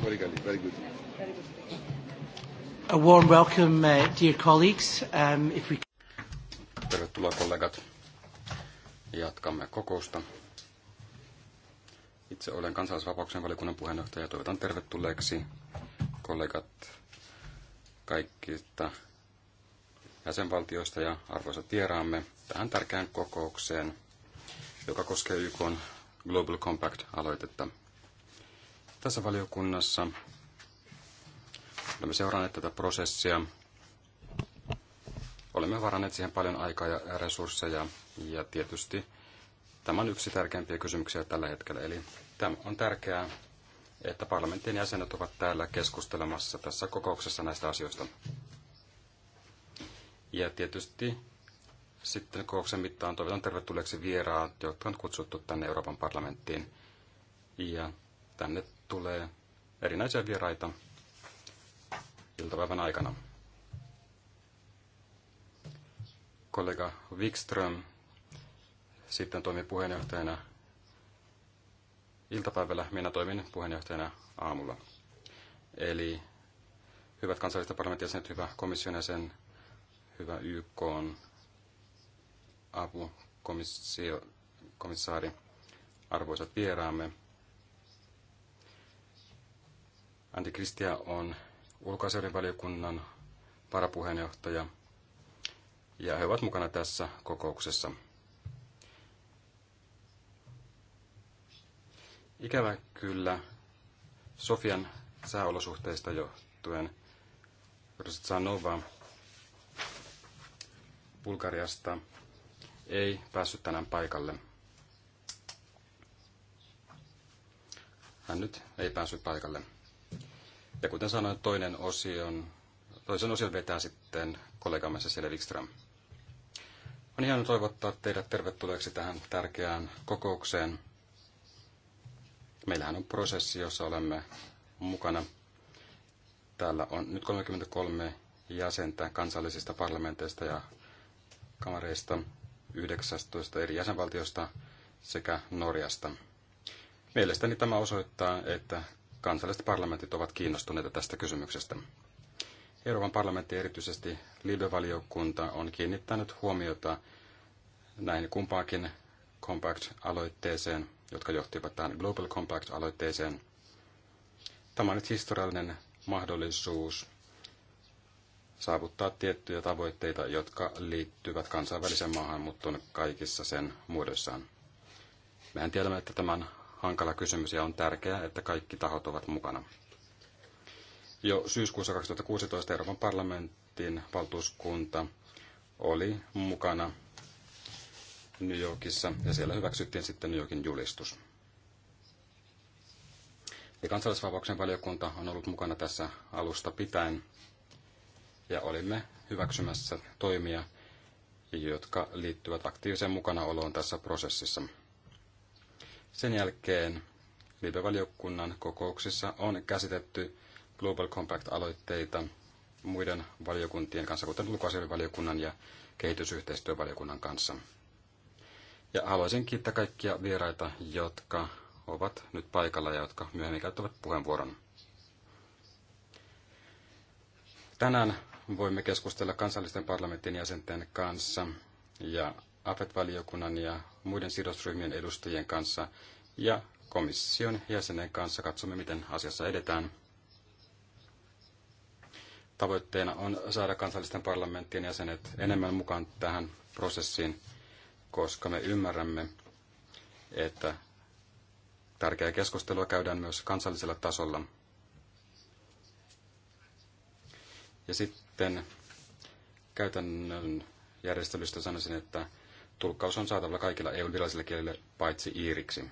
Very good. Very good. A warm welcome, uh, dear colleagues. Um, if we... Tervetuloa kollegat. Jatkamme kokousta. Itse olen kansalaisvapauksien valiokunnan puheenjohtaja ja toivotan tervetulleeksi kollegat kaikista jäsenvaltioista ja arvoisat vieraamme tähän tärkeään kokoukseen, joka koskee YK:n Global Compact-aloitetta – tässä valiokunnassa olemme seuranneet tätä prosessia. Olemme varanneet siihen paljon aikaa ja resursseja ja tietysti tämä on yksi tärkeimpiä kysymyksiä tällä hetkellä. Eli tämä on tärkeää, että parlamentin jäsenet ovat täällä keskustelemassa tässä kokouksessa näistä asioista. Ja tietysti sitten kokouksen mittaan toivotan tervetulleeksi vieraat, jotka on kutsuttu tänne Euroopan parlamenttiin. Ja tänne tulee erinäisiä vieraita iltapäivän aikana. Kollega Wikström sitten toimi puheenjohtajana iltapäivällä, minä toimin puheenjohtajana aamulla. Eli hyvät kansalliset parlamentin jäsenet, hyvä komission jäsen, hyvä YK on apukomissaari, arvoisat vieraamme. Antikristia on ulkoasioiden valiokunnan varapuheenjohtaja ja he ovat mukana tässä kokouksessa. Ikävä kyllä Sofian sääolosuhteista johtuen Rosanova Bulgariasta ei päässyt tänään paikalle. Hän nyt ei päässyt paikalle. Ja kuten sanoin, toinen osion, toisen osion vetää sitten kollegamme Cecilia Wikström. On ihan toivottaa teidät tervetulleeksi tähän tärkeään kokoukseen. Meillähän on prosessi, jossa olemme mukana. Täällä on nyt 33 jäsentä kansallisista parlamenteista ja kamareista 19 eri jäsenvaltiosta sekä Norjasta. Mielestäni tämä osoittaa, että kansalliset parlamentit ovat kiinnostuneita tästä kysymyksestä. Euroopan parlamentti, erityisesti LIBE-valiokunta, on kiinnittänyt huomiota näihin kumpaakin Compact-aloitteeseen, jotka johtivat tähän Global Compact-aloitteeseen. Tämä on nyt historiallinen mahdollisuus saavuttaa tiettyjä tavoitteita, jotka liittyvät kansainväliseen maahanmuuttoon kaikissa sen muodoissaan. Mehän tiedämme, että tämän hankala kysymys ja on tärkeää, että kaikki tahot ovat mukana. Jo syyskuussa 2016 Euroopan parlamentin valtuuskunta oli mukana New Yorkissa ja siellä hyväksyttiin sitten New Yorkin julistus. Ja kansalaisvapauksen valiokunta on ollut mukana tässä alusta pitäen ja olimme hyväksymässä toimia, jotka liittyvät aktiiviseen mukanaoloon tässä prosessissa. Sen jälkeen live-valiokunnan kokouksissa on käsitetty Global Compact-aloitteita muiden valiokuntien kanssa, kuten ulkoasiainvaliokunnan ja kehitysyhteistyövaliokunnan kanssa. Ja haluaisin kiittää kaikkia vieraita, jotka ovat nyt paikalla ja jotka myöhemmin käyttävät puheenvuoron. Tänään voimme keskustella kansallisten parlamentin jäsenten kanssa ja AFET-valiokunnan ja muiden sidosryhmien edustajien kanssa ja komission jäsenen kanssa katsomme, miten asiassa edetään. Tavoitteena on saada kansallisten parlamenttien jäsenet enemmän mukaan tähän prosessiin, koska me ymmärrämme, että tärkeää keskustelua käydään myös kansallisella tasolla. Ja sitten käytännön järjestelystä sanoisin, että tulkkaus on saatavilla kaikilla EUn virallisilla kielillä paitsi iiriksi.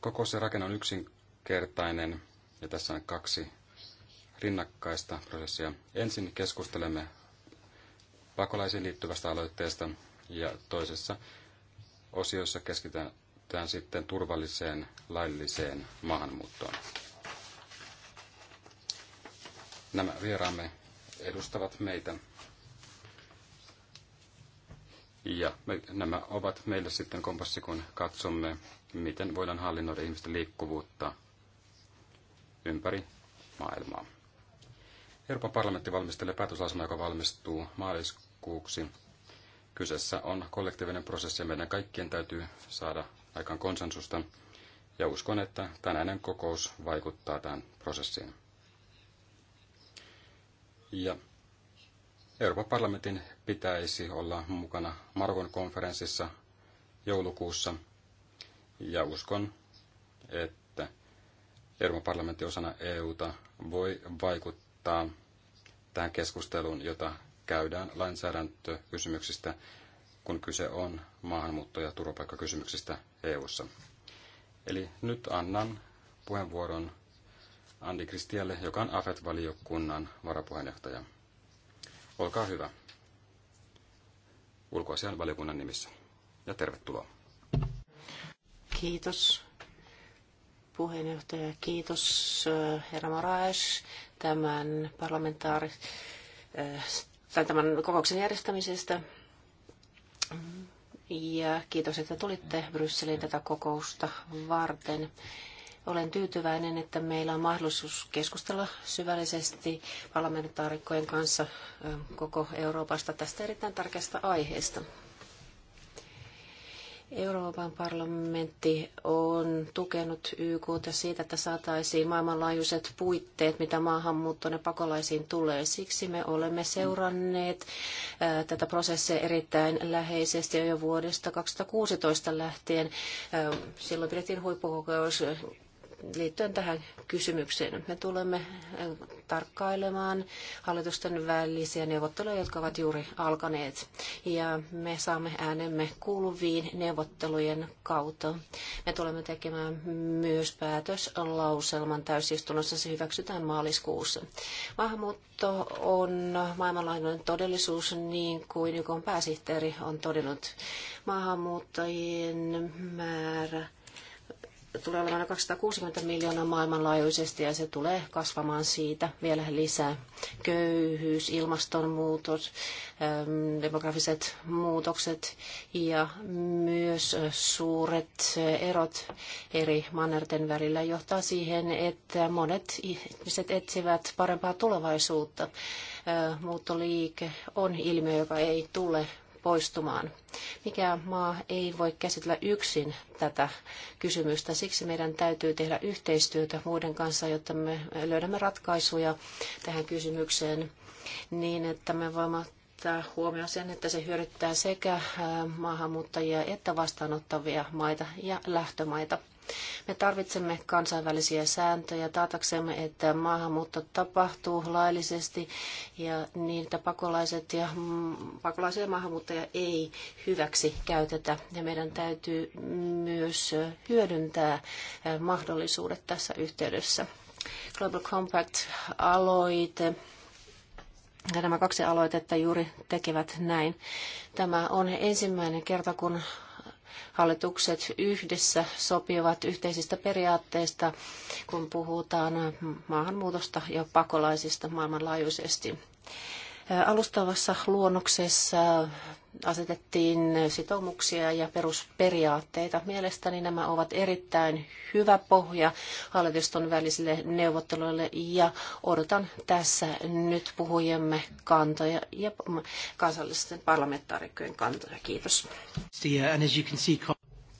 Koko se rakenne on yksinkertainen ja tässä on kaksi rinnakkaista prosessia. Ensin keskustelemme pakolaisiin liittyvästä aloitteesta ja toisessa osiossa keskitytään sitten turvalliseen lailliseen maahanmuuttoon. Nämä vieraamme edustavat meitä ja me, nämä ovat meille sitten kompassi, kun katsomme, miten voidaan hallinnoida ihmisten liikkuvuutta ympäri maailmaa. Euroopan parlamentti valmistelee päätöslausuma, joka valmistuu maaliskuuksi. Kyseessä on kollektiivinen prosessi ja meidän kaikkien täytyy saada aikaan konsensusta. Ja uskon, että tänäinen kokous vaikuttaa tähän prosessiin. Ja Euroopan parlamentin pitäisi olla mukana Marokon konferenssissa joulukuussa. Ja uskon, että Euroopan parlamentti osana EUta voi vaikuttaa tähän keskusteluun, jota käydään lainsäädäntökysymyksistä, kun kyse on maahanmuutto- ja turvapaikkakysymyksistä EUssa. Eli nyt annan puheenvuoron Andi Kristialle, joka on AFET-valiokunnan varapuheenjohtaja. Olkaa hyvä. Ulkoasian valiokunnan nimissä. Ja tervetuloa. Kiitos puheenjohtaja. Kiitos äh, herra Moraes tämän parlamentaari, äh, tai tämän kokouksen järjestämisestä. Ja kiitos, että tulitte Brysseliin tätä kokousta varten. Olen tyytyväinen, että meillä on mahdollisuus keskustella syvällisesti parlamentaarikkojen kanssa koko Euroopasta tästä erittäin tärkeästä aiheesta. Euroopan parlamentti on tukenut YK siitä, että saataisiin maailmanlaajuiset puitteet, mitä maahanmuuttoon ja pakolaisiin tulee. Siksi me olemme seuranneet tätä prosessia erittäin läheisesti jo vuodesta 2016 lähtien. Silloin pidettiin huippukokous liittyen tähän kysymykseen. Me tulemme äh, tarkkailemaan hallitusten välisiä neuvotteluja, jotka ovat juuri alkaneet. Ja me saamme äänemme kuuluviin neuvottelujen kautta. Me tulemme tekemään myös päätöslauselman täysistunnossa. Se hyväksytään maaliskuussa. Maahanmuutto on maailmanlaajuinen todellisuus, niin kuin YK pääsihteeri on todennut. Maahanmuuttajien määrä tulee olemaan 260 miljoonaa maailmanlaajuisesti ja se tulee kasvamaan siitä vielä lisää. Köyhyys, ilmastonmuutos, ähm, demografiset muutokset ja myös suuret erot eri mannerten välillä johtaa siihen, että monet ihmiset etsivät parempaa tulevaisuutta. Äh, muuttoliike on ilmiö, joka ei tule poistumaan. Mikä maa ei voi käsitellä yksin tätä kysymystä. Siksi meidän täytyy tehdä yhteistyötä muiden kanssa, jotta me löydämme ratkaisuja tähän kysymykseen niin, että me voimme ottaa huomioon sen, että se hyödyttää sekä maahanmuuttajia että vastaanottavia maita ja lähtömaita. Me tarvitsemme kansainvälisiä sääntöjä taataksemme, että maahanmuutto tapahtuu laillisesti ja niitä pakolaiset ja, pakolaisia ja maahanmuuttajia ei hyväksi käytetä. Ja meidän täytyy myös hyödyntää mahdollisuudet tässä yhteydessä. Global Compact-aloite ja nämä kaksi aloitetta juuri tekevät näin. Tämä on ensimmäinen kerta, kun hallitukset yhdessä sopivat yhteisistä periaatteista, kun puhutaan maahanmuutosta ja pakolaisista maailmanlaajuisesti. Alustavassa luonnoksessa asetettiin sitoumuksia ja perusperiaatteita. Mielestäni nämä ovat erittäin hyvä pohja hallituston välisille neuvotteluille ja odotan tässä nyt puhujemme kantoja ja kansallisten parlamentaarikkojen kantoja. Kiitos.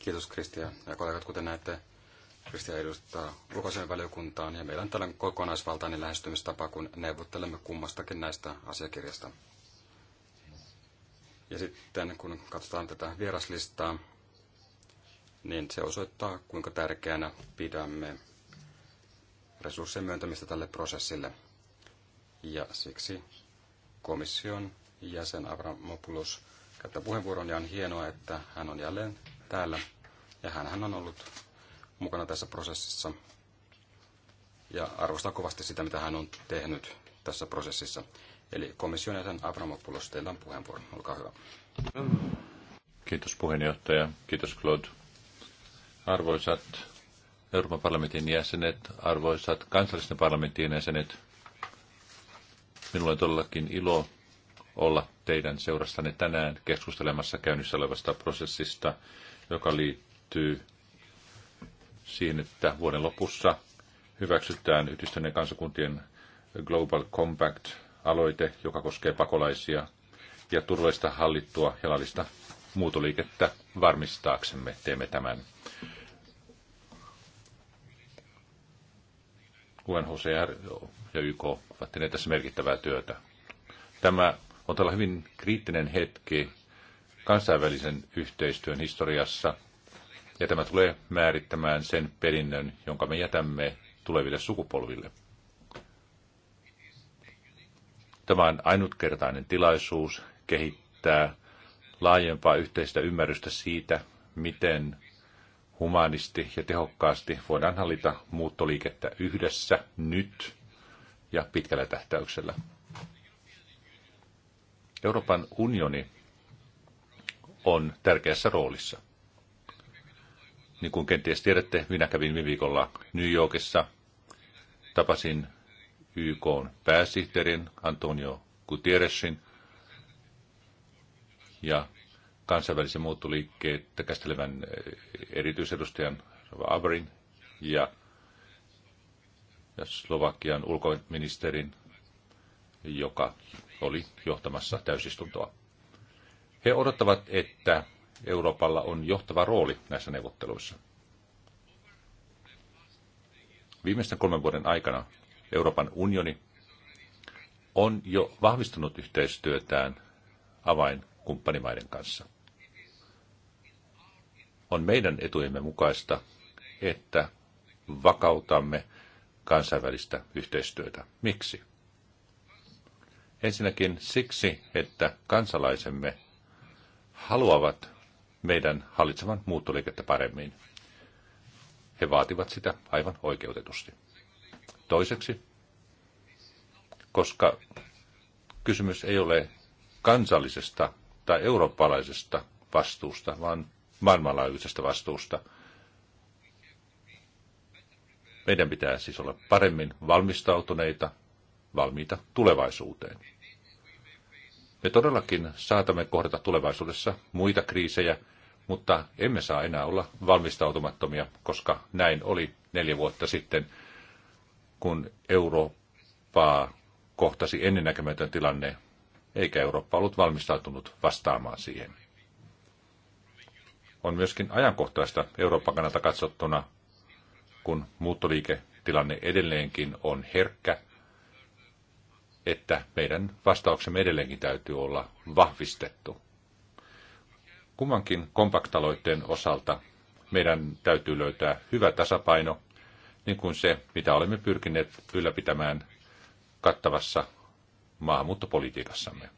Kiitos Kristian ja kollegat, kuten näette, Kristian edustaa ulkoisen valiokuntaan ja meillä on tällainen kokonaisvaltainen lähestymistapa, kun neuvottelemme kummastakin näistä asiakirjasta. Ja sitten kun katsotaan tätä vieraslistaa, niin se osoittaa, kuinka tärkeänä pidämme resurssien myöntämistä tälle prosessille. Ja siksi komission jäsen Avramopoulos käyttää puheenvuoron ja on hienoa, että hän on jälleen täällä. Ja hän on ollut mukana tässä prosessissa ja arvostaa kovasti sitä, mitä hän on tehnyt tässä prosessissa. Eli komission jäsen Abramopoulos, teillä on puheenvuoro. Olkaa hyvä. Kiitos puheenjohtaja. Kiitos Claude. Arvoisat Euroopan parlamentin jäsenet, arvoisat kansallisten parlamenttien jäsenet, minulla on todellakin ilo olla teidän seurassanne tänään keskustelemassa käynnissä olevasta prosessista, joka liittyy siihen, että vuoden lopussa hyväksytään yhdistyneen kansakuntien Global Compact aloite, joka koskee pakolaisia ja turvallista hallittua jalallista muutoliikettä varmistaaksemme teemme tämän. UNHCR ja YK ovat tehneet tässä merkittävää työtä. Tämä on tällä hyvin kriittinen hetki kansainvälisen yhteistyön historiassa, ja tämä tulee määrittämään sen perinnön, jonka me jätämme tuleville sukupolville. Tämä on ainutkertainen tilaisuus kehittää laajempaa yhteistä ymmärrystä siitä, miten humanisti ja tehokkaasti voidaan hallita muuttoliikettä yhdessä nyt ja pitkällä tähtäyksellä. Euroopan unioni on tärkeässä roolissa. Niin kuin kenties tiedätte, minä kävin viime viikolla New Yorkissa, tapasin YK pääsihteerin Antonio Gutierrezin ja kansainvälisen muuttoliikkeitä käsittelevän eh, erityisedustajan Averin ja, ja Slovakian ulkoministerin, joka oli johtamassa täysistuntoa. He odottavat, että Euroopalla on johtava rooli näissä neuvotteluissa. Viimeisten kolmen vuoden aikana Euroopan unioni on jo vahvistanut yhteistyötään avainkumppanimaiden kanssa. On meidän etujemme mukaista, että vakautamme kansainvälistä yhteistyötä. Miksi? Ensinnäkin siksi, että kansalaisemme haluavat meidän hallitsevan muuttoliikettä paremmin. He vaativat sitä aivan oikeutetusti. Toiseksi, koska kysymys ei ole kansallisesta tai eurooppalaisesta vastuusta, vaan maailmanlaajuisesta vastuusta. Meidän pitää siis olla paremmin valmistautuneita, valmiita tulevaisuuteen. Me todellakin saatamme kohdata tulevaisuudessa muita kriisejä, mutta emme saa enää olla valmistautumattomia, koska näin oli neljä vuotta sitten – kun Eurooppaa kohtasi ennennäkemätön tilanne, eikä Eurooppa ollut valmistautunut vastaamaan siihen. On myöskin ajankohtaista Euroopan kannalta katsottuna, kun muuttoliiketilanne edelleenkin on herkkä, että meidän vastauksemme edelleenkin täytyy olla vahvistettu. Kummankin kompaktaloitteen osalta meidän täytyy löytää hyvä tasapaino niin kuin se, mitä olemme pyrkineet ylläpitämään kattavassa maahanmuuttopolitiikassamme.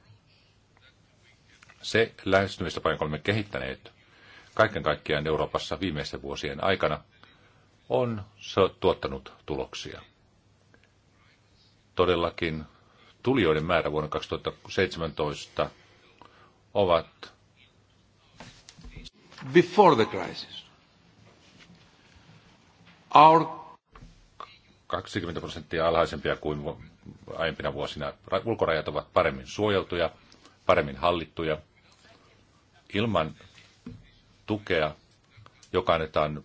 Se lähestymistapa, jonka olemme kehittäneet kaiken kaikkiaan Euroopassa viimeisten vuosien aikana, on tuottanut tuloksia. Todellakin tulijoiden määrä vuonna 2017 ovat before the crisis. Our 20 prosenttia alhaisempia kuin aiempina vuosina. Ulkorajat ovat paremmin suojeltuja, paremmin hallittuja. Ilman tukea, joka annetaan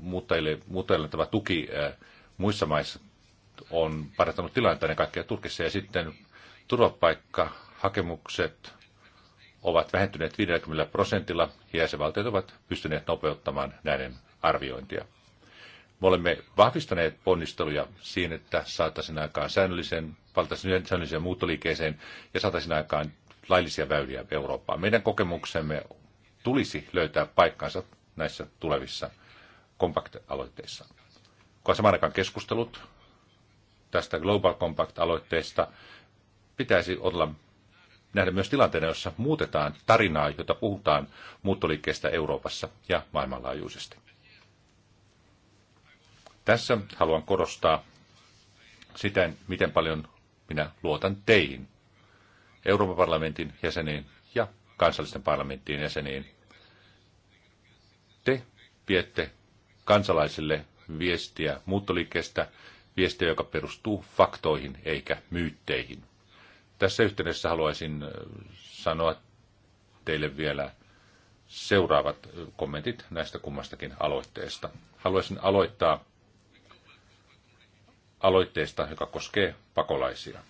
muuttajille, muuttajille tämä tuki eh, muissa maissa on parantanut tilannetta ennen kaikkea Turkissa. Ja sitten turvapaikkahakemukset ovat vähentyneet 50 prosentilla jäsenvaltiot ovat pystyneet nopeuttamaan näiden arviointia. Me olemme vahvistaneet ponnisteluja siinä, että saataisiin aikaan säännöllisen, valtaisiin säännölliseen muuttoliikkeeseen ja saataisiin aikaan laillisia väyliä Eurooppaan. Meidän kokemuksemme tulisi löytää paikkansa näissä tulevissa Compact-aloitteissa. Kun samaan aikaan keskustelut tästä Global Compact-aloitteesta pitäisi olla nähdä myös tilanteena, jossa muutetaan tarinaa, jota puhutaan muuttoliikkeestä Euroopassa ja maailmanlaajuisesti. Tässä haluan korostaa sitä, miten paljon minä luotan teihin, Euroopan parlamentin jäseniin ja kansallisten parlamenttien jäseniin. Te viette kansalaisille viestiä muuttoliikkeestä, viestiä, joka perustuu faktoihin eikä myytteihin. Tässä yhteydessä haluaisin äh, sanoa teille vielä seuraavat kommentit näistä kummastakin aloitteesta. Haluaisin aloittaa aloitteesta, joka koskee pakolaisia.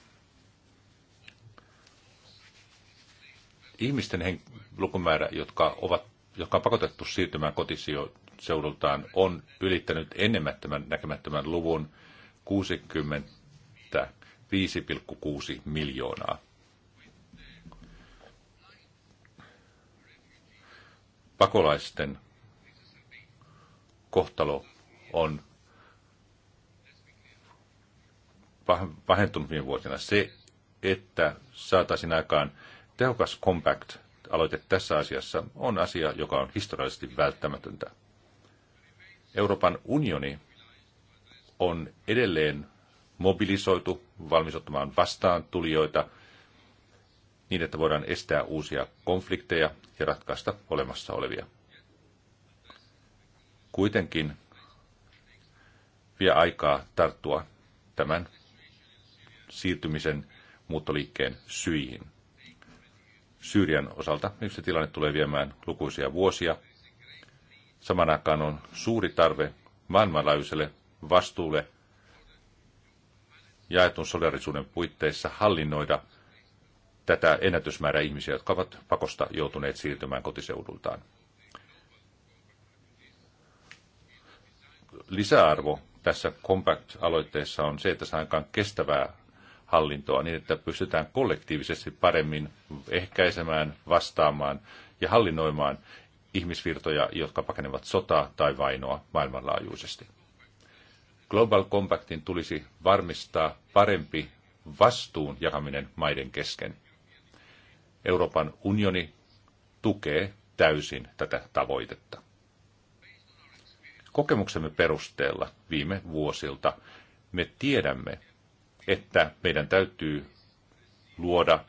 Ihmisten hen- lukumäärä, jotka, ovat, jotka on pakotettu siirtymään kotiseudultaan, on ylittänyt ennemmättömän näkemättömän luvun 65,6 miljoonaa. Pakolaisten kohtalo on pahentunut viime vuosina. Se, että saataisiin aikaan tehokas compact aloite tässä asiassa, on asia, joka on historiallisesti välttämätöntä. Euroopan unioni on edelleen mobilisoitu ottamaan vastaan tulijoita niin, että voidaan estää uusia konflikteja ja ratkaista olemassa olevia. Kuitenkin vie aikaa tarttua tämän siirtymisen muuttoliikkeen syihin. Syyrian osalta yksi tilanne tulee viemään lukuisia vuosia. Saman aikaan on suuri tarve maailmanlaajuiselle vastuulle jaetun solidarisuuden puitteissa hallinnoida tätä ennätysmäärää ihmisiä, jotka ovat pakosta joutuneet siirtymään kotiseudultaan. Lisäarvo tässä Compact-aloitteessa on se, että saankaan kestävää hallintoa niin, että pystytään kollektiivisesti paremmin ehkäisemään, vastaamaan ja hallinnoimaan ihmisvirtoja, jotka pakenevat sotaa tai vainoa maailmanlaajuisesti. Global Compactin tulisi varmistaa parempi vastuun jakaminen maiden kesken. Euroopan unioni tukee täysin tätä tavoitetta. Kokemuksemme perusteella viime vuosilta me tiedämme, että meidän täytyy luoda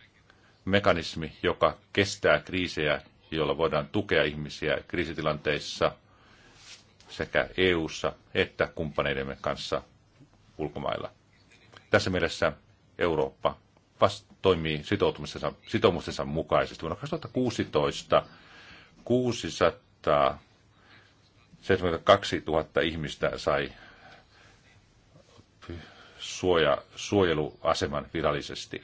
mekanismi, joka kestää kriisejä, jolla voidaan tukea ihmisiä kriisitilanteissa sekä EU:ssa että kumppaneidemme kanssa ulkomailla. Tässä mielessä Eurooppa vast toimii sitoutumisensa, sitoumustensa mukaisesti. Vuonna 2016 672 000 ihmistä sai suoja, suojeluaseman virallisesti.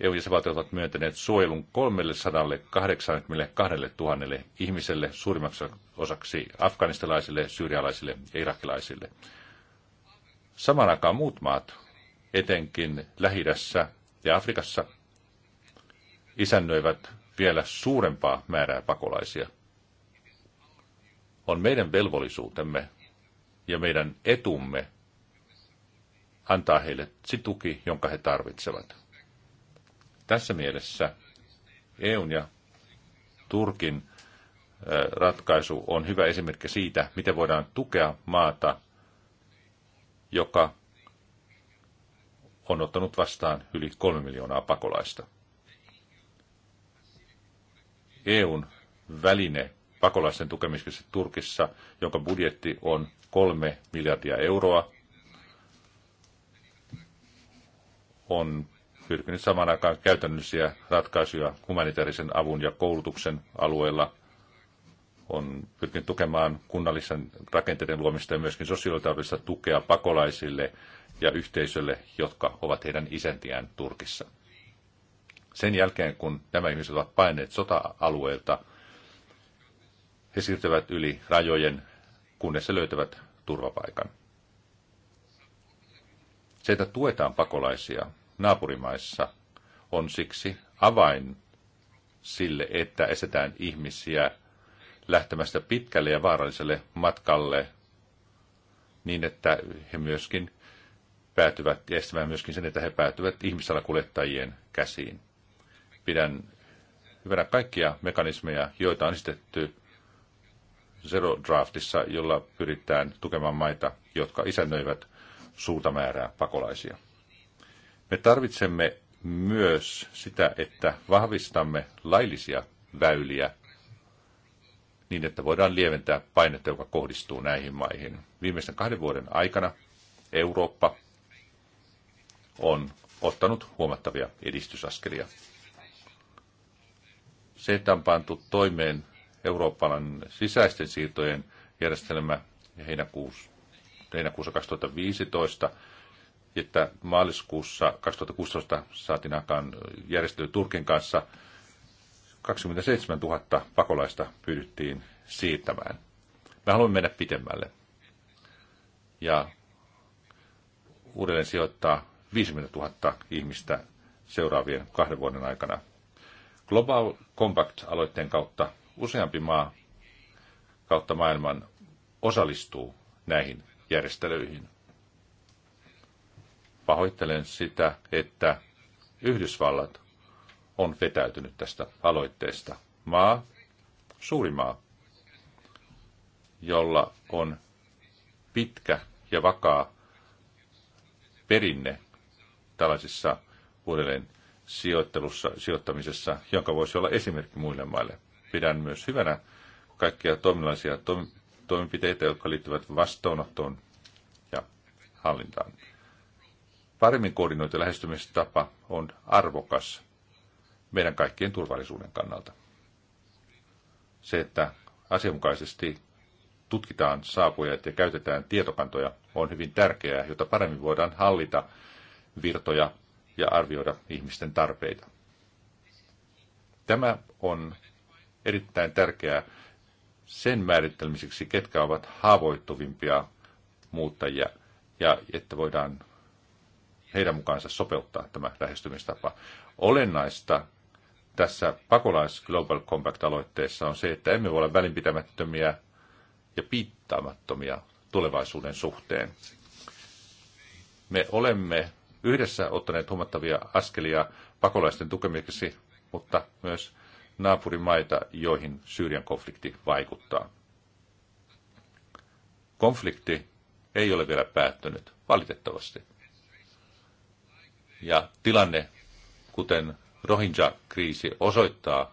EU-jäsenvaltiot ovat myöntäneet suojelun 382 000 ihmiselle suurimmaksi osaksi afganistalaisille, syyrialaisille ja irakilaisille. Samaan aikaan muut maat, etenkin lähi ja Afrikassa, isännöivät vielä suurempaa määrää pakolaisia. On meidän velvollisuutemme ja meidän etumme antaa heille se tuki, jonka he tarvitsevat. Tässä mielessä EUn ja Turkin ratkaisu on hyvä esimerkki siitä, miten voidaan tukea maata, joka on ottanut vastaan yli kolme miljoonaa pakolaista. EUn väline pakolaisten tukemiseksi Turkissa, jonka budjetti on kolme miljardia euroa, on pyrkinyt samaan aikaan käytännöllisiä ratkaisuja humanitaarisen avun ja koulutuksen alueella, on pyrkinyt tukemaan kunnallisen rakenteiden luomista ja myöskin sosiaalitaloudellista tukea pakolaisille ja yhteisölle, jotka ovat heidän isäntiään Turkissa. Sen jälkeen, kun nämä ihmiset ovat paineet sota-alueelta, he siirtyvät yli rajojen, kunnes he löytävät turvapaikan. Se, että tuetaan pakolaisia naapurimaissa, on siksi avain sille, että estetään ihmisiä lähtemästä pitkälle ja vaaralliselle matkalle niin, että he myöskin päätyvät estämään myöskin sen, että he päätyvät ihmissalakuljettajien käsiin. Pidän hyvänä kaikkia mekanismeja, joita on esitetty Zero Draftissa, jolla pyritään tukemaan maita, jotka isännöivät suurta määrää pakolaisia. Me tarvitsemme myös sitä, että vahvistamme laillisia väyliä niin, että voidaan lieventää painetta, joka kohdistuu näihin maihin. Viimeisten kahden vuoden aikana Eurooppa on ottanut huomattavia edistysaskelia. Se, että on pantu toimeen Euroopan sisäisten siirtojen järjestelmä ja heinäkuussa heinäkuussa 2015, että maaliskuussa 2016 saatiin aikaan järjestely Turkin kanssa. 27 000 pakolaista pyydettiin siirtämään. Me haluamme mennä pitemmälle ja uudelleen sijoittaa 50 000 ihmistä seuraavien kahden vuoden aikana. Global Compact-aloitteen kautta useampi maa kautta maailman osallistuu näihin järjestelyihin. Pahoittelen sitä, että Yhdysvallat on vetäytynyt tästä aloitteesta. Maa, suuri maa, jolla on pitkä ja vakaa perinne tällaisissa uudelleen sijoittelussa, sijoittamisessa, jonka voisi olla esimerkki muille maille. Pidän myös hyvänä kaikkia toiminnallisia toimenpiteitä, jotka liittyvät vastaanottoon ja hallintaan. Paremmin koordinoitu lähestymistapa on arvokas meidän kaikkien turvallisuuden kannalta. Se, että asianmukaisesti tutkitaan saapujat ja käytetään tietokantoja, on hyvin tärkeää, jotta paremmin voidaan hallita virtoja ja arvioida ihmisten tarpeita. Tämä on erittäin tärkeää sen määrittelemiseksi, ketkä ovat haavoittuvimpia muuttajia ja että voidaan heidän mukaansa sopeuttaa tämä lähestymistapa. Olennaista tässä pakolais Global Compact-aloitteessa on se, että emme voi olla välinpitämättömiä ja piittaamattomia tulevaisuuden suhteen. Me olemme yhdessä ottaneet huomattavia askelia pakolaisten tukemiseksi, mutta myös naapurimaita, joihin Syyrian konflikti vaikuttaa. Konflikti ei ole vielä päättynyt, valitettavasti. Ja tilanne, kuten Rohingya-kriisi osoittaa,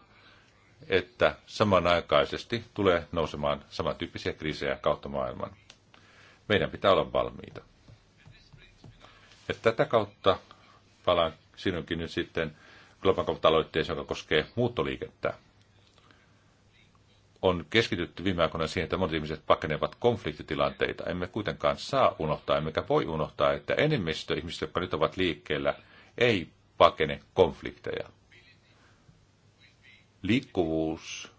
että samanaikaisesti tulee nousemaan samantyyppisiä kriisejä kautta maailman. Meidän pitää olla valmiita. Ja tätä kautta palaan sinunkin nyt sitten Globan joka koskee muuttoliikettä. On keskitytty viime aikoina siihen, että monet ihmiset pakenevat konfliktitilanteita. Emme kuitenkaan saa unohtaa, emmekä voi unohtaa, että enemmistö ihmisistä, jotka nyt ovat liikkeellä, ei pakene konflikteja. Liikkuvuus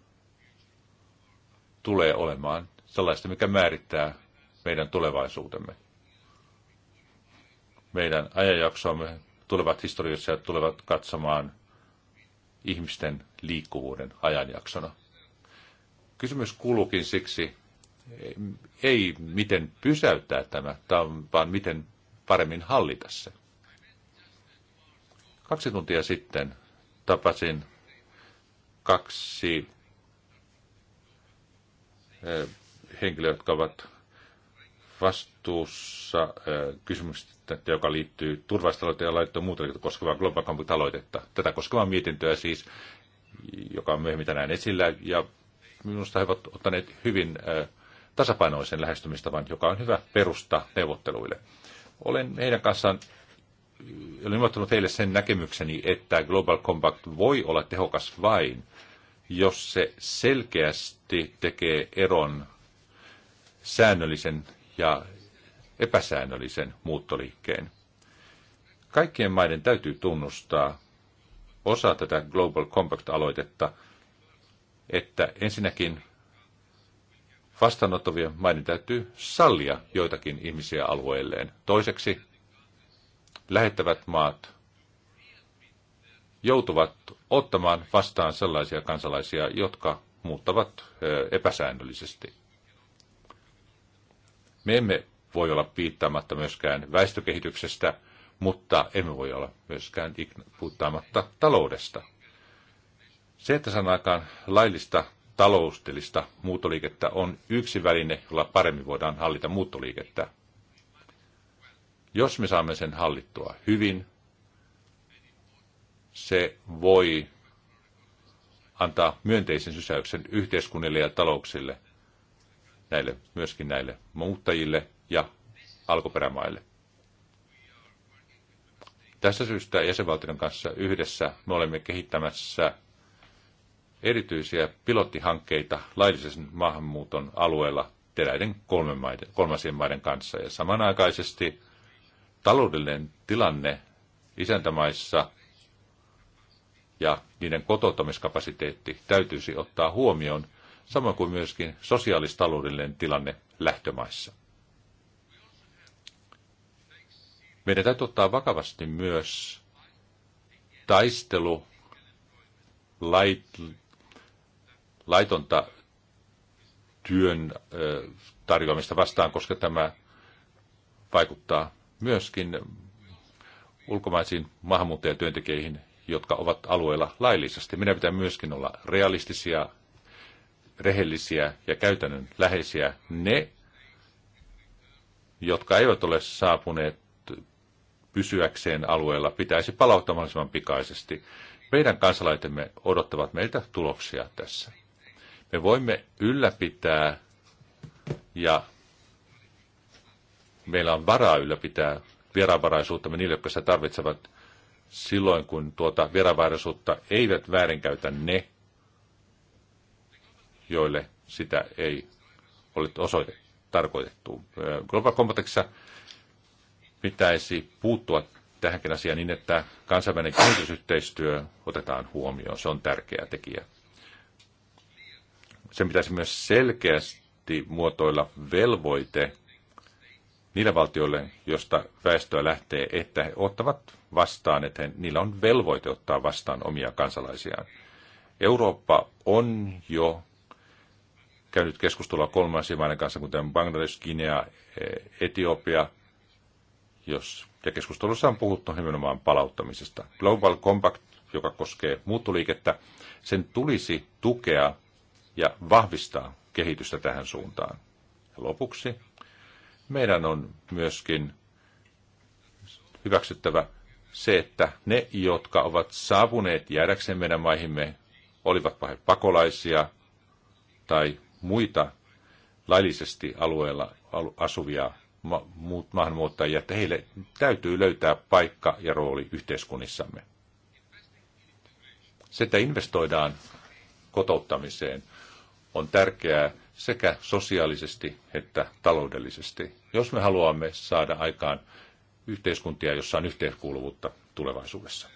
tulee olemaan sellaista, mikä määrittää meidän tulevaisuutemme. Meidän ajanjaksoamme tulevat historiassa ja tulevat katsomaan ihmisten liikkuvuuden ajanjaksona. Kysymys kuuluukin siksi, ei miten pysäyttää tämä, vaan miten paremmin hallita se. Kaksi tuntia sitten tapasin kaksi eh, henkilöä, jotka ovat vastuussa äh, kysymystä, joka liittyy turvallisuustaloiteen ja laittomuuteen koskevaa Global Compact-aloitetta. Tätä koskevaa mietintöä siis, joka on myöhemmin tänään esillä, ja minusta he ovat ottaneet hyvin äh, tasapainoisen lähestymistavan, joka on hyvä perusta neuvotteluille. Olen heidän kanssaan olen ilmoittanut heille sen näkemykseni, että Global Compact voi olla tehokas vain, jos se selkeästi tekee eron säännöllisen ja epäsäännöllisen muuttoliikkeen. Kaikkien maiden täytyy tunnustaa osa tätä Global Compact-aloitetta, että ensinnäkin vastaanottavien maiden täytyy sallia joitakin ihmisiä alueelleen. Toiseksi lähettävät maat joutuvat ottamaan vastaan sellaisia kansalaisia, jotka muuttavat epäsäännöllisesti. Me emme voi olla piittaamatta myöskään väestökehityksestä, mutta emme voi olla myöskään puuttaamatta taloudesta. Se, että sanakaan laillista taloustillista muuttoliikettä, on yksi väline, jolla paremmin voidaan hallita muuttoliikettä. Jos me saamme sen hallittua hyvin, se voi antaa myönteisen sysäyksen yhteiskunnille ja talouksille näille, myöskin näille muuttajille ja alkuperämaille. Tässä syystä jäsenvaltion kanssa yhdessä me olemme kehittämässä erityisiä pilottihankkeita laillisen maahanmuuton alueella teräiden maiden, maiden kanssa. Ja samanaikaisesti taloudellinen tilanne isäntämaissa ja niiden kotouttamiskapasiteetti täytyisi ottaa huomioon samoin kuin myöskin sosiaalistaloudellinen tilanne lähtömaissa. Meidän täytyy ottaa vakavasti myös taistelu lait, laitonta työn tarjoamista vastaan, koska tämä vaikuttaa myöskin ulkomaisiin maahanmuuttajatyöntekijöihin, jotka ovat alueella laillisesti. Meidän pitää myöskin olla realistisia rehellisiä ja käytännön läheisiä ne, jotka eivät ole saapuneet pysyäkseen alueella, pitäisi palauttaa mahdollisimman pikaisesti. Meidän kansalaitemme odottavat meiltä tuloksia tässä. Me voimme ylläpitää ja meillä on varaa ylläpitää vieraanvaraisuuttamme niille, jotka sitä tarvitsevat silloin, kun tuota vieraanvaraisuutta eivät väärinkäytä ne, joille sitä ei ole tarkoitettu. Global Compactissa pitäisi puuttua tähänkin asiaan niin, että kansainvälinen kehitysyhteistyö otetaan huomioon. Se on tärkeä tekijä. Sen pitäisi myös selkeästi muotoilla velvoite niille valtioille, josta väestöä lähtee, että he ottavat vastaan, että he, niillä on velvoite ottaa vastaan omia kansalaisiaan. Eurooppa on jo käynyt keskustelua kolmansien maiden kanssa, kuten Bangladesh, Guinea, Etiopia, jos, ja keskustelussa on puhuttu nimenomaan palauttamisesta. Global Compact, joka koskee muuttoliikettä, sen tulisi tukea ja vahvistaa kehitystä tähän suuntaan. Ja lopuksi meidän on myöskin hyväksyttävä se, että ne, jotka ovat saapuneet jäädäkseen meidän maihimme, olivatpa he pakolaisia tai muita laillisesti alueella asuvia muut maahanmuuttajia, että heille täytyy löytää paikka ja rooli yhteiskunnissamme. Se, että investoidaan kotouttamiseen, on tärkeää sekä sosiaalisesti että taloudellisesti, jos me haluamme saada aikaan yhteiskuntia, jossa on yhteiskuuluvuutta tulevaisuudessa.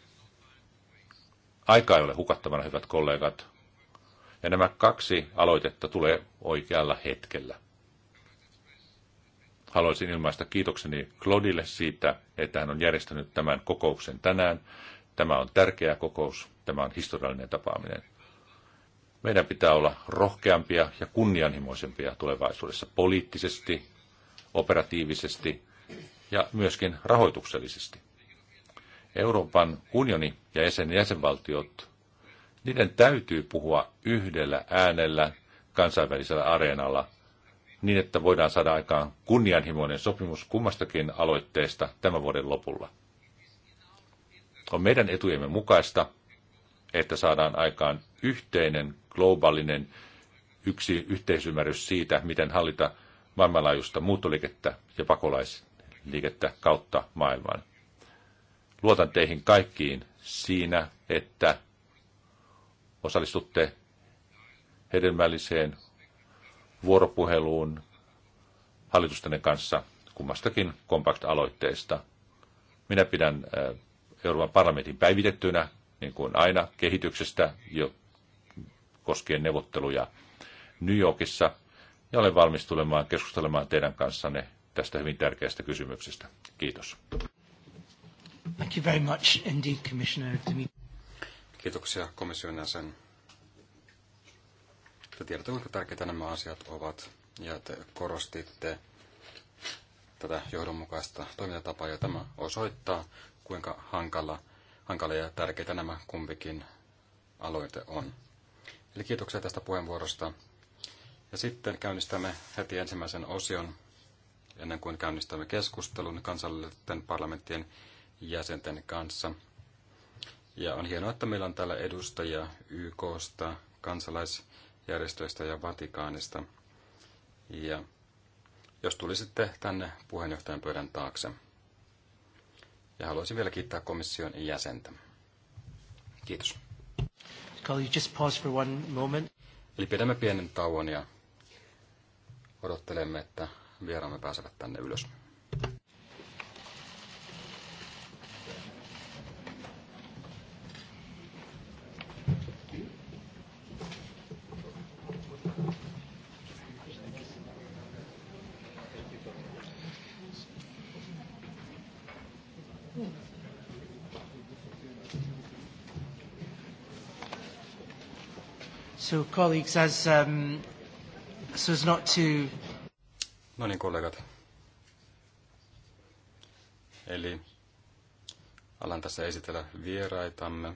Aika ei ole hukattavana, hyvät kollegat. Ja nämä kaksi aloitetta tulee oikealla hetkellä. Haluaisin ilmaista kiitokseni Claudille siitä, että hän on järjestänyt tämän kokouksen tänään. Tämä on tärkeä kokous, tämä on historiallinen tapaaminen. Meidän pitää olla rohkeampia ja kunnianhimoisempia tulevaisuudessa poliittisesti, operatiivisesti ja myöskin rahoituksellisesti. Euroopan unioni ja sen jäsenvaltiot niiden täytyy puhua yhdellä äänellä kansainvälisellä areenalla niin, että voidaan saada aikaan kunnianhimoinen sopimus kummastakin aloitteesta tämän vuoden lopulla. On meidän etujemme mukaista, että saadaan aikaan yhteinen, globaalinen, yksi yhteisymmärrys siitä, miten hallita maailmanlaajuista muuttoliikettä ja pakolaisliikettä kautta maailman. Luotan teihin kaikkiin siinä, että osallistutte hedelmälliseen vuoropuheluun hallitustenne kanssa kummastakin Compact-aloitteesta. Minä pidän äh, Euroopan parlamentin päivitettynä, niin kuin aina, kehityksestä jo koskien neuvotteluja New Yorkissa. Ja olen valmis tulemaan keskustelemaan teidän kanssanne tästä hyvin tärkeästä kysymyksestä. Kiitos. Thank you very much indeed, Commissioner Kiitoksia komission jäsen. Te tiedätte, kuinka tärkeitä nämä asiat ovat ja te korostitte tätä johdonmukaista toimintatapaa ja tämä osoittaa, kuinka hankala, hankala ja tärkeitä nämä kumpikin aloite on. Eli kiitoksia tästä puheenvuorosta. Ja sitten käynnistämme heti ensimmäisen osion, ennen kuin käynnistämme keskustelun kansallisten parlamenttien jäsenten kanssa. Ja on hienoa, että meillä on täällä edustajia YKsta, kansalaisjärjestöistä ja Vatikaanista. Ja jos tulisitte tänne puheenjohtajan pöydän taakse. Ja haluaisin vielä kiittää komission jäsentä. Kiitos. Eli pidämme pienen tauon ja odottelemme, että vieraamme pääsevät tänne ylös. So colleagues, as, um, so as not to... No niin, kollegat. Eli alan tässä esitellä vieraitamme.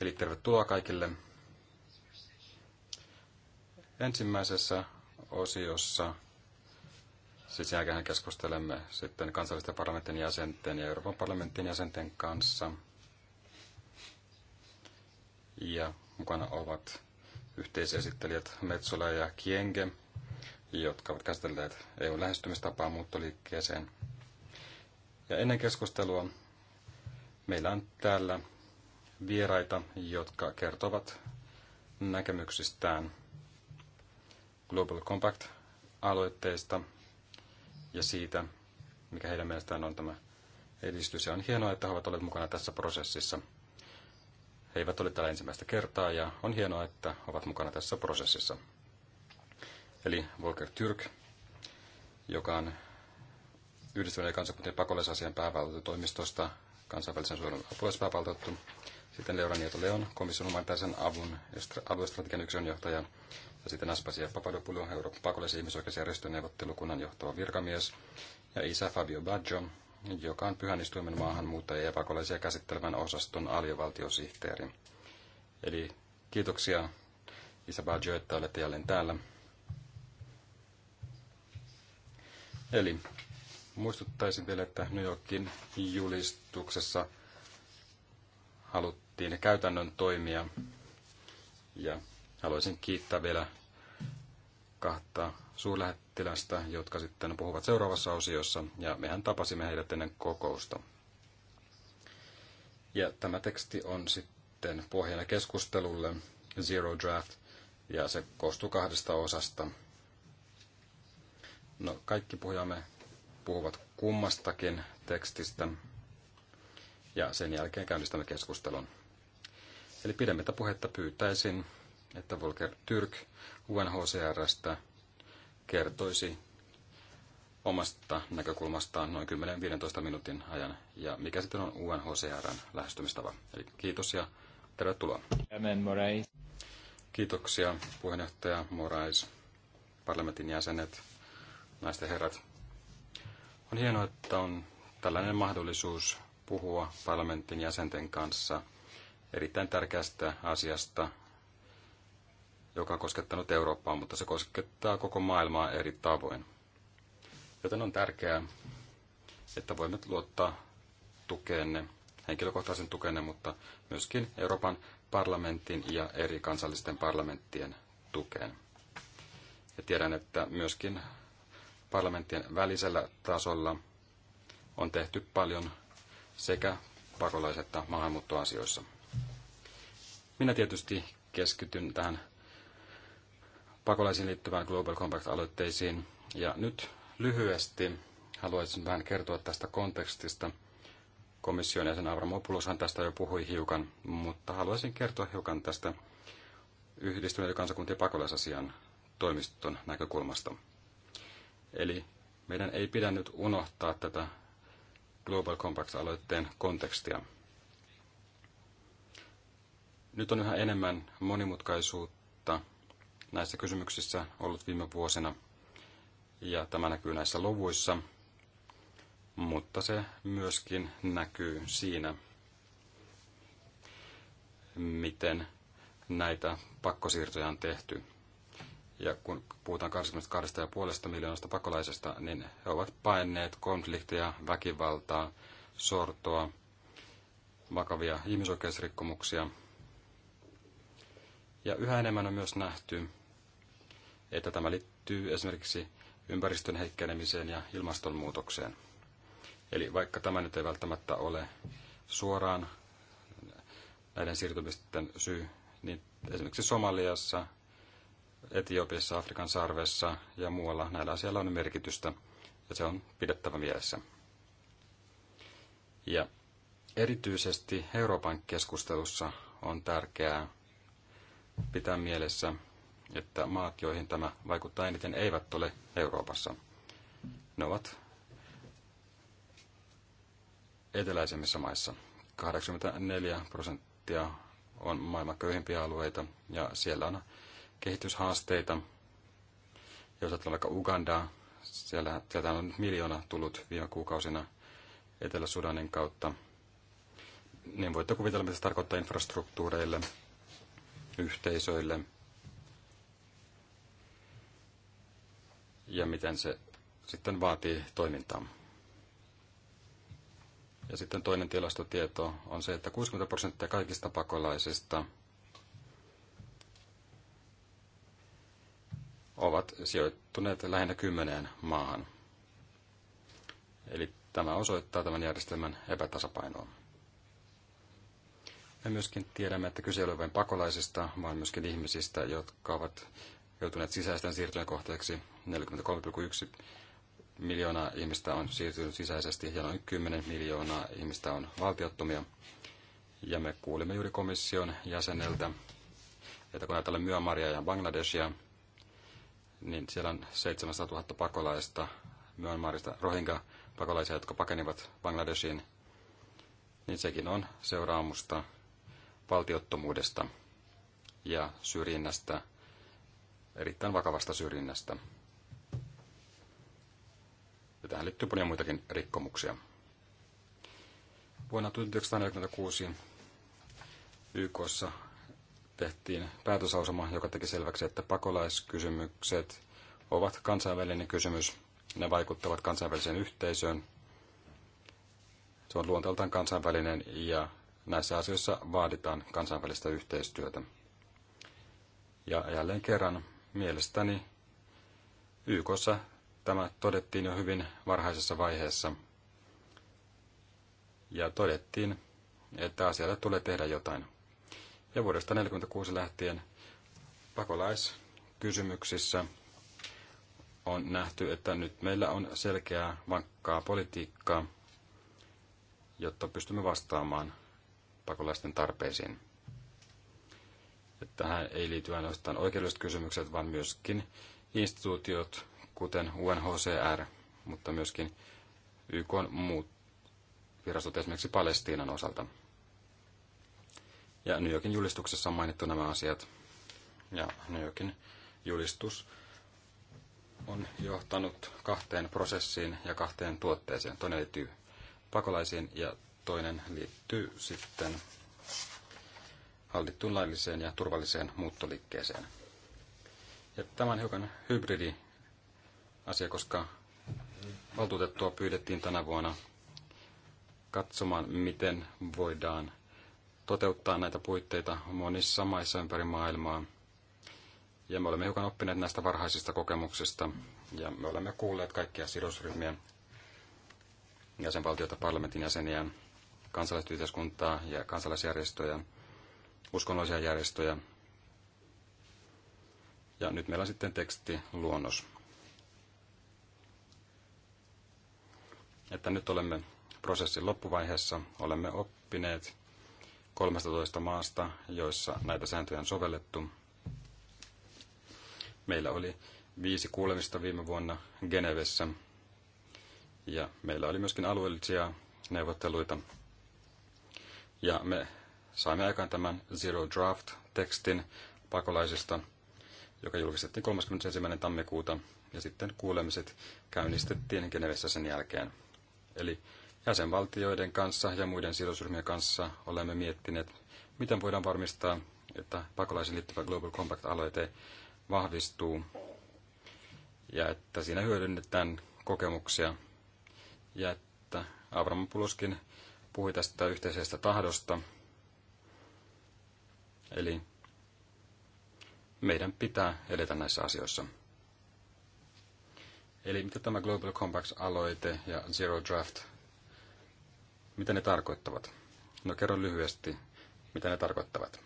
Eli tervetuloa kaikille. Ensimmäisessä osiossa Siis jälkeen keskustelemme sitten kansallisten parlamentin jäsenten ja Euroopan parlamentin jäsenten kanssa. Ja mukana ovat yhteisesittelijät Metsola ja Kienge, jotka ovat käsitelleet EU-lähestymistapaa muuttoliikkeeseen. Ja ennen keskustelua meillä on täällä vieraita, jotka kertovat näkemyksistään Global Compact-aloitteista – ja siitä, mikä heidän mielestään on tämä edistys. Ja on hienoa, että he ovat olleet mukana tässä prosessissa. He eivät ole täällä ensimmäistä kertaa ja on hienoa, että ovat mukana tässä prosessissa. Eli Volker Türk, joka on yhdistyneen kansakuntien pakolaisasian päävaltuutoimistosta kansainvälisen suojelun apulaispäävaltuutettu. Sitten Leora Nieto Leon, komission humanitaarisen avun aluestrategian yksilön johtaja. Ja sitten Aspasia Papadopoulou, Euroopan pakolais- ja ihmisoikeusjärjestön neuvottelukunnan johtava virkamies, ja isä Fabio Baggio, joka on pyhän istuimen maahanmuuttajia ja pakolaisia käsittelevän osaston aliovaltiosihteeri. Eli kiitoksia isä Baggio, että olette jälleen täällä. Eli muistuttaisin vielä, että New Yorkin julistuksessa haluttiin käytännön toimia. Ja haluaisin kiittää vielä kahta suurlähettilästä, jotka sitten puhuvat seuraavassa osiossa, ja mehän tapasimme heidät ennen kokousta. Ja tämä teksti on sitten pohjana keskustelulle Zero Draft, ja se koostuu kahdesta osasta. No, kaikki puhujamme puhuvat kummastakin tekstistä, ja sen jälkeen käynnistämme keskustelun. Eli pidemmittä puhetta pyytäisin, että Volker Tyrk UNHCRstä kertoisi omasta näkökulmastaan noin 10-15 minuutin ajan ja mikä sitten on UNHCRn lähestymistava. Eli kiitos ja tervetuloa. Amen, Morais. Kiitoksia puheenjohtaja Morais, parlamentin jäsenet, naiset ja herrat. On hienoa, että on tällainen mahdollisuus puhua parlamentin jäsenten kanssa erittäin tärkeästä asiasta, joka on koskettanut Eurooppaa, mutta se koskettaa koko maailmaa eri tavoin. Joten on tärkeää, että voimme luottaa tukeenne, henkilökohtaisen tukeenne, mutta myöskin Euroopan parlamentin ja eri kansallisten parlamenttien tukeen. Ja tiedän, että myöskin parlamenttien välisellä tasolla on tehty paljon sekä pakolaisetta maahanmuuttoasioissa. Minä tietysti keskityn tähän pakolaisiin liittyvään Global Compact-aloitteisiin. Ja nyt lyhyesti haluaisin vähän kertoa tästä kontekstista. Komission jäsen Avramopuloshan tästä jo puhui hiukan, mutta haluaisin kertoa hiukan tästä yhdistyneiden kansakuntien pakolaisasian toimiston näkökulmasta. Eli meidän ei pidä nyt unohtaa tätä Global Compact-aloitteen kontekstia. Nyt on yhä enemmän monimutkaisuutta näissä kysymyksissä ollut viime vuosina, ja tämä näkyy näissä luvuissa, mutta se myöskin näkyy siinä, miten näitä pakkosiirtoja on tehty. Ja kun puhutaan 22,5 miljoonasta pakolaisesta, niin he ovat paineet konflikteja, väkivaltaa, sortoa, vakavia ihmisoikeusrikkomuksia. Ja yhä enemmän on myös nähty, että tämä liittyy esimerkiksi ympäristön heikkenemiseen ja ilmastonmuutokseen. Eli vaikka tämä nyt ei välttämättä ole suoraan näiden siirtymisten syy, niin esimerkiksi Somaliassa, Etiopiassa, Afrikan sarvessa ja muualla näillä asioilla on merkitystä, ja se on pidettävä mielessä. Ja erityisesti Euroopan keskustelussa on tärkeää pitää mielessä että maat, joihin tämä vaikuttaa eniten, eivät ole Euroopassa. Ne ovat eteläisemmissä maissa. 84 prosenttia on maailman köyhimpiä alueita ja siellä on kehityshaasteita. Jos ajatellaan vaikka Ugandaa, siellä, sieltä on miljoona tullut viime kuukausina Etelä-Sudanin kautta. Niin voitte kuvitella, mitä se tarkoittaa infrastruktuureille, yhteisöille – ja miten se sitten vaatii toimintaa. Ja sitten toinen tilastotieto on se, että 60 prosenttia kaikista pakolaisista ovat sijoittuneet lähinnä kymmeneen maahan. Eli tämä osoittaa tämän järjestelmän epätasapainoa. Me myöskin tiedämme, että kyse ei ole vain pakolaisista, vaan myöskin ihmisistä, jotka ovat joutuneet sisäisten siirtojen kohteeksi. 43,1 miljoonaa ihmistä on siirtynyt sisäisesti ja noin 10 miljoonaa ihmistä on valtiottomia. Ja me kuulimme juuri komission jäseneltä, että kun ajatellaan Myanmaria ja Bangladesia, niin siellä on 700 000 pakolaista Myanmarista rohingya-pakolaisia, jotka pakenivat Bangladeshiin, niin sekin on seuraamusta valtiottomuudesta ja syrjinnästä erittäin vakavasta syrjinnästä. Ja tähän liittyy paljon muitakin rikkomuksia. Vuonna 1946 YK tehtiin päätösausama, joka teki selväksi, että pakolaiskysymykset ovat kansainvälinen kysymys. Ne vaikuttavat kansainväliseen yhteisöön. Se on luonteeltaan kansainvälinen ja näissä asioissa vaaditaan kansainvälistä yhteistyötä. Ja jälleen kerran mielestäni YKssa tämä todettiin jo hyvin varhaisessa vaiheessa. Ja todettiin, että asialle tulee tehdä jotain. Ja vuodesta 1946 lähtien pakolaiskysymyksissä on nähty, että nyt meillä on selkeää, vankkaa politiikkaa, jotta pystymme vastaamaan pakolaisten tarpeisiin että tähän ei liity ainoastaan oikeudelliset kysymykset, vaan myöskin instituutiot, kuten UNHCR, mutta myöskin YK muut virastot esimerkiksi Palestiinan osalta. Ja New Yorkin julistuksessa on mainittu nämä asiat. Ja New Yorkin julistus on johtanut kahteen prosessiin ja kahteen tuotteeseen. Toinen liittyy pakolaisiin ja toinen liittyy sitten hallittuun lailliseen ja turvalliseen muuttoliikkeeseen. Ja tämä on hiukan hybridi asia, koska valtuutettua pyydettiin tänä vuonna katsomaan, miten voidaan toteuttaa näitä puitteita monissa maissa ympäri maailmaa. Ja me olemme hiukan oppineet näistä varhaisista kokemuksista ja me olemme kuulleet kaikkia sidosryhmiä, jäsenvaltioita, parlamentin jäseniä, kansalaisyhteiskuntaa ja kansalaisjärjestöjä – uskonnollisia järjestöjä. Ja nyt meillä on sitten teksti luonnos. Että nyt olemme prosessin loppuvaiheessa, olemme oppineet 13 maasta, joissa näitä sääntöjä on sovellettu. Meillä oli viisi kuulemista viime vuonna Genevessä ja meillä oli myöskin alueellisia neuvotteluita. Ja me saimme aikaan tämän Zero Draft-tekstin pakolaisista, joka julkistettiin 31. tammikuuta, ja sitten kuulemiset käynnistettiin Genevessä sen jälkeen. Eli jäsenvaltioiden kanssa ja muiden sidosryhmien kanssa olemme miettineet, miten voidaan varmistaa, että pakolaisiin liittyvä Global Compact-aloite vahvistuu ja että siinä hyödynnetään kokemuksia ja että Avramopuloskin puhui tästä yhteisestä tahdosta Eli meidän pitää edetä näissä asioissa. Eli mitä tämä Global compact aloite ja Zero Draft, mitä ne tarkoittavat? No kerron lyhyesti, mitä ne tarkoittavat.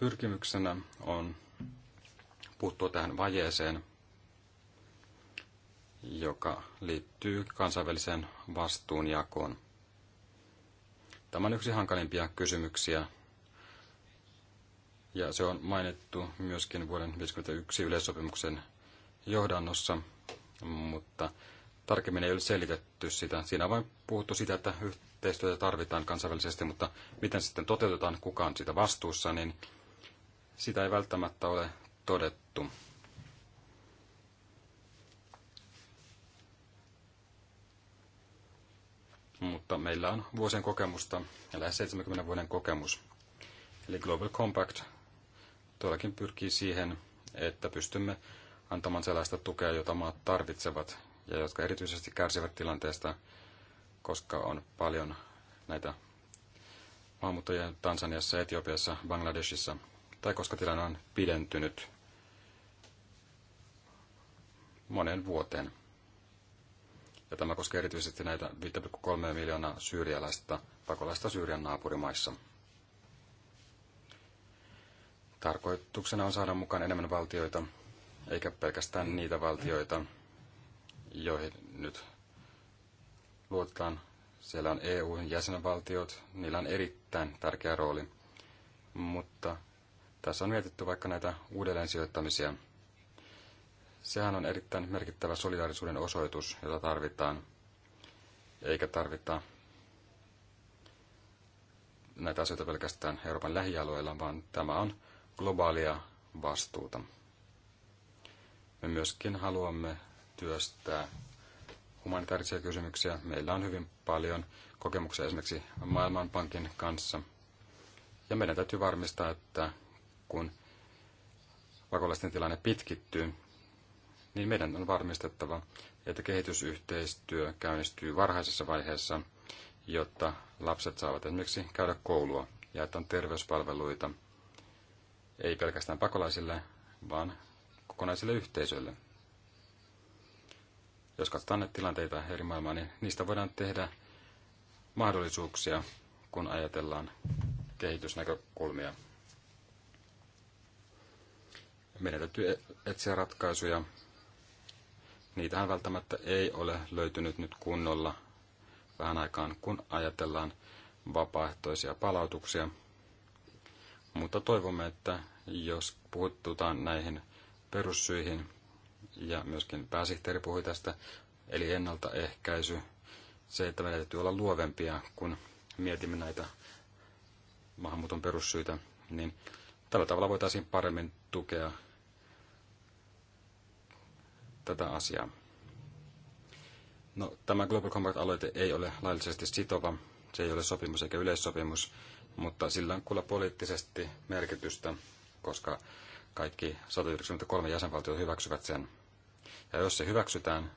Pyrkimyksenä on puuttua tähän vajeeseen, joka liittyy kansainväliseen vastuunjakoon – Tämä on yksi hankalimpia kysymyksiä, ja se on mainittu myöskin vuoden 1951 yleissopimuksen johdannossa, mutta tarkemmin ei ole selitetty sitä. Siinä on vain puhuttu sitä, että yhteistyötä tarvitaan kansainvälisesti, mutta miten sitten toteutetaan, kukaan sitä vastuussa, niin sitä ei välttämättä ole todettu. mutta meillä on vuosien kokemusta ja lähes 70 vuoden kokemus. Eli Global Compact todellakin pyrkii siihen, että pystymme antamaan sellaista tukea, jota maat tarvitsevat ja jotka erityisesti kärsivät tilanteesta, koska on paljon näitä maahanmuuttajia Tansaniassa, Etiopiassa, Bangladesissa, tai koska tilanne on pidentynyt monen vuoteen ja tämä koskee erityisesti näitä 5,3 miljoonaa syyrialaista pakolaista Syyrian naapurimaissa. Tarkoituksena on saada mukaan enemmän valtioita, eikä pelkästään niitä valtioita, joihin nyt luotetaan. Siellä on EU-jäsenvaltiot, niillä on erittäin tärkeä rooli, mutta tässä on mietitty vaikka näitä uudelleensijoittamisia sijoittamisia Sehän on erittäin merkittävä solidaarisuuden osoitus, jota tarvitaan, eikä tarvita näitä asioita pelkästään Euroopan lähialueilla, vaan tämä on globaalia vastuuta. Me myöskin haluamme työstää humanitaarisia kysymyksiä. Meillä on hyvin paljon kokemuksia esimerkiksi Maailmanpankin kanssa. Ja meidän täytyy varmistaa, että kun pakolaisten tilanne pitkittyy, niin meidän on varmistettava, että kehitysyhteistyö käynnistyy varhaisessa vaiheessa, jotta lapset saavat esimerkiksi käydä koulua ja että on terveyspalveluita, ei pelkästään pakolaisille, vaan kokonaisille yhteisöille. Jos katsotaan näitä tilanteita eri maailmaa, niin niistä voidaan tehdä mahdollisuuksia, kun ajatellaan kehitysnäkökulmia. Meidän täytyy etsiä ratkaisuja, niitähän välttämättä ei ole löytynyt nyt kunnolla vähän aikaan, kun ajatellaan vapaaehtoisia palautuksia. Mutta toivomme, että jos puhututaan näihin perussyihin, ja myöskin pääsihteeri puhui tästä, eli ennaltaehkäisy, se, että meidän täytyy olla luovempia, kun mietimme näitä maahanmuuton perussyitä, niin tällä tavalla voitaisiin paremmin tukea tätä asiaa. No, tämä Global Compact-aloite ei ole laillisesti sitova, se ei ole sopimus eikä yleissopimus, mutta sillä on kyllä poliittisesti merkitystä, koska kaikki 193 jäsenvaltiota hyväksyvät sen. Ja jos se hyväksytään,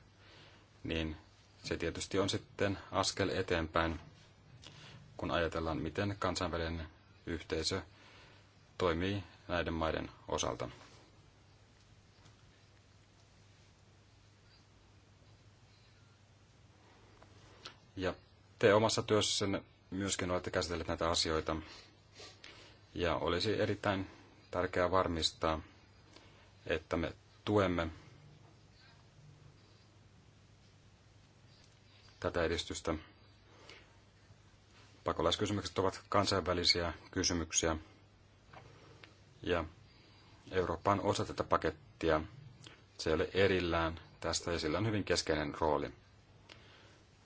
niin se tietysti on sitten askel eteenpäin, kun ajatellaan, miten kansainvälinen yhteisö toimii näiden maiden osalta. Ja te omassa työssänne myöskin olette käsitelleet näitä asioita. Ja olisi erittäin tärkeää varmistaa, että me tuemme tätä edistystä. Pakolaiskysymykset ovat kansainvälisiä kysymyksiä ja Eurooppa on osa tätä pakettia. Se ei ole erillään tästä ja sillä on hyvin keskeinen rooli.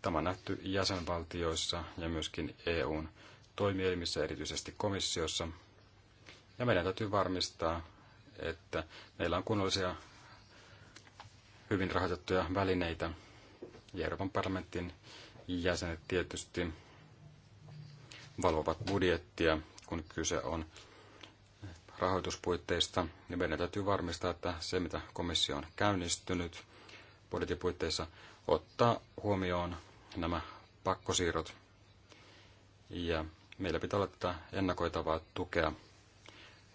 Tämä on nähty jäsenvaltioissa ja myöskin EUn toimielimissä, erityisesti komissiossa. Ja meidän täytyy varmistaa, että meillä on kunnollisia hyvin rahoitettuja välineitä. Ja Euroopan parlamentin jäsenet tietysti valvovat budjettia, kun kyse on rahoituspuitteista. niin meidän täytyy varmistaa, että se mitä komissio on käynnistynyt budjetin ottaa huomioon nämä pakkosiirrot. Ja meillä pitää olla tätä ennakoitavaa tukea,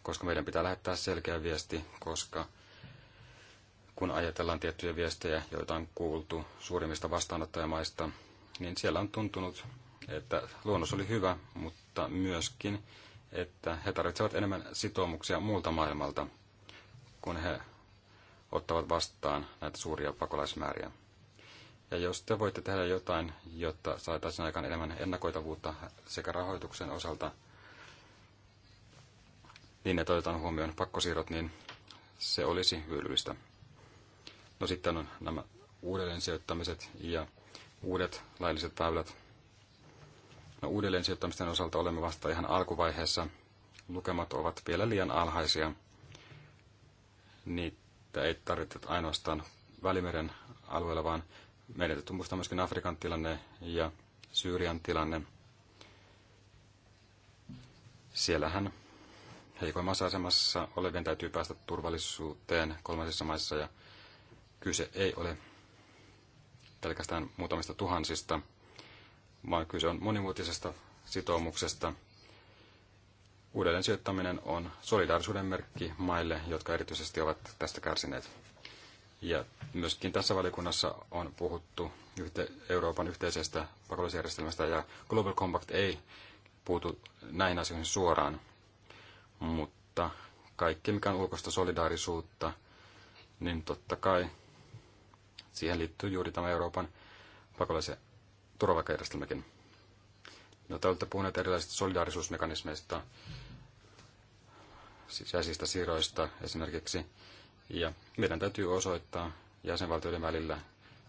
koska meidän pitää lähettää selkeä viesti, koska kun ajatellaan tiettyjä viestejä, joita on kuultu suurimmista vastaanottajamaista, niin siellä on tuntunut, että luonnos oli hyvä, mutta myöskin, että he tarvitsevat enemmän sitoumuksia muulta maailmalta, kun he ottavat vastaan näitä suuria pakolaismääriä. Ja jos te voitte tehdä jotain, jotta saataisiin aikaan enemmän ennakoitavuutta sekä rahoituksen osalta, niin että otetaan huomioon pakkosiirrot, niin se olisi hyödyllistä. No sitten on nämä uudelleen sijoittamiset ja uudet lailliset väylät. No uudelleen sijoittamisten osalta olemme vasta ihan alkuvaiheessa. Lukemat ovat vielä liian alhaisia. Niitä ei tarvitse ainoastaan Välimeren alueella, vaan meidän täytyy muistaa myöskin Afrikan tilanne ja Syyrian tilanne. Siellähän heikoimmassa asemassa olevien täytyy päästä turvallisuuteen kolmansissa maissa ja kyse ei ole pelkästään muutamista tuhansista, vaan kyse on monimuotisesta sitoumuksesta. Uudelleen sijoittaminen on solidaarisuuden merkki maille, jotka erityisesti ovat tästä kärsineet. Ja myöskin tässä valikunnassa on puhuttu yhte- Euroopan yhteisestä pakolaisjärjestelmästä ja Global Compact ei puutu näihin asioihin suoraan, mutta kaikki mikä on ulkoista solidaarisuutta, niin totta kai siihen liittyy juuri tämä Euroopan pakolais- turvakajärjestelmäkin. No, te olette puhuneet erilaisista solidaarisuusmekanismeista, sisäisistä siirroista esimerkiksi, ja meidän täytyy osoittaa jäsenvaltioiden välillä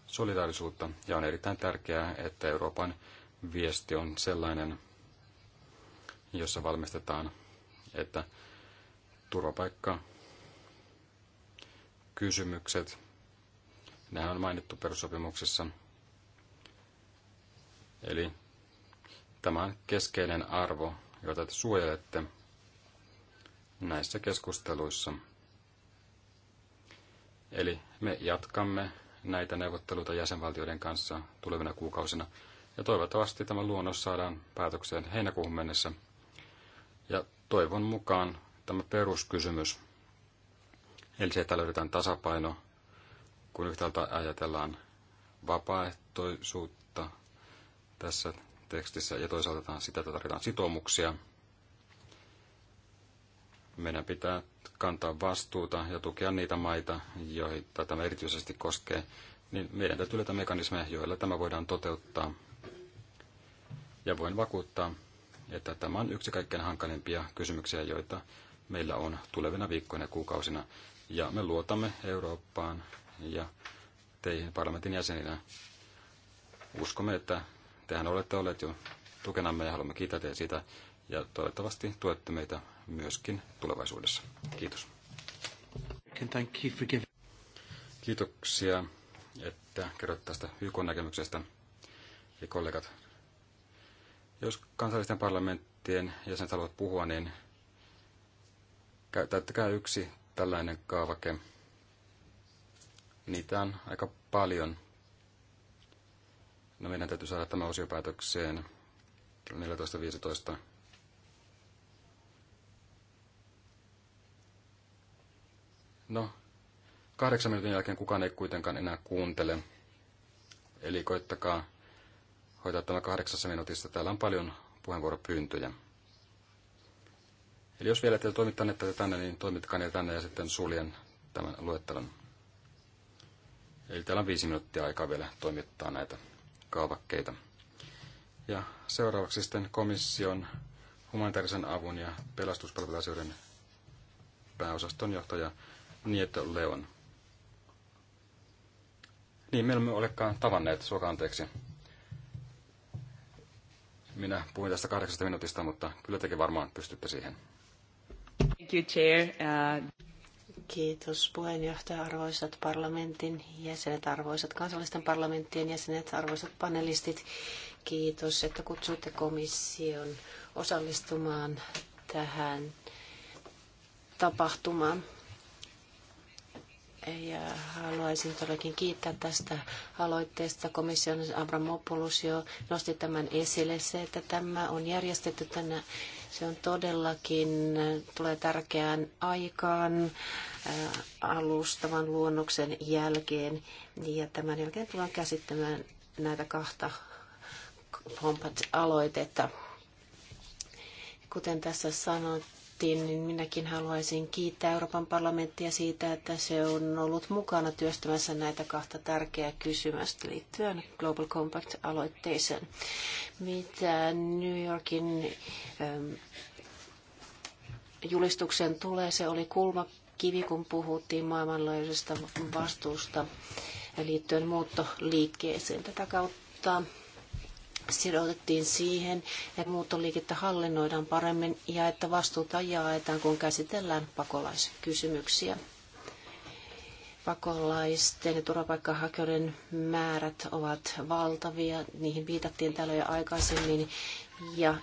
solidaarisuutta ja on erittäin tärkeää, että Euroopan viesti on sellainen, jossa valmistetaan, että turvapaikka kysymykset, nehän on mainittu perussopimuksessa. Eli tämä on keskeinen arvo, jota te suojelette näissä keskusteluissa – Eli me jatkamme näitä neuvotteluita jäsenvaltioiden kanssa tulevina kuukausina. Ja toivottavasti tämä luonnos saadaan päätökseen heinäkuuhun mennessä. Ja toivon mukaan tämä peruskysymys, eli se, että löydetään tasapaino, kun yhtäältä ajatellaan vapaaehtoisuutta tässä tekstissä ja toisaalta sitä, että tarvitaan sitoumuksia. Meidän pitää kantaa vastuuta ja tukea niitä maita, joita tämä erityisesti koskee, niin meidän täytyy löytää mekanismeja, joilla tämä voidaan toteuttaa. Ja voin vakuuttaa, että tämä on yksi kaikkein hankalimpia kysymyksiä, joita meillä on tulevina viikkoina ja kuukausina. Ja me luotamme Eurooppaan ja teihin parlamentin jäseninä. Uskomme, että tehän olette olleet jo tukenamme ja haluamme kiittää teitä siitä, ja toivottavasti tuette meitä myöskin tulevaisuudessa. Kiitos. Kiitoksia, että kerroit tästä YK-näkemyksestä. Ja kollegat, jos kansallisten parlamenttien jäsenet haluavat puhua, niin täyttäkää yksi tällainen kaavake. Niitä on aika paljon. No meidän täytyy saada tämä osiopäätökseen 14.15. No, kahdeksan minuutin jälkeen kukaan ei kuitenkaan enää kuuntele. Eli koittakaa hoitaa tämä kahdeksassa minuutissa. Täällä on paljon puheenvuoropyyntöjä. Eli jos vielä teillä toimittaneet tätä tänne, niin toimittakaa ne tänne ja sitten suljen tämän luettelon. Eli täällä on viisi minuuttia aikaa vielä toimittaa näitä kaavakkeita. Ja seuraavaksi sitten komission humanitaarisen avun ja pelastuspalveluasioiden pääosaston johtaja Nieto niin, Leon. Niin, me emme olekaan tavanneet, suoka anteeksi. Minä puhuin tästä kahdeksasta minuutista, mutta kyllä tekin varmaan pystytte siihen. Thank you, Chair. Uh... Kiitos puheenjohtaja, arvoisat parlamentin jäsenet, arvoisat kansallisten parlamenttien jäsenet, arvoisat panelistit. Kiitos, että kutsuitte komission osallistumaan tähän tapahtumaan ja haluaisin todellakin kiittää tästä aloitteesta. Komission Abramopoulos jo nosti tämän esille. Se, että tämä on järjestetty tänä, se on todellakin, tulee tärkeään aikaan äh, alustavan luonnoksen jälkeen. Ja tämän jälkeen tullaan käsittelemään näitä kahta Pompat-aloitetta. Kuten tässä sanottiin, kiitettiin, niin minäkin haluaisin kiittää Euroopan parlamenttia siitä, että se on ollut mukana työstämässä näitä kahta tärkeää kysymystä liittyen Global Compact-aloitteeseen. Mitä New Yorkin ähm, julistuksen tulee, se oli kulmakivi, kun puhuttiin maailmanlaajuisesta vastuusta liittyen muuttoliikkeeseen. Tätä kautta sidotettiin siihen, että muuttoliikettä hallinnoidaan paremmin ja että vastuuta jaetaan, kun käsitellään pakolaiskysymyksiä. Pakolaisten ja turvapaikkahakijoiden määrät ovat valtavia, niihin viitattiin täällä jo aikaisemmin, ja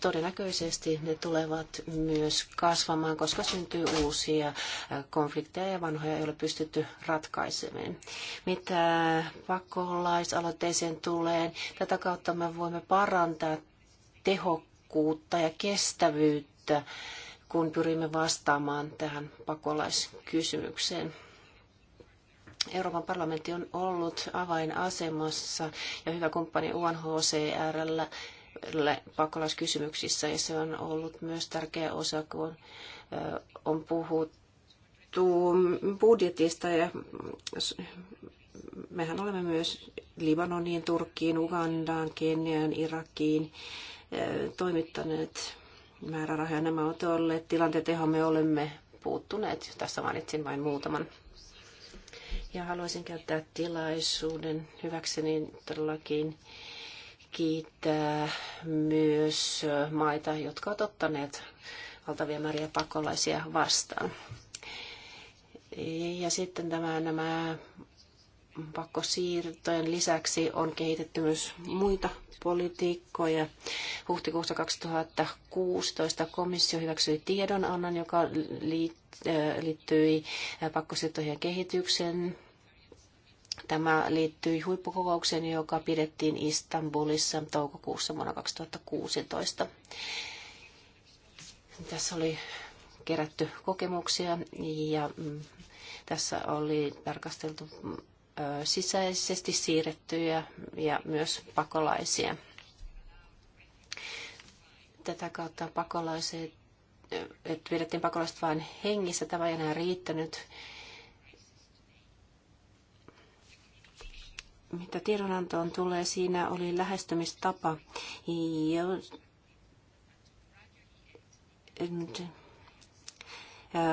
todennäköisesti ne tulevat myös kasvamaan, koska syntyy uusia äh, konflikteja ja vanhoja ei ole pystytty ratkaisemaan. Mitä pakolaisaloitteeseen tulee, tätä kautta me voimme parantaa tehokkuutta ja kestävyyttä, kun pyrimme vastaamaan tähän pakolaiskysymykseen. Euroopan parlamentti on ollut avainasemassa ja hyvä kumppani UNHCRllä pakolaiskysymyksissä ja se on ollut myös tärkeä osa, kun on puhuttu budjetista ja mehän olemme myös Libanoniin, Turkkiin, Ugandaan, Keniaan, Irakiin toimittaneet määrärahoja. Nämä ovat olleet tilanteet, me olemme puuttuneet. Tässä mainitsin vain muutaman. Ja haluaisin käyttää tilaisuuden hyväkseni todellakin kiittää myös maita, jotka ovat ottaneet valtavia määriä pakolaisia vastaan. Ja sitten tämä, nämä pakkosiirtojen lisäksi on kehitetty myös muita politiikkoja. Huhtikuussa 2016 komissio hyväksyi tiedonannon, joka äh, liittyi pakkosiirtojen kehitykseen Tämä liittyi huippukokoukseen, joka pidettiin Istanbulissa toukokuussa vuonna 2016. Tässä oli kerätty kokemuksia ja mm, tässä oli tarkasteltu mm, sisäisesti siirrettyjä ja myös pakolaisia. Tätä kautta pakolaiset, että pidettiin pakolaiset vain hengissä, tämä ei enää riittänyt Mitä tiedonantoon tulee, siinä oli lähestymistapa,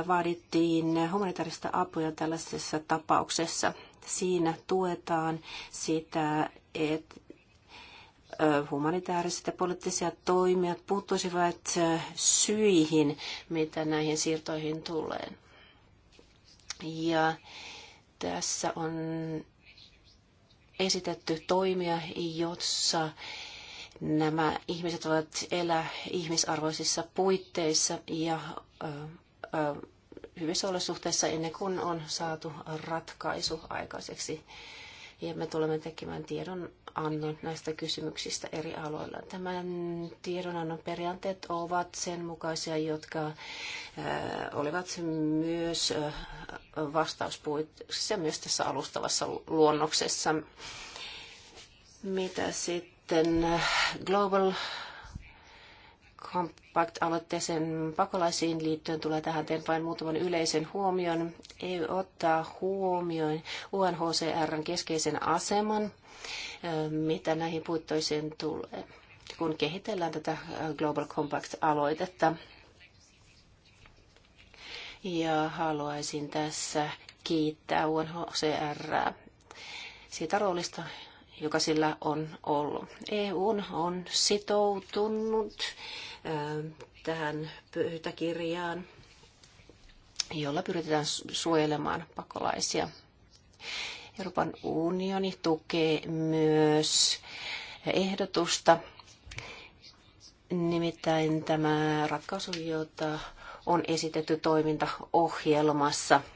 vaadittiin humanitaarista apua tällaisessa tapauksessa. Siinä tuetaan sitä, että humanitaariset ja poliittiset toimijat puuttuisivat syihin, mitä näihin siirtoihin tulee. Ja tässä on esitetty toimia, jossa nämä ihmiset voivat elää ihmisarvoisissa puitteissa ja ö, ö, hyvissä olosuhteissa ennen kuin on saatu ratkaisu aikaiseksi ja me tulemme tekemään tiedonannon näistä kysymyksistä eri aloilla. Tämän tiedonannon periaatteet ovat sen mukaisia, jotka äh, olivat myös äh, vastauspuitteissa myös tässä alustavassa luonnoksessa. Mitä sitten äh, Global Compact-aloitteeseen pakolaisiin liittyen tulee tähän teen vain muutaman yleisen huomion. EU ottaa huomioon UNHCRn keskeisen aseman, mitä näihin puittoisiin tulee, kun kehitellään tätä Global Compact-aloitetta. Ja haluaisin tässä kiittää UNHCR siitä roolista, joka sillä on ollut. EU on sitoutunut tähän pöytäkirjaan, jolla pyritään suojelemaan pakolaisia. Euroopan unioni tukee myös ehdotusta, nimittäin tämä ratkaisu, jota on esitetty toimintaohjelmassa –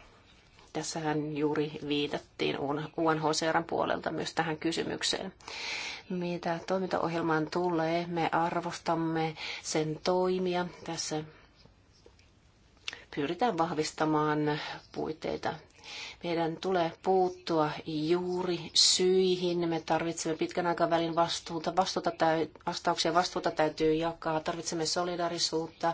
Tässähän juuri viitattiin UNHCRn puolelta myös tähän kysymykseen. Mitä toimintaohjelmaan tulee, me arvostamme sen toimia. Tässä pyritään vahvistamaan puitteita meidän tulee puuttua juuri syihin. Me tarvitsemme pitkän aikavälin vastuuta, vastuuta täy, vastauksia vastuuta täytyy jakaa. Tarvitsemme solidarisuutta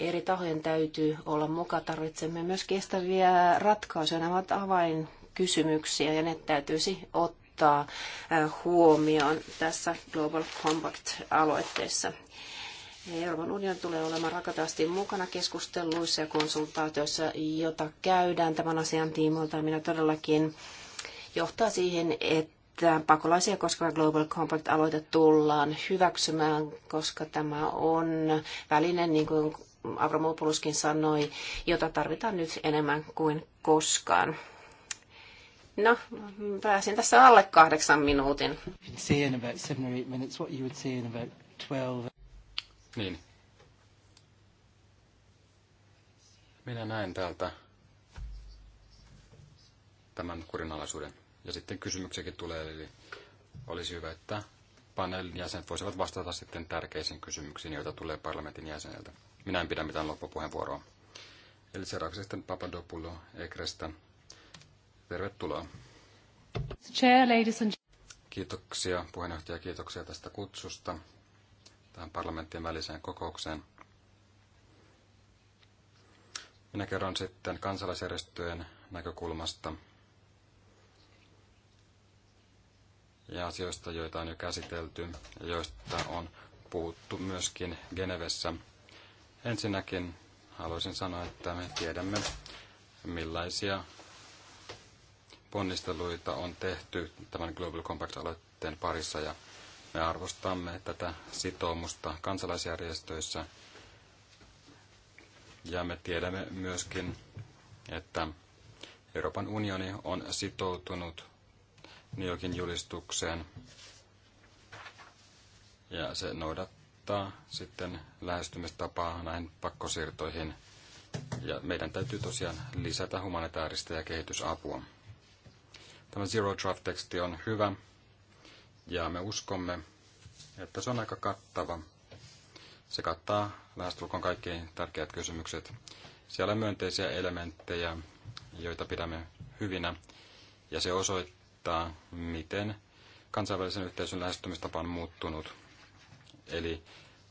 eri tahojen täytyy olla mukaan. Tarvitsemme myös kestäviä ratkaisuja. Nämä ovat avainkysymyksiä ja ne täytyisi ottaa huomioon tässä Global Compact-aloitteessa. Euroopan unioni tulee olemaan rakatavasti mukana keskusteluissa ja konsultaatioissa, jota käydään tämän asian tiimoilta. Minä todellakin johtaa siihen, että pakolaisia koskeva Global Compact-aloite tullaan hyväksymään, koska tämä on väline, niin kuin Avramopoluskin sanoi, jota tarvitaan nyt enemmän kuin koskaan. No, pääsin tässä alle kahdeksan minuutin. Niin. Minä näen täältä tämän kurinalaisuuden. Ja sitten kysymyksiäkin tulee, eli olisi hyvä, että paneelin jäsenet voisivat vastata sitten tärkeisiin kysymyksiin, joita tulee parlamentin jäseneltä. Minä en pidä mitään loppupuheenvuoroa. Eli seuraavaksi sitten Papadopoulou Ekrestä. Tervetuloa. Chair, ladies and... Kiitoksia puheenjohtaja, kiitoksia tästä kutsusta tähän parlamenttien väliseen kokoukseen. Minä kerron sitten kansalaisjärjestöjen näkökulmasta ja asioista, joita on jo käsitelty ja joista on puhuttu myöskin Genevessä – Ensinnäkin haluaisin sanoa, että me tiedämme, millaisia ponnisteluita on tehty tämän Global Compact-aloitteen parissa ja me arvostamme tätä sitoumusta kansalaisjärjestöissä ja me tiedämme myöskin, että Euroopan unioni on sitoutunut New Yorkin julistukseen ja se noudat, muuttaa sitten lähestymistapaa näihin pakkosiirtoihin. Ja meidän täytyy tosiaan lisätä humanitaarista ja kehitysapua. Tämä Zero Draft-teksti on hyvä ja me uskomme, että se on aika kattava. Se kattaa lähestulkoon kaikki tärkeät kysymykset. Siellä on myönteisiä elementtejä, joita pidämme hyvinä, ja se osoittaa, miten kansainvälisen yhteisön lähestymistapa on muuttunut Eli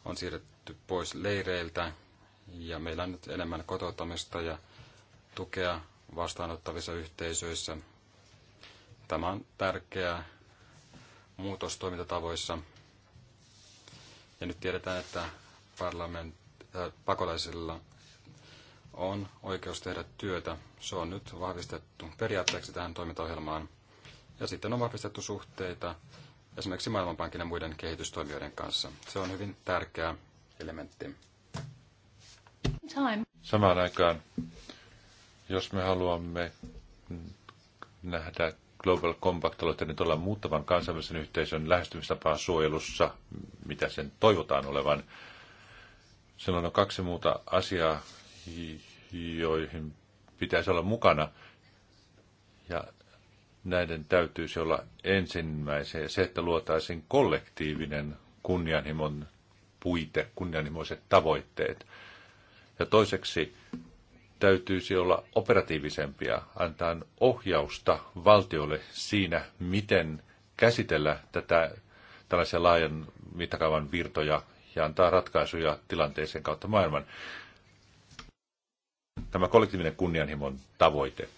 on siirretty pois leireiltä ja meillä on nyt enemmän kotouttamista ja tukea vastaanottavissa yhteisöissä. Tämä on tärkeä muutos toimintatavoissa. Ja nyt tiedetään, että parlament, äh, pakolaisilla on oikeus tehdä työtä. Se on nyt vahvistettu periaatteeksi tähän toimintaohjelmaan. Ja sitten on vahvistettu suhteita esimerkiksi Maailmanpankin ja muiden kehitystoimijoiden kanssa. Se on hyvin tärkeä elementti. Time. Samaan aikaan, jos me haluamme nähdä Global Compact niin olla muuttavan kansainvälisen yhteisön lähestymistapaan suojelussa, mitä sen toivotaan olevan, silloin on kaksi muuta asiaa, joihin pitäisi olla mukana. Ja näiden täytyisi olla ja Se, että luotaisiin kollektiivinen kunnianhimon puite, kunnianhimoiset tavoitteet. Ja toiseksi täytyisi olla operatiivisempia, antaa ohjausta valtiolle siinä, miten käsitellä tätä tällaisia laajan mittakaavan virtoja ja antaa ratkaisuja tilanteeseen kautta maailman. Tämä kollektiivinen kunnianhimon tavoite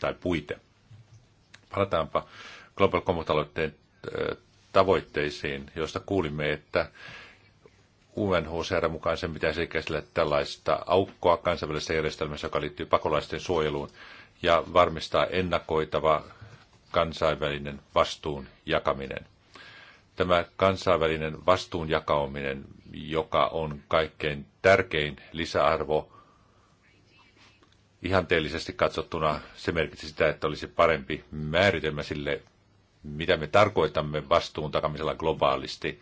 tai puite palataanpa Global commons äh, tavoitteisiin, joista kuulimme, että UNHCR mukaan sen pitäisi käsitellä tällaista aukkoa kansainvälisessä järjestelmässä, joka liittyy pakolaisten suojeluun ja varmistaa ennakoitava kansainvälinen vastuun jakaminen. Tämä kansainvälinen vastuun jakaminen, joka on kaikkein tärkein lisäarvo ihanteellisesti katsottuna se merkitsi sitä, että olisi parempi määritelmä sille, mitä me tarkoitamme vastuun takamisella globaalisti.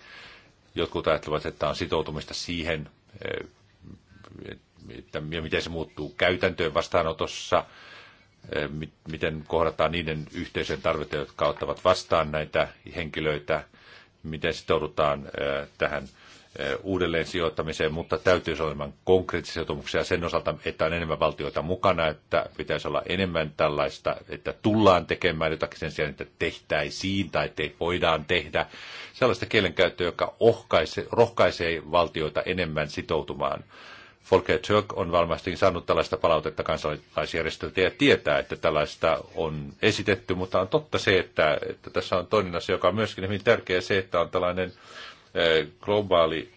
Jotkut ajattelevat, että on sitoutumista siihen, eh, että, miten se muuttuu käytäntöön vastaanotossa, eh, miten kohdataan niiden yhteisön tarvetta, jotka ottavat vastaan näitä henkilöitä, miten sitoudutaan eh, tähän – Eh, uudelleen sijoittamiseen, mutta täytyisi olla enemmän konkreettisia sijoituksia sen osalta, että on enemmän valtioita mukana, että pitäisi olla enemmän tällaista, että tullaan tekemään jotakin sen sijaan, että tehtäisiin tai te voidaan tehdä. Sellaista kielenkäyttöä, joka ohkaise, rohkaisee valtioita enemmän sitoutumaan. Volker Türk on varmasti saanut tällaista palautetta kansalaisjärjestöltä ja tietää, että tällaista on esitetty, mutta on totta se, että, että tässä on toinen asia, joka on myöskin hyvin tärkeä, se, että on tällainen globaali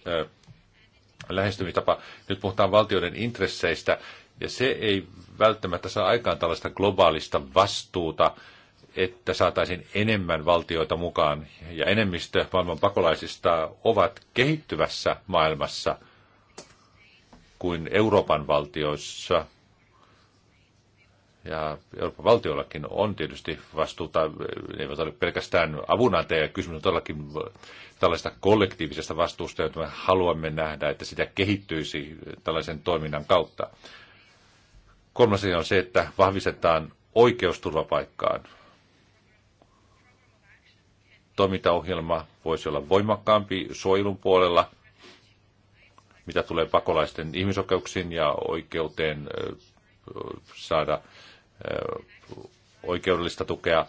lähestymistapa. Nyt puhutaan valtioiden intresseistä, ja se ei välttämättä saa aikaan tällaista globaalista vastuuta, että saataisiin enemmän valtioita mukaan. Ja enemmistö maailman pakolaisista ovat kehittyvässä maailmassa kuin Euroopan valtioissa – ja Euroopan valtiollakin on tietysti vastuuta, ne eivät ole pelkästään avunantaja, kysymys on todellakin tällaista kollektiivisesta vastuusta, jota me haluamme nähdä, että sitä kehittyisi tällaisen toiminnan kautta. Kolmas on se, että vahvistetaan oikeusturvapaikkaan. Toimintaohjelma voisi olla voimakkaampi suojelun puolella, mitä tulee pakolaisten ihmisoikeuksiin ja oikeuteen saada oikeudellista tukea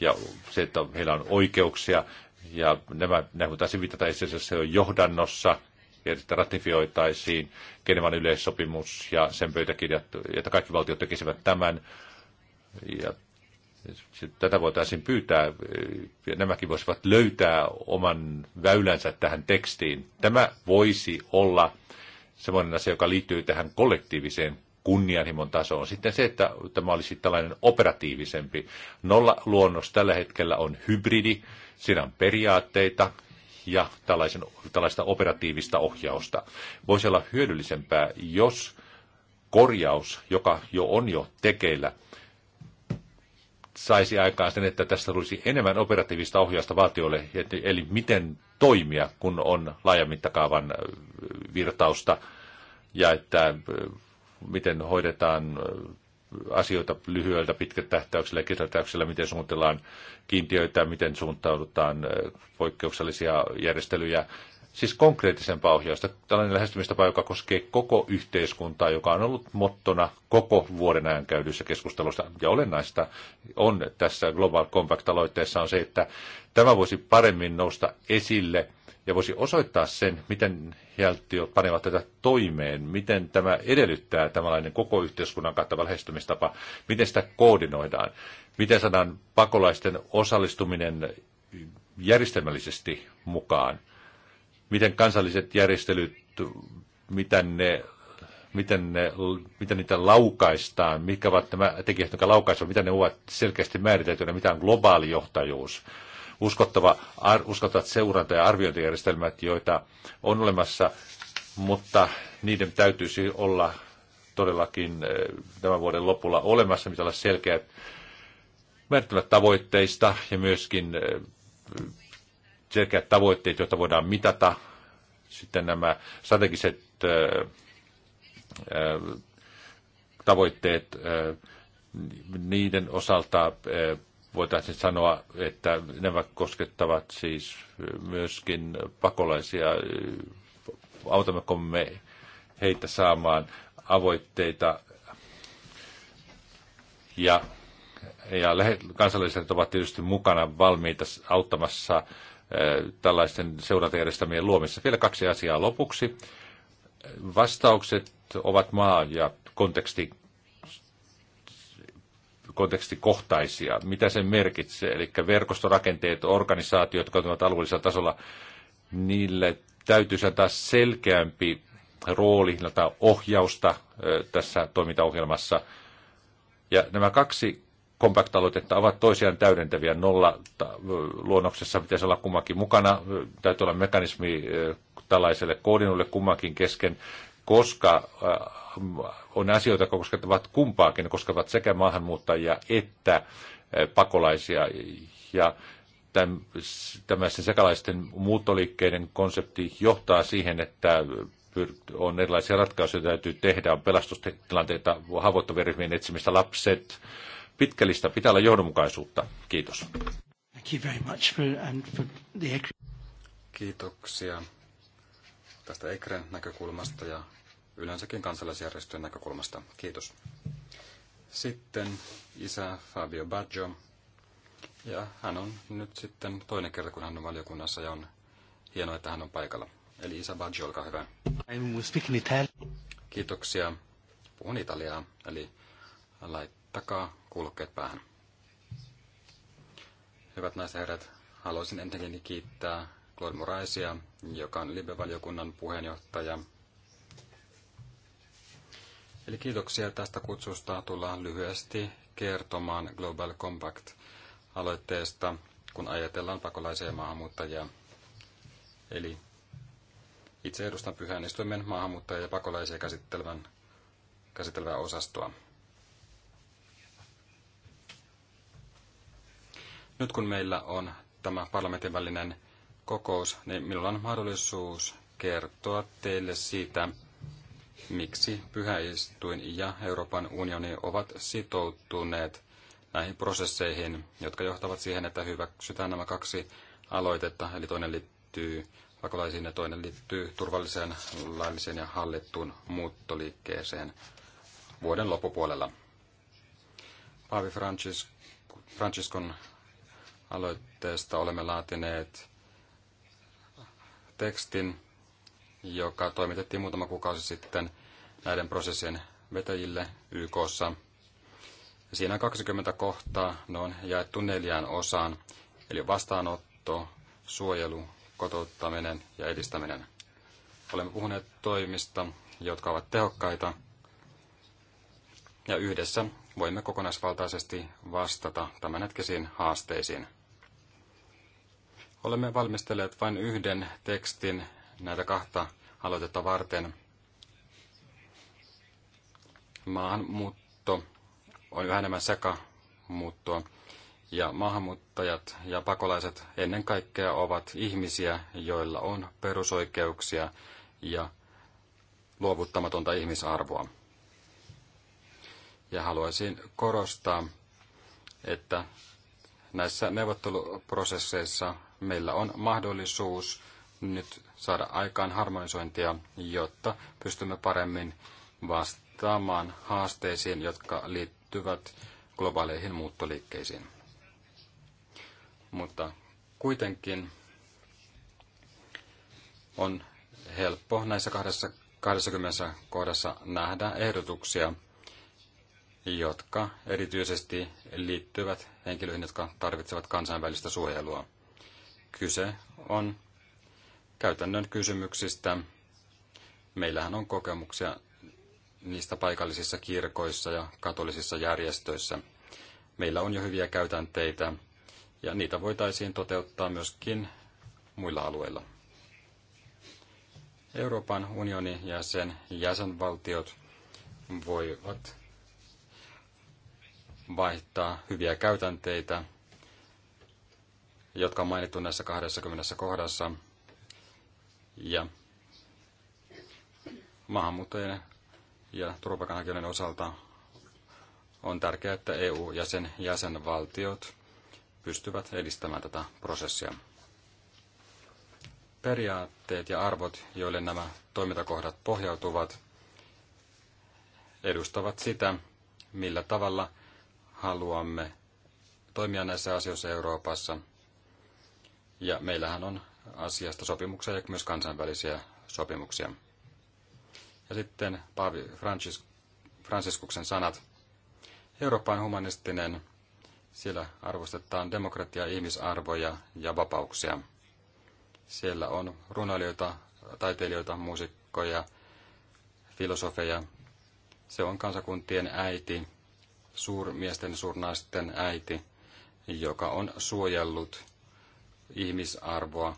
ja se, että heillä on oikeuksia. Ja nämä, nämä voitaisiin viitata itse asiassa jo johdannossa, että ratifioitaisiin Genevan yleissopimus ja sen pöytäkirjat, että kaikki valtiot tekisivät tämän. Ja tätä voitaisiin pyytää, ja nämäkin voisivat löytää oman väylänsä tähän tekstiin. Tämä voisi olla semmoinen asia, joka liittyy tähän kollektiiviseen kunnianhimon taso on sitten se, että tämä olisi tällainen operatiivisempi. Nolla luonnos tällä hetkellä on hybridi, siinä on periaatteita ja tällaisen, tällaista operatiivista ohjausta. Voisi olla hyödyllisempää, jos korjaus, joka jo on jo tekeillä, saisi aikaan sen, että tästä tulisi enemmän operatiivista ohjausta valtiolle, eli miten toimia, kun on laajamittakaavan virtausta, ja että miten hoidetaan äh, asioita lyhyeltä, pitkät tähtäyksellä, kesätäyksellä, miten suunnitellaan kiintiöitä, miten suuntaudutaan äh, poikkeuksellisia järjestelyjä. Siis konkreettisempaa ohjausta, tällainen lähestymistapa, joka koskee koko yhteiskuntaa, joka on ollut mottona koko vuoden ajan käydyissä keskustelussa. Ja olennaista on tässä Global Compact-aloitteessa on se, että tämä voisi paremmin nousta esille – ja voisi osoittaa sen, miten jältiöt panevat tätä toimeen, miten tämä edellyttää tämänlainen koko yhteiskunnan kattava lähestymistapa, miten sitä koordinoidaan, miten saadaan pakolaisten osallistuminen järjestelmällisesti mukaan, miten kansalliset järjestelyt, miten ne miten, ne, miten niitä laukaistaan, mitkä ovat nämä tekijät, jotka laukaisevat, mitä ne ovat selkeästi määriteltyä, mitä on globaali johtajuus, uskottava, ar, uskottavat seuranta- ja arviointijärjestelmät, joita on olemassa, mutta niiden täytyisi olla todellakin eh, tämän vuoden lopulla olemassa, mitä olla selkeät määritelmät tavoitteista ja myöskin eh, selkeät tavoitteet, joita voidaan mitata. Sitten nämä strategiset eh, tavoitteet niiden osalta voitaisiin sanoa, että nämä koskettavat siis myöskin pakolaisia. Autammeko me heitä saamaan avoitteita ja, ja kansalaiset ovat tietysti mukana valmiita auttamassa tällaisten seurantajärjestelmien luomissa. Vielä kaksi asiaa lopuksi. Vastaukset ovat maa- ja konteksti kontekstikohtaisia. Mitä se merkitsee? Eli verkostorakenteet, organisaatiot, jotka ovat alueellisella tasolla, niille täytyy antaa selkeämpi rooli tai ohjausta tässä toimintaohjelmassa. Ja nämä kaksi kompaktaloitetta ovat toisiaan täydentäviä. Nolla luonnoksessa pitäisi olla kummankin mukana. Täytyy olla mekanismi tällaiselle koordinoille kummankin kesken, koska on asioita, jotka koskettavat kumpaakin, koskevat sekä maahanmuuttajia että eh, pakolaisia. Ja tämmöisten sekalaisten muuttoliikkeiden konsepti johtaa siihen, että on erilaisia ratkaisuja, joita täytyy tehdä, on pelastustilanteita, haavoittavien ryhmien etsimistä, lapset, pitkälistä, pitää olla johdonmukaisuutta. Kiitos. Kiitoksia tästä EKREN näkökulmasta ja yleensäkin kansalaisjärjestöjen näkökulmasta. Kiitos. Sitten isä Fabio Baggio. Ja hän on nyt sitten toinen kerta, kun hän on valiokunnassa ja on hienoa, että hän on paikalla. Eli isä Baggio, olkaa hyvä. Kiitoksia. Puhun italiaa, eli laittakaa kuulokkeet päähän. Hyvät naiset herrat, haluaisin ensinnäkin kiittää Claude Moraisia, joka on Libe-valiokunnan puheenjohtaja Eli kiitoksia tästä kutsusta. Tullaan lyhyesti kertomaan Global Compact-aloitteesta, kun ajatellaan pakolaisia ja maahanmuuttajia. Eli itse edustan pyhän istuimen maahanmuuttajia ja pakolaisia käsittelevän, käsittelevää osastoa. Nyt kun meillä on tämä parlamentin välinen kokous, niin minulla on mahdollisuus kertoa teille siitä, miksi pyhäistuin ja Euroopan unioni ovat sitoutuneet näihin prosesseihin, jotka johtavat siihen, että hyväksytään nämä kaksi aloitetta, eli toinen liittyy pakolaisiin ja toinen liittyy turvalliseen, lailliseen ja hallittuun muuttoliikkeeseen vuoden loppupuolella. Paavi Francis, Franciscon aloitteesta olemme laatineet tekstin, joka toimitettiin muutama kuukausi sitten näiden prosessien vetäjille YKssa. Siinä on 20 kohtaa, ne on jaettu neljään osaan, eli vastaanotto, suojelu, kotouttaminen ja edistäminen. Olemme puhuneet toimista, jotka ovat tehokkaita, ja yhdessä voimme kokonaisvaltaisesti vastata tämänhetkisiin haasteisiin. Olemme valmistelleet vain yhden tekstin näitä kahta aloitetta varten. Maahanmuutto on yhä enemmän sekamuuttoa ja maahanmuuttajat ja pakolaiset ennen kaikkea ovat ihmisiä, joilla on perusoikeuksia ja luovuttamatonta ihmisarvoa. Ja haluaisin korostaa, että näissä neuvotteluprosesseissa meillä on mahdollisuus nyt saada aikaan harmonisointia, jotta pystymme paremmin vastaamaan haasteisiin, jotka liittyvät globaaleihin muuttoliikkeisiin. Mutta kuitenkin on helppo näissä 20 kohdassa nähdä ehdotuksia, jotka erityisesti liittyvät henkilöihin, jotka tarvitsevat kansainvälistä suojelua. Kyse on käytännön kysymyksistä. Meillähän on kokemuksia niistä paikallisissa kirkoissa ja katolisissa järjestöissä. Meillä on jo hyviä käytänteitä ja niitä voitaisiin toteuttaa myöskin muilla alueilla. Euroopan unioni ja sen jäsenvaltiot voivat vaihtaa hyviä käytänteitä, jotka on mainittu näissä 20 kohdassa ja maahanmuuttajien ja turvapaikanhakijoiden osalta on tärkeää, että EU ja sen jäsenvaltiot pystyvät edistämään tätä prosessia. Periaatteet ja arvot, joille nämä toimintakohdat pohjautuvat, edustavat sitä, millä tavalla haluamme toimia näissä asioissa Euroopassa. Ja meillähän on asiasta sopimuksia ja myös kansainvälisiä sopimuksia. Ja sitten Paavi Francis, Franciskuksen sanat. Eurooppa on humanistinen, siellä arvostetaan demokratiaa, ihmisarvoja ja vapauksia. Siellä on runoilijoita, taiteilijoita, muusikkoja, filosofeja. Se on kansakuntien äiti, suurmiesten, suurnaisten äiti, joka on suojellut ihmisarvoa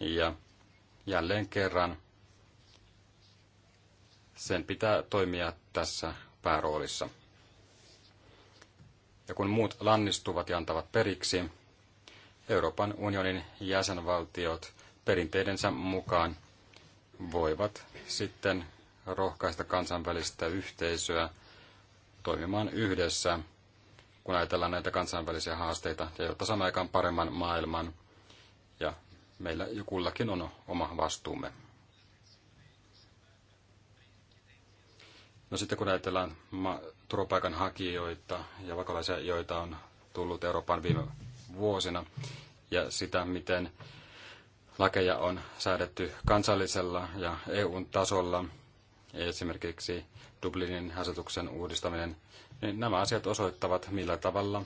ja jälleen kerran sen pitää toimia tässä pääroolissa. Ja kun muut lannistuvat ja antavat periksi, Euroopan unionin jäsenvaltiot perinteidensä mukaan voivat sitten rohkaista kansainvälistä yhteisöä toimimaan yhdessä, kun ajatellaan näitä kansainvälisiä haasteita, ja jotta samaan aikaan paremman maailman, meillä jokullakin on oma vastuumme. No sitten kun ajatellaan turvapaikanhakijoita ja vakalaisia, joita on tullut Euroopan viime vuosina, ja sitä, miten lakeja on säädetty kansallisella ja EUn tasolla, esimerkiksi Dublinin asetuksen uudistaminen, niin nämä asiat osoittavat, millä tavalla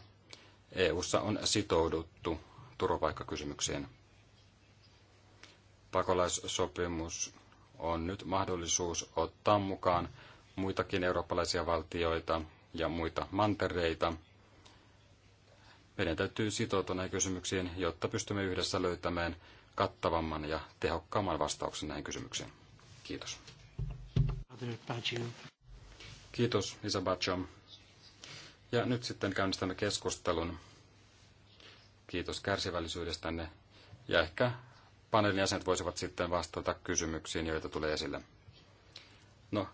EUssa on sitouduttu turvapaikkakysymykseen pakolaissopimus on nyt mahdollisuus ottaa mukaan muitakin eurooppalaisia valtioita ja muita mantereita. Meidän täytyy sitoutua näihin kysymyksiin, jotta pystymme yhdessä löytämään kattavamman ja tehokkaamman vastauksen näihin kysymyksiin. Kiitos. Kiitos, Lisa Ja nyt sitten käynnistämme keskustelun. Kiitos kärsivällisyydestänne ja ehkä paneelin jäsenet voisivat sitten vastata kysymyksiin, joita tulee esille. No,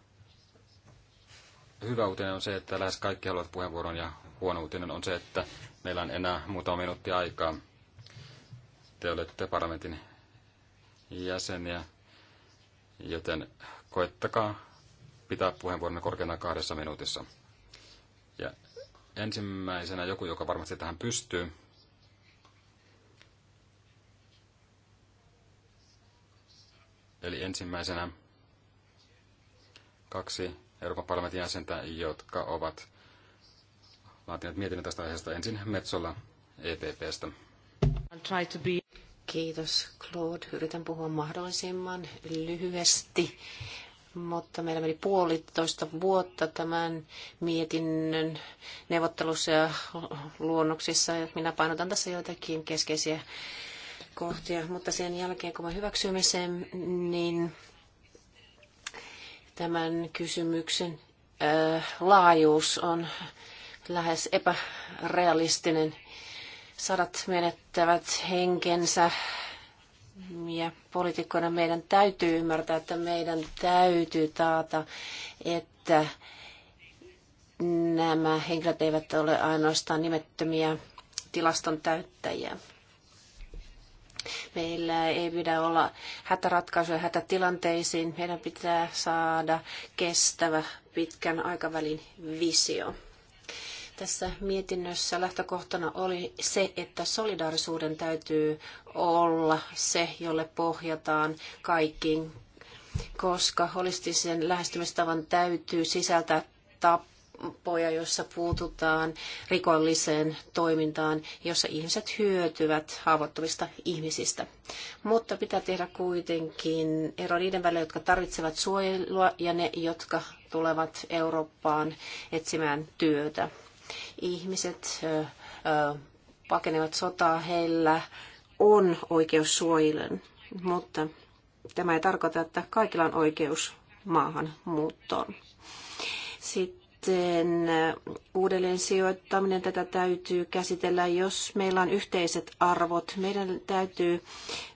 hyvä uutinen on se, että lähes kaikki haluavat puheenvuoron ja huono uutinen on se, että meillä on enää muutama minuutti aikaa. Te olette parlamentin jäseniä, joten koettakaa pitää puheenvuoronne korkeintaan kahdessa minuutissa. Ja ensimmäisenä joku, joka varmasti tähän pystyy, Eli ensimmäisenä kaksi Euroopan parlamentin jäsentä, jotka ovat laatineet mietinnön tästä aiheesta ensin Metsolla EPPstä. Kiitos Claude. Yritän puhua mahdollisimman lyhyesti, mutta meillä meni puolitoista vuotta tämän mietinnön neuvottelussa ja luonnoksissa. Minä painotan tässä joitakin keskeisiä kohtia, mutta sen jälkeen kun me hyväksymme sen, niin tämän kysymyksen ö, äh, laajuus on lähes epärealistinen. Sadat menettävät henkensä ja poliitikkoina meidän täytyy ymmärtää, että meidän täytyy taata, että nämä henkilöt eivät ole ainoastaan nimettömiä tilaston täyttäjiä. Meillä ei pidä olla hätäratkaisuja hätätilanteisiin. Meidän pitää saada kestävä pitkän aikavälin visio. Tässä mietinnössä lähtökohtana oli se, että solidaarisuuden täytyy olla se, jolle pohjataan kaikkiin, koska holistisen lähestymistavan täytyy sisältää tap tapoja, joissa puututaan rikolliseen toimintaan, jossa ihmiset hyötyvät haavoittuvista ihmisistä. Mutta pitää tehdä kuitenkin ero niiden välillä, jotka tarvitsevat suojelua ja ne, jotka tulevat Eurooppaan etsimään työtä. Ihmiset ö, ö, pakenevat sotaa, heillä on oikeus suojelun, mutta tämä ei tarkoita, että kaikilla on oikeus maahan muuttoon. Sitten sitten uudelleen sijoittaminen, tätä täytyy käsitellä, jos meillä on yhteiset arvot. Meidän täytyy,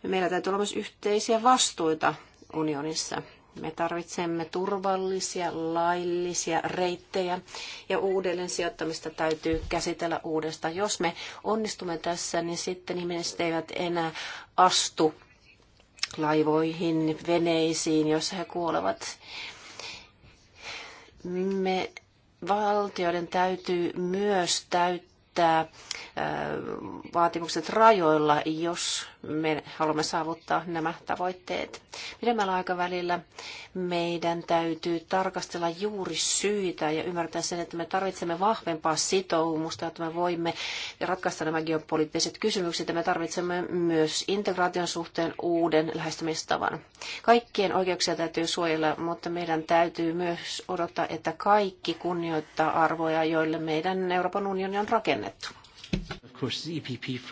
meillä täytyy olla myös yhteisiä vastuita unionissa. Me tarvitsemme turvallisia, laillisia reittejä ja uudelleen sijoittamista täytyy käsitellä uudestaan. Jos me onnistumme tässä, niin sitten ihmiset eivät enää astu laivoihin, veneisiin, jos he kuolevat. Me valtioiden täytyy myös täyttää täyttää äh, vaatimukset rajoilla, jos me haluamme saavuttaa nämä tavoitteet. Pidemmällä aikavälillä meidän täytyy tarkastella juuri syitä ja ymmärtää sen, että me tarvitsemme vahvempaa sitoumusta, että me voimme ratkaista nämä geopoliittiset kysymykset ja me tarvitsemme myös integraation suhteen uuden lähestymistavan. Kaikkien oikeuksia täytyy suojella, mutta meidän täytyy myös odottaa, että kaikki kunnioittaa arvoja, joille meidän Euroopan unioni on rakennettu annettu.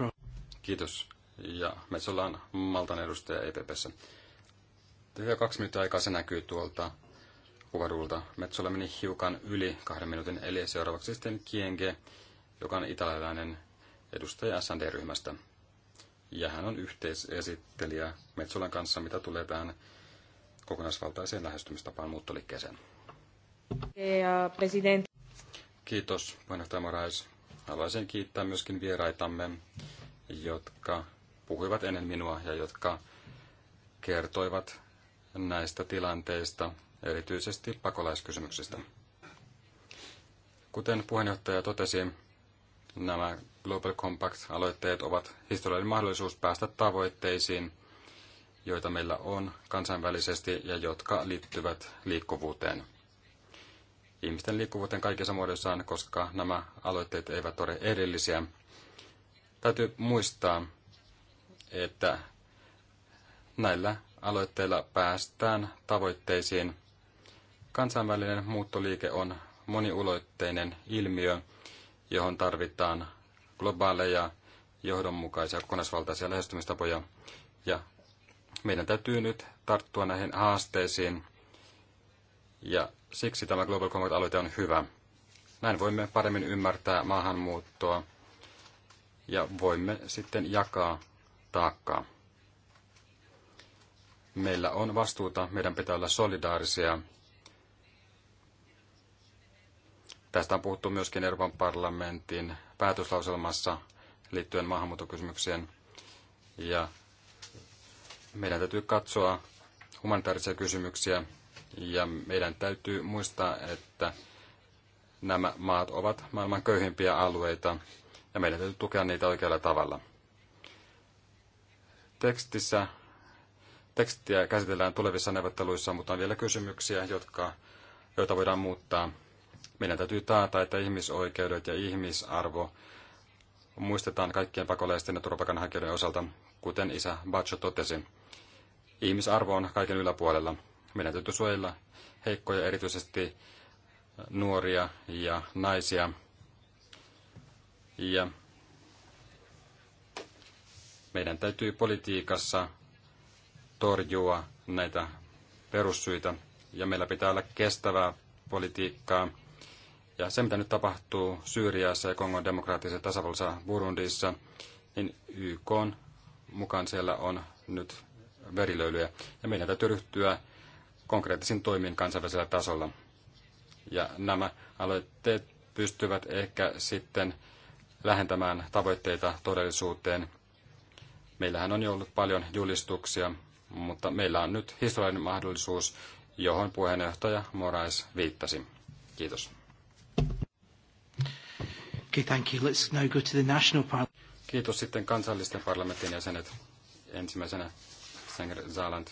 E Kiitos. Ja meissä ollaan Maltan edustaja EPPssä. Teillä kaksi minuuttia aikaa, se näkyy tuolta kuvadulta. Metsola meni hiukan yli kahden minuutin, eli seuraavaksi sitten Kienge, joka on italialainen edustaja SND-ryhmästä. Ja hän on yhteisesittelijä Metsolan kanssa, mitä tulee tähän kokonaisvaltaiseen lähestymistapaan muuttoliikkeeseen. Kiitos, puheenjohtaja Moraes. Haluaisin kiittää myöskin vieraitamme, jotka puhuivat ennen minua ja jotka kertoivat näistä tilanteista, erityisesti pakolaiskysymyksistä. Kuten puheenjohtaja totesi, nämä Global Compact-aloitteet ovat historiallinen mahdollisuus päästä tavoitteisiin, joita meillä on kansainvälisesti ja jotka liittyvät liikkuvuuteen ihmisten liikkuvuuteen kaikissa muodoissaan, koska nämä aloitteet eivät ole erillisiä. Täytyy muistaa, että näillä aloitteilla päästään tavoitteisiin. Kansainvälinen muuttoliike on moniulotteinen ilmiö, johon tarvitaan globaaleja, johdonmukaisia, kokonaisvaltaisia lähestymistapoja. Ja meidän täytyy nyt tarttua näihin haasteisiin ja siksi tämä Global Compact-aloite on hyvä. Näin voimme paremmin ymmärtää maahanmuuttoa ja voimme sitten jakaa taakkaa. Meillä on vastuuta, meidän pitää olla solidaarisia. Tästä on puhuttu myöskin Euroopan parlamentin päätöslauselmassa liittyen maahanmuuttokysymykseen. Ja meidän täytyy katsoa humanitaarisia kysymyksiä ja meidän täytyy muistaa, että nämä maat ovat maailman köyhimpiä alueita ja meidän täytyy tukea niitä oikealla tavalla. Tekstissä, tekstiä käsitellään tulevissa neuvotteluissa, mutta on vielä kysymyksiä, jotka, joita voidaan muuttaa. Meidän täytyy taata, että ihmisoikeudet ja ihmisarvo muistetaan kaikkien pakolaisten ja turvapaikanhakijoiden osalta, kuten isä Batso totesi. Ihmisarvo on kaiken yläpuolella. Meidän täytyy suojella heikkoja, erityisesti nuoria ja naisia. Ja meidän täytyy politiikassa torjua näitä perussyitä ja meillä pitää olla kestävää politiikkaa. Ja se, mitä nyt tapahtuu Syyriassa ja Kongon demokraattisessa tasavallassa Burundissa, niin YK on, mukaan siellä on nyt verilöilyjä. Ja meidän täytyy ryhtyä konkreettisin toimin kansainvälisellä tasolla. Ja nämä aloitteet pystyvät ehkä sitten lähentämään tavoitteita todellisuuteen. Meillähän on jo ollut paljon julistuksia, mutta meillä on nyt historiallinen mahdollisuus, johon puheenjohtaja Morais viittasi. Kiitos. Okay, thank you. Let's now go to the national parliament. Kiitos sitten kansallisten parlamentin jäsenet. Ensimmäisenä Sanger Zaland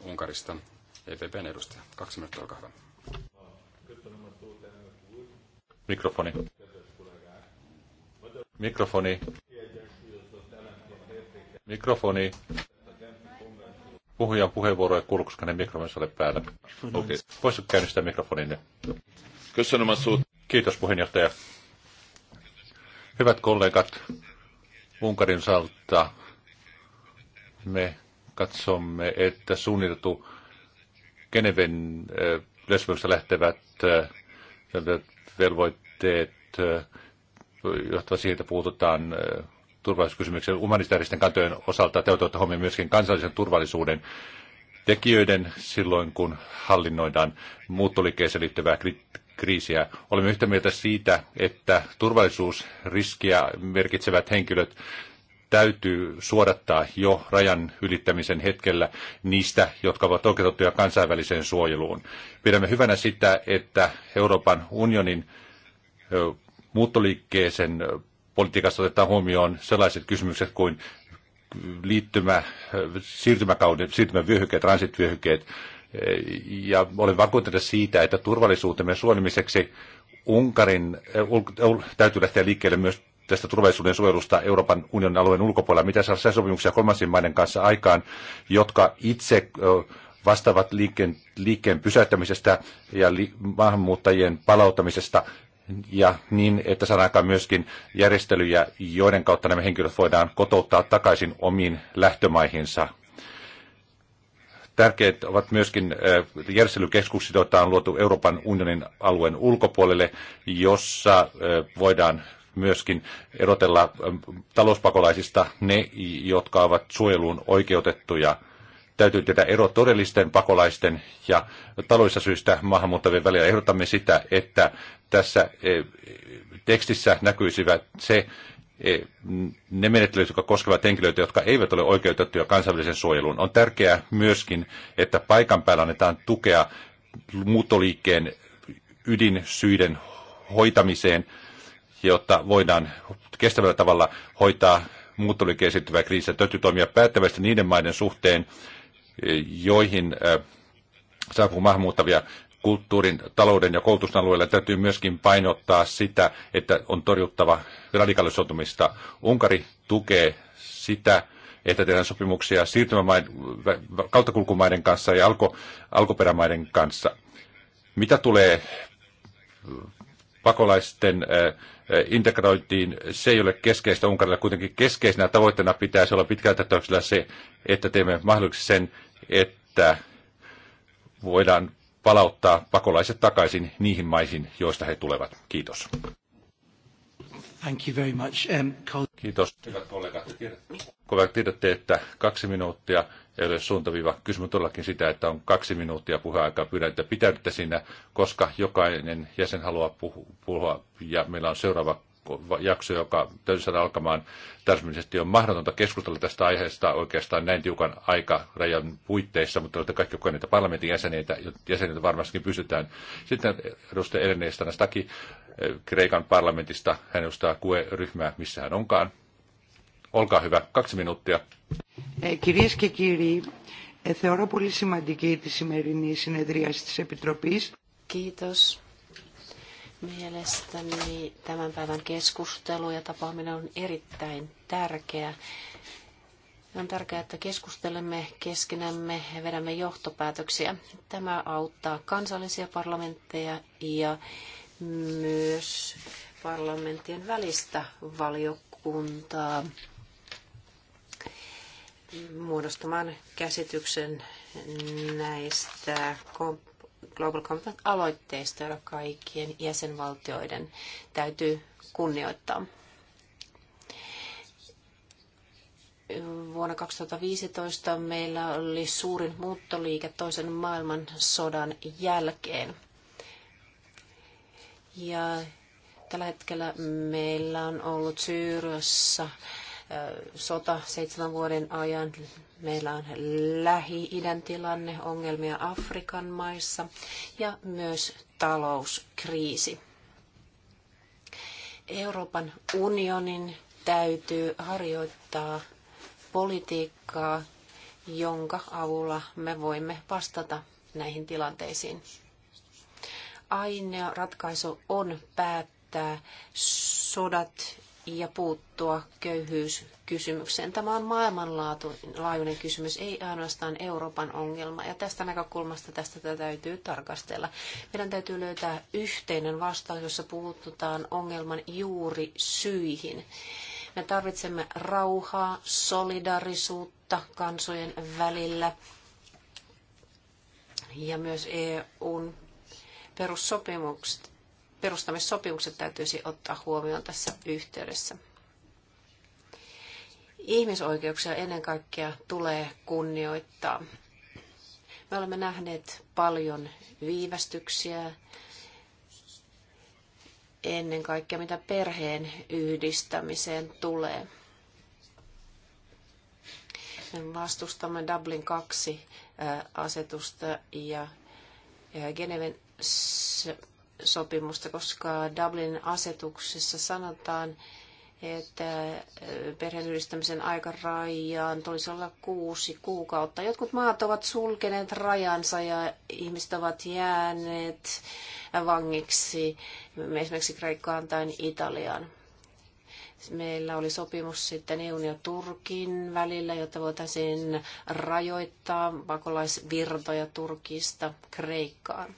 Unkarista. EPPn edustaja. Kaksi minuuttia, olkaa hyvä. Mikrofoni. Mikrofoni. Mikrofoni. Puhujan puheenvuoro ei kuulu, koska ne mikrofonissa ole päällä. Okei, okay. voisitko käynnistää nyt. Kiitos puheenjohtaja. Hyvät kollegat, Unkarin salta me katsomme, että suunniteltu Geneven Lesbosta lähtevät velvoitteet johtavat siihen että puututaan turvallisuuskysymyksen humanitaaristen kantojen osalta täytyy huomioon myöskin kansallisen turvallisuuden tekijöiden silloin, kun hallinnoidaan muuttoliikkeeseen liittyvää kriisiä. Olemme yhtä mieltä siitä, että turvallisuusriskiä merkitsevät henkilöt täytyy suodattaa jo rajan ylittämisen hetkellä niistä, jotka ovat oikeutettuja kansainväliseen suojeluun. Pidämme hyvänä sitä, että Euroopan unionin muuttoliikkeeseen politiikassa otetaan huomioon sellaiset kysymykset kuin liittymä, siirtymäkauden, siirtymävyöhykkeet, transitvyöhykkeet, e, ja olen vakuuttunut siitä, että turvallisuutemme suojelmiseksi Unkarin e, e, täytyy lähteä liikkeelle myös tästä turvallisuuden suojelusta Euroopan unionin alueen ulkopuolella. Mitä saa sopimuksia kolmansien maiden kanssa aikaan, jotka itse vastaavat liikkeen, liikkeen pysäyttämisestä ja li, maahanmuuttajien palauttamisesta ja niin, että saadaan aikaan myöskin järjestelyjä, joiden kautta nämä henkilöt voidaan kotouttaa takaisin omiin lähtömaihinsa. Tärkeät ovat myöskin järjestelykeskukset, joita on luotu Euroopan unionin alueen ulkopuolelle, jossa voidaan myöskin erotella talouspakolaisista ne, jotka ovat suojeluun oikeutettuja. Täytyy tehdä ero todellisten pakolaisten ja taloudellisista syistä maahanmuuttavien välillä. Ehdotamme sitä, että tässä e, tekstissä näkyisivät se, e, ne menettelyt, jotka koskevat henkilöitä, jotka eivät ole oikeutettuja kansainväliseen suojeluun. On tärkeää myöskin, että paikan päällä annetaan tukea muuttoliikkeen ydinsyiden hoitamiseen – jotta voidaan kestävällä tavalla hoitaa muuttoliikkeen esittyvää kriisiä. Täytyy toimia päättävästi niiden maiden suhteen, joihin saapuu maahanmuuttavia kulttuurin, talouden ja koulutuksen alueella täytyy myöskin painottaa sitä, että on torjuttava radikalisoitumista. Unkari tukee sitä, että tehdään sopimuksia siirtymämaiden, kauttakulkumaiden kanssa ja alko, alkuperämaiden kanssa. Mitä tulee pakolaisten äh, integroitiin, se ei ole keskeistä Unkarilla Kuitenkin keskeisenä tavoitteena pitäisi olla pitkältä se, että teemme mahdolliseksi sen, että voidaan palauttaa pakolaiset takaisin niihin maihin, joista he tulevat. Kiitos. Thank you very much. Um, Kiitos. Hyvät kollegat, kollegat, tiedätte, että kaksi minuuttia ei ole suuntaviiva. Kysymys todellakin sitä, että on kaksi minuuttia puheaikaa. Pyydän, että pitäydytte siinä, koska jokainen jäsen haluaa puhua. Ja meillä on seuraava jakso, joka täytyy saada alkamaan täsmällisesti. On mahdotonta keskustella tästä aiheesta oikeastaan näin tiukan aikarajan puitteissa, mutta olette kaikki kokeneita parlamentin jäseniä, jäseniä varmasti pystytään. Sitten edustaja Elene Stanastaki eh, Kreikan parlamentista, hän edustaa QE-ryhmää, missä hän onkaan. Olkaa hyvä, kaksi minuuttia. Κυρίες και κύριοι, θεωρώ πολύ σημαντική τη σημερινή συνεδρίαση της Επιτροπής. Kiitos Mielestäni tämän päivän keskustelu ja tapaaminen on erittäin tärkeä. On tärkeää, että keskustelemme keskenämme ja vedämme johtopäätöksiä. Tämä auttaa kansallisia parlamentteja ja myös parlamenttien välistä valiokuntaa muodostamaan käsityksen näistä komp- Global Compact-aloitteesta, jota kaikkien jäsenvaltioiden täytyy kunnioittaa. Vuonna 2015 meillä oli suurin muuttoliike toisen maailmansodan jälkeen. Ja tällä hetkellä meillä on ollut Syyriassa sota seitsemän vuoden ajan. Meillä on Lähi-idän tilanne, ongelmia Afrikan maissa ja myös talouskriisi. Euroopan unionin täytyy harjoittaa politiikkaa, jonka avulla me voimme vastata näihin tilanteisiin. Ainoa ratkaisu on päättää sodat ja puuttua köyhyyskysymykseen. Tämä on maailmanlaajuinen kysymys, ei ainoastaan Euroopan ongelma. Ja tästä näkökulmasta tästä tätä täytyy tarkastella. Meidän täytyy löytää yhteinen vastaus, jossa puututaan ongelman juuri syihin. Me tarvitsemme rauhaa, solidarisuutta kansojen välillä ja myös EUn perussopimukset perustamissopimukset täytyisi ottaa huomioon tässä yhteydessä. Ihmisoikeuksia ennen kaikkea tulee kunnioittaa. Me olemme nähneet paljon viivästyksiä, ennen kaikkea mitä perheen yhdistämiseen tulee. Me vastustamme Dublin 2 asetusta ja Geneven sopimusta, koska Dublin asetuksessa sanotaan, että perheenyhdistämisen aikarajaan tulisi olla kuusi kuukautta. Jotkut maat ovat sulkeneet rajansa ja ihmiset ovat jääneet vangiksi esimerkiksi Kreikkaan tai Italiaan. Meillä oli sopimus sitten EUn ja Turkin välillä, jotta voitaisiin rajoittaa pakolaisvirtoja Turkista Kreikkaan.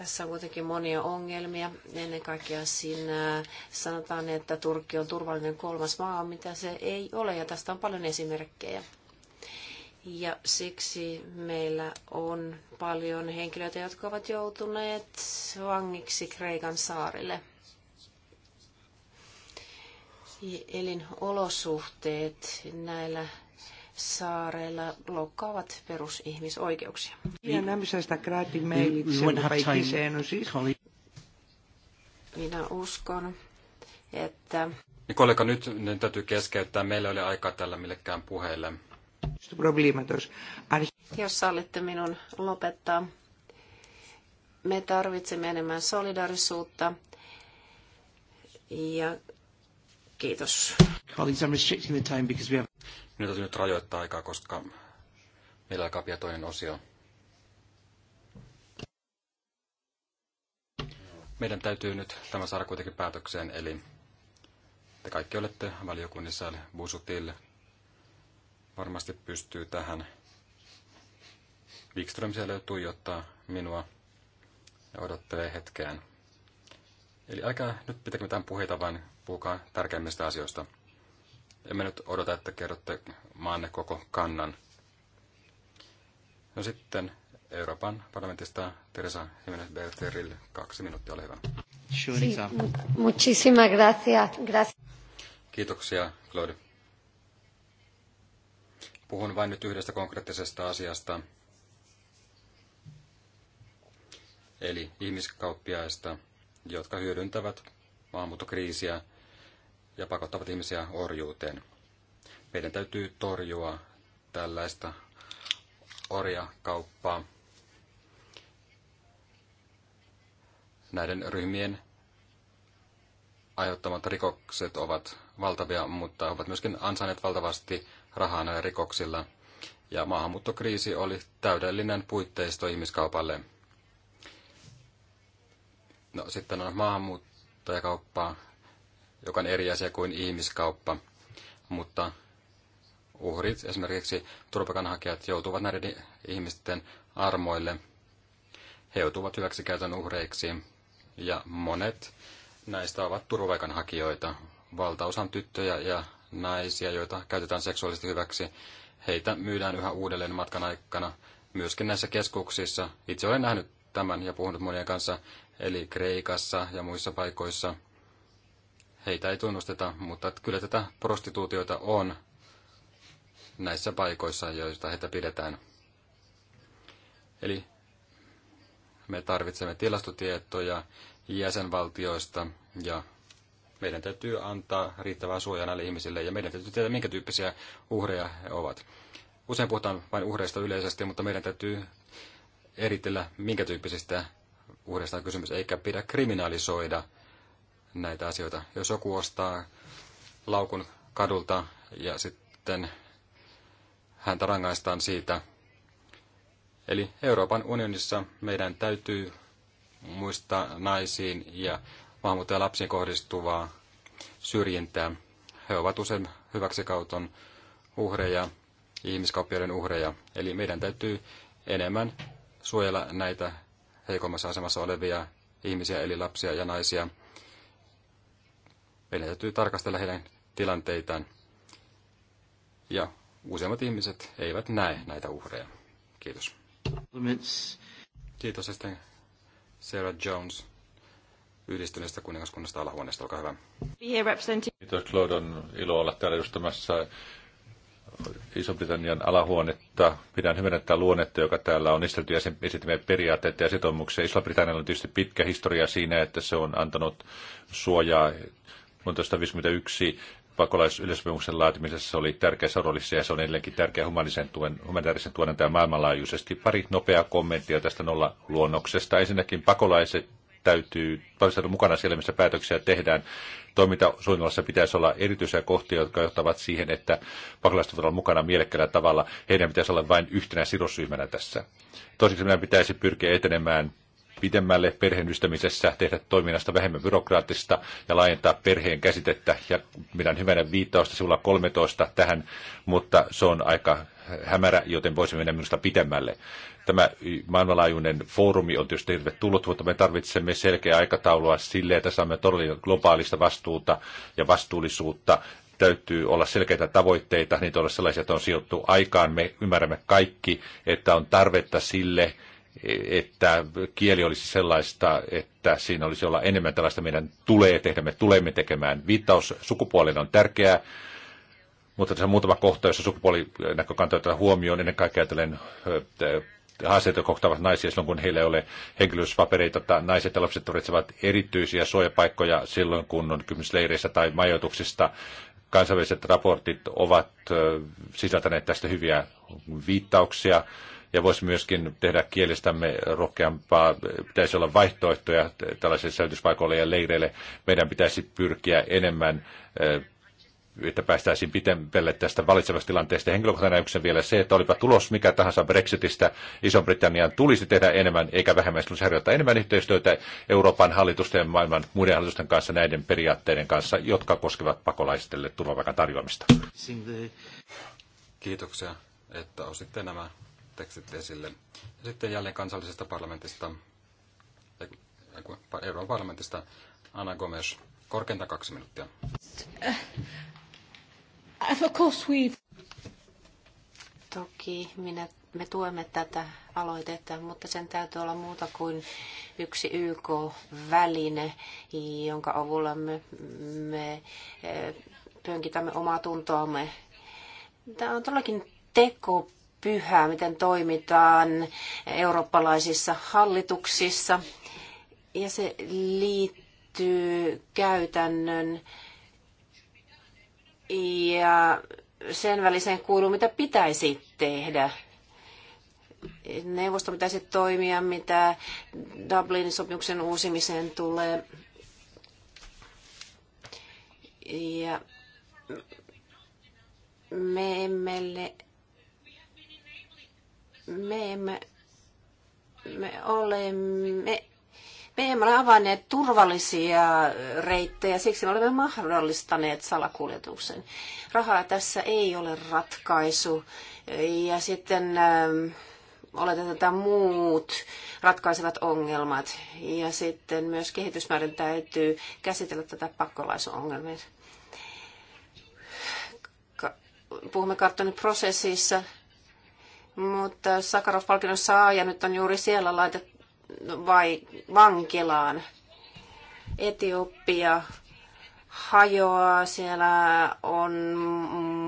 Tässä on kuitenkin monia ongelmia. Ennen kaikkea siinä sanotaan, että Turkki on turvallinen kolmas maa, mitä se ei ole, ja tästä on paljon esimerkkejä. Ja siksi meillä on paljon henkilöitä, jotka ovat joutuneet vangiksi Kreikan saarille. Elinolosuhteet näillä saarella loukkaavat perusihmisoikeuksia. Minä siis. uskon, että... Ja niin, kollega, nyt ne täytyy keskeyttää. Meillä ei ole aikaa tällä millekään puheelle. Jos sallitte minun lopettaa. Me tarvitsemme enemmän solidarisuutta. Ja kiitos. I'm restricting the time because we have... Minun täytyy nyt rajoittaa aikaa, koska meillä alkaa pian toinen osio. Meidän täytyy nyt tämä saada kuitenkin päätökseen, eli te kaikki olette valiokunnissa, eli Busutil varmasti pystyy tähän. Wikström siellä tuijottaa minua ja odottelee hetkeen. Eli älkää nyt pitäkö mitään puheita, vaan puhukaa tärkeimmistä asioista. Emme nyt odota, että kerrotte maanne koko kannan. No sitten Euroopan parlamentista Teresa Jiménez Belterille kaksi minuuttia, ole hyvä. Muchísimas gracias. Kiitoksia, Claude. Puhun vain nyt yhdestä konkreettisesta asiasta, eli ihmiskauppiaista, jotka hyödyntävät maahanmuuttokriisiä ja pakottavat ihmisiä orjuuteen. Meidän täytyy torjua tällaista orjakauppaa. Näiden ryhmien aiheuttamat rikokset ovat valtavia, mutta ovat myöskin ansainneet valtavasti rahaa näillä rikoksilla. Ja maahanmuuttokriisi oli täydellinen puitteisto ihmiskaupalle. No, sitten on maahanmuuttajakauppaa joka on eri asia kuin ihmiskauppa, mutta uhrit, esimerkiksi turvapaikanhakijat, joutuvat näiden ihmisten armoille. He joutuvat hyväksikäytön uhreiksi ja monet näistä ovat turvapaikanhakijoita. Valtaosan tyttöjä ja naisia, joita käytetään seksuaalisesti hyväksi. Heitä myydään yhä uudelleen matkan aikana, myöskin näissä keskuksissa. Itse olen nähnyt tämän ja puhunut monien kanssa, eli Kreikassa ja muissa paikoissa – heitä ei tunnusteta, mutta kyllä tätä prostituutiota on näissä paikoissa, joista heitä pidetään. Eli me tarvitsemme tilastotietoja jäsenvaltioista ja meidän täytyy antaa riittävää suojaa näille ihmisille ja meidän täytyy tietää, minkä tyyppisiä uhreja he ovat. Usein puhutaan vain uhreista yleisesti, mutta meidän täytyy eritellä, minkä tyyppisistä uhreista on kysymys, eikä pidä kriminalisoida – näitä asioita. Jos joku ostaa laukun kadulta ja sitten häntä rangaistaan siitä. Eli Euroopan unionissa meidän täytyy muistaa naisiin ja maahanmuuttaja lapsiin kohdistuvaa syrjintää. He ovat usein hyväksikauton uhreja, ihmiskauppiaiden uhreja. Eli meidän täytyy enemmän suojella näitä heikommassa asemassa olevia ihmisiä, eli lapsia ja naisia. Meidän täytyy tarkastella heidän tilanteitaan. Ja useimmat ihmiset eivät näe näitä uhreja. Kiitos. Kiitos ja sitten Sarah Jones yhdistyneestä kuningaskunnasta alahuoneesta. Olkaa hyvä. Kiitos Claude, on ilo olla täällä edustamassa Iso-Britannian alahuonetta. Pidän hyvänä tätä luonnetta, joka täällä on esitelty ja sen periaatteita ja sitoumuksia. Iso-Britannialla on tietysti pitkä historia siinä, että se on antanut suojaa Vuonna 1951 pakolaisyleisopimuksen laatimisessa oli tärkeässä roolissa ja se on edelleenkin tärkeä humanisen tuen, humanitaarisen tuen antaja maailmanlaajuisesti. Pari nopeaa kommenttia tästä nollaluonnoksesta. Ensinnäkin pakolaiset täytyy olla mukana siellä, missä päätöksiä tehdään. Toimintasuunnitelmassa pitäisi olla erityisiä kohtia, jotka johtavat siihen, että pakolaiset voivat olla mukana mielekkäällä tavalla. Heidän pitäisi olla vain yhtenä sidosryhmänä tässä. Toiseksi meidän pitäisi pyrkiä etenemään pitemmälle perheenystämisessä, tehdä toiminnasta vähemmän byrokraattista ja laajentaa perheen käsitettä. Ja pidän hyvänä viittausta sivulla 13 tähän, mutta se on aika hämärä, joten voisimme mennä minusta pitemmälle. Tämä maailmanlaajuinen foorumi on tietysti tervetullut, mutta me tarvitsemme selkeä aikataulua sille, että saamme todella globaalista vastuuta ja vastuullisuutta täytyy olla selkeitä tavoitteita, niitä olla sellaisia, että on sijoittu aikaan. Me ymmärrämme kaikki, että on tarvetta sille, että kieli olisi sellaista, että siinä olisi olla enemmän tällaista meidän tulee tehdä, me tulemme tekemään. Viittaus sukupuoleen on tärkeää, mutta tässä on muutama kohta, jossa sukupuolinäkökanta otetaan huomioon, ennen kaikkea ajatellen haasteita kohtaavat naisia silloin, kun heillä ei ole henkilöllisyyspapereita. naiset ja lapset tarvitsevat erityisiä suojapaikkoja silloin, kun on kymmenisleireissä tai majoituksista. Kansainväliset raportit ovat sisältäneet tästä hyviä viittauksia ja voisi myöskin tehdä kielestämme rohkeampaa. Pitäisi olla vaihtoehtoja tällaisille säilytyspaikoille ja leireille. Meidän pitäisi pyrkiä enemmän eh, että päästäisiin pitemmälle tästä valitsevasta tilanteesta. Henkilökohtainen näkemyksen vielä se, että olipa tulos mikä tahansa Brexitistä, Iso-Britannian tulisi tehdä enemmän, eikä vähemmän, tulisi harjoittaa enemmän yhteistyötä Euroopan hallitusten ja maailman muiden hallitusten kanssa näiden periaatteiden kanssa, jotka koskevat pakolaisille turvapaikan tarjoamista. Kiitoksia, että ositte nämä tekstit esille. Ja sitten jälleen kansallisesta parlamentista, Euroopan parlamentista, Anna Gomes, korkeinta kaksi minuuttia. Of course we... Toki minä, me tuemme tätä aloitetta, mutta sen täytyy olla muuta kuin yksi YK-väline, jonka avulla me, me eh, pönkitämme omaa tuntoamme. Tämä on todellakin teko pyhää, miten toimitaan eurooppalaisissa hallituksissa. Ja se liittyy käytännön ja sen väliseen kuuluu, mitä pitäisi tehdä. Neuvosto pitäisi toimia, mitä Dublinin sopimuksen uusimiseen tulee. Ja me emme me emme me olemme, me emme ole avanneet turvallisia reittejä, siksi me olemme mahdollistaneet salakuljetuksen. Rahaa tässä ei ole ratkaisu. Ja sitten ähm, oletetaan, että muut ratkaisevat ongelmat. Ja sitten myös kehitysmaiden täytyy käsitellä tätä pakolaisongelmia. Puhumme kartonin prosessissa mutta Sakarov-palkinnon saaja nyt on juuri siellä laitettu vai vankilaan. Etiopia hajoaa, siellä on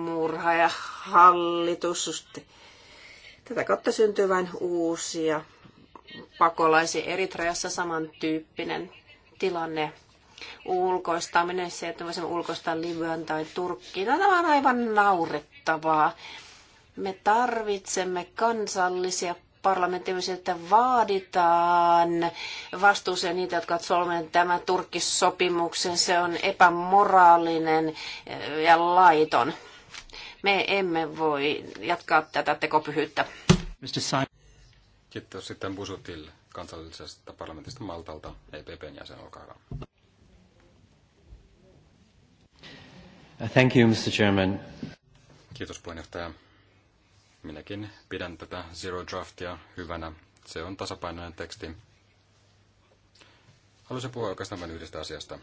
murha ja hallitus. Tätä kautta syntyy vain uusia pakolaisia. Eritreassa samantyyppinen tilanne. Ulkoistaminen, se, että voisimme ulkoistaa Libyan tai Turkkiin. Tämä on aivan naurettavaa. Me tarvitsemme kansallisia parlamentteja, vaaditaan vastuuseen niitä, jotka ovat solmineet tämän Turkissopimuksen. Se on epämoraalinen eh, ja laiton. Me emme voi jatkaa tätä tekopyhyyttä. Mr. Simon. Kiitos sitten Busutil kansallisesta parlamentista Maltalta, EPPn jäsen, olkaa hyvä. Thank you, Mr. Chairman. Kiitos puheenjohtaja. Minäkin pidän tätä Zero Draftia hyvänä. Se on tasapainoinen teksti. Haluaisin puhua oikeastaan vain yhdestä asiasta.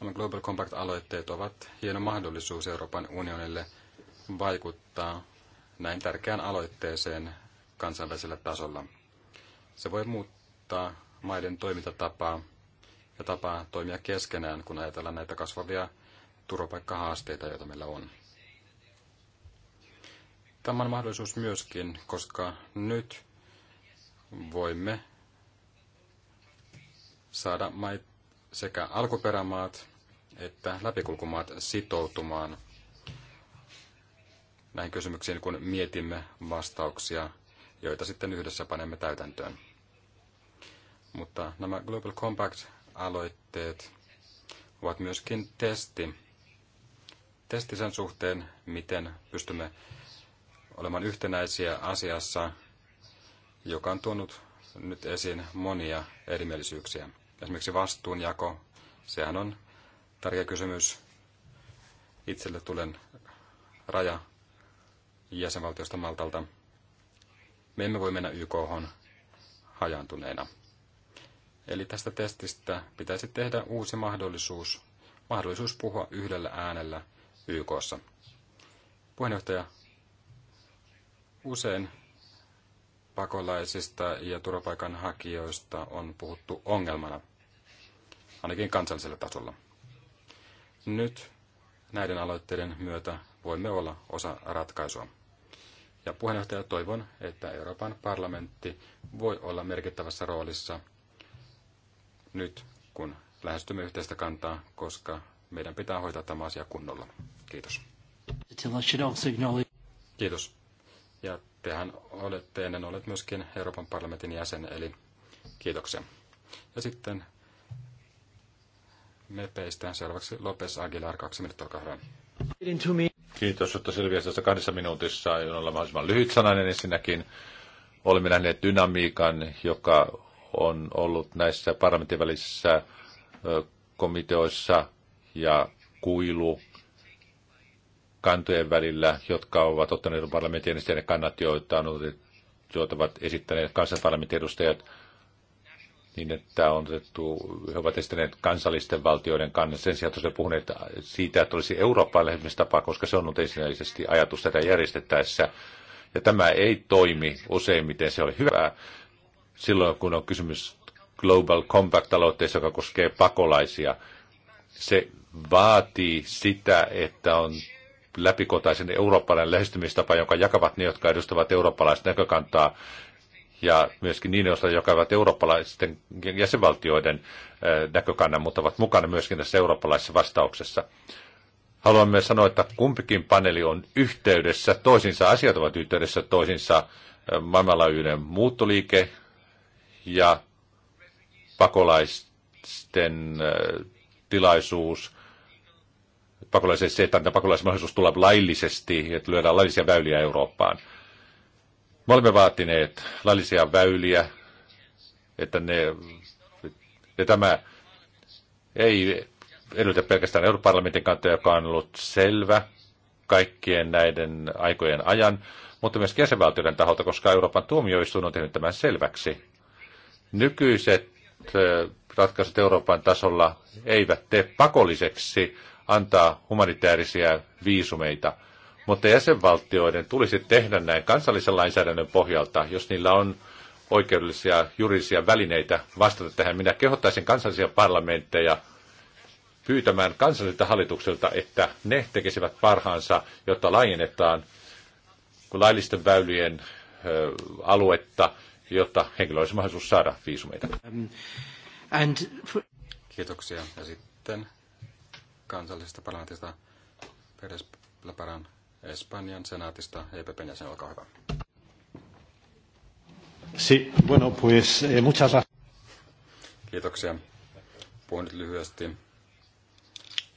Nämä Global Compact-aloitteet ovat hieno mahdollisuus Euroopan unionille vaikuttaa näin tärkeään aloitteeseen kansainvälisellä tasolla. Se voi muuttaa maiden toimintatapaa ja tapaa toimia keskenään, kun ajatellaan näitä kasvavia turvapaikkahaasteita, joita meillä on. Tämä on mahdollisuus myöskin, koska nyt voimme saada mait, sekä alkuperämaat että läpikulkumaat sitoutumaan näihin kysymyksiin, kun mietimme vastauksia, joita sitten yhdessä panemme täytäntöön. Mutta nämä Global Compact-aloitteet ovat myöskin testi. Testi sen suhteen, miten pystymme olemaan yhtenäisiä asiassa, joka on tuonut nyt esiin monia erimielisyyksiä. Esimerkiksi vastuunjako, sehän on tärkeä kysymys. Itselle tulen raja jäsenvaltiosta Maltalta. Me emme voi mennä YK hajaantuneena. Eli tästä testistä pitäisi tehdä uusi mahdollisuus, mahdollisuus puhua yhdellä äänellä YKssa. Puheenjohtaja, Usein pakolaisista ja turvapaikanhakijoista on puhuttu ongelmana, ainakin kansallisella tasolla. Nyt näiden aloitteiden myötä voimme olla osa ratkaisua. Ja puheenjohtaja toivon, että Euroopan parlamentti voi olla merkittävässä roolissa nyt, kun lähestymme yhteistä kantaa, koska meidän pitää hoitaa tämä asia kunnolla. Kiitos. Kiitos. Ja tehän olette ennen olet myöskin Euroopan parlamentin jäsen, eli kiitoksia. Ja sitten peistään seuraavaksi Lopes Aguilar, kaksi minuuttia, olkaa hyvä. Kiitos, että selviäsi tässä kahdessa minuutissa. ole mahdollisimman lyhyt sananen ensinnäkin. Olemme nähneet dynamiikan, joka on ollut näissä parlamentin välisissä komiteoissa ja kuilu kantojen välillä, jotka ovat ottaneet parlamentin edustajien kannat, joita, on joita ovat esittäneet kansanparlamentin edustajat, niin että on otettu, he ovat esittäneet kansallisten valtioiden kannat. Sen sijaan tosiaan puhuneet siitä, että olisi Eurooppaan lähestymistapa, koska se on ollut ensinnäisesti ajatus tätä järjestettäessä. Ja tämä ei toimi useimmiten, se oli hyvää silloin, kun on kysymys Global Compact-aloitteessa, joka koskee pakolaisia. Se vaatii sitä, että on läpikotaisen eurooppalainen lähestymistapa, jonka jakavat ne, jotka edustavat eurooppalaista näkökantaa, ja myöskin niin jotka ovat eurooppalaisten jäsenvaltioiden näkökannan, mutta ovat mukana myöskin tässä eurooppalaisessa vastauksessa. Haluan myös sanoa, että kumpikin paneeli on yhteydessä toisinsa, asiat ovat yhteydessä toisinsa maailmanlaajuinen muuttoliike ja pakolaisten tilaisuus pakolaisille se, että antaa pakolaismahdollisuus tulla laillisesti, että lyödään laillisia väyliä Eurooppaan. Me olemme vaatineet laillisia väyliä, että ne, ja tämä ei edellytä pelkästään Euroopan parlamentin kantaa, joka on ollut selvä kaikkien näiden aikojen ajan, mutta myös jäsenvaltioiden taholta, koska Euroopan tuomioistuin on tehnyt tämän selväksi. Nykyiset äh, ratkaisut Euroopan tasolla eivät tee pakolliseksi antaa humanitaarisia viisumeita. Mutta jäsenvaltioiden tulisi tehdä näin kansallisen lainsäädännön pohjalta, jos niillä on oikeudellisia juridisia välineitä vastata tähän. Minä kehottaisin kansallisia parlamentteja pyytämään kansallisilta hallituksilta, että ne tekisivät parhaansa, jotta laajennetaan laillisten väylien aluetta, jotta henkilö olisi mahdollisuus saada viisumeita. Um, Kiitoksia. Ja sitten kansallisesta parlamentista Peres Laparan Espanjan senaatista. EPPn jäsen, olkaa hyvä. Sí, bueno, pues eh, muchas gracias. Kiitoksia. Puhun nyt lyhyesti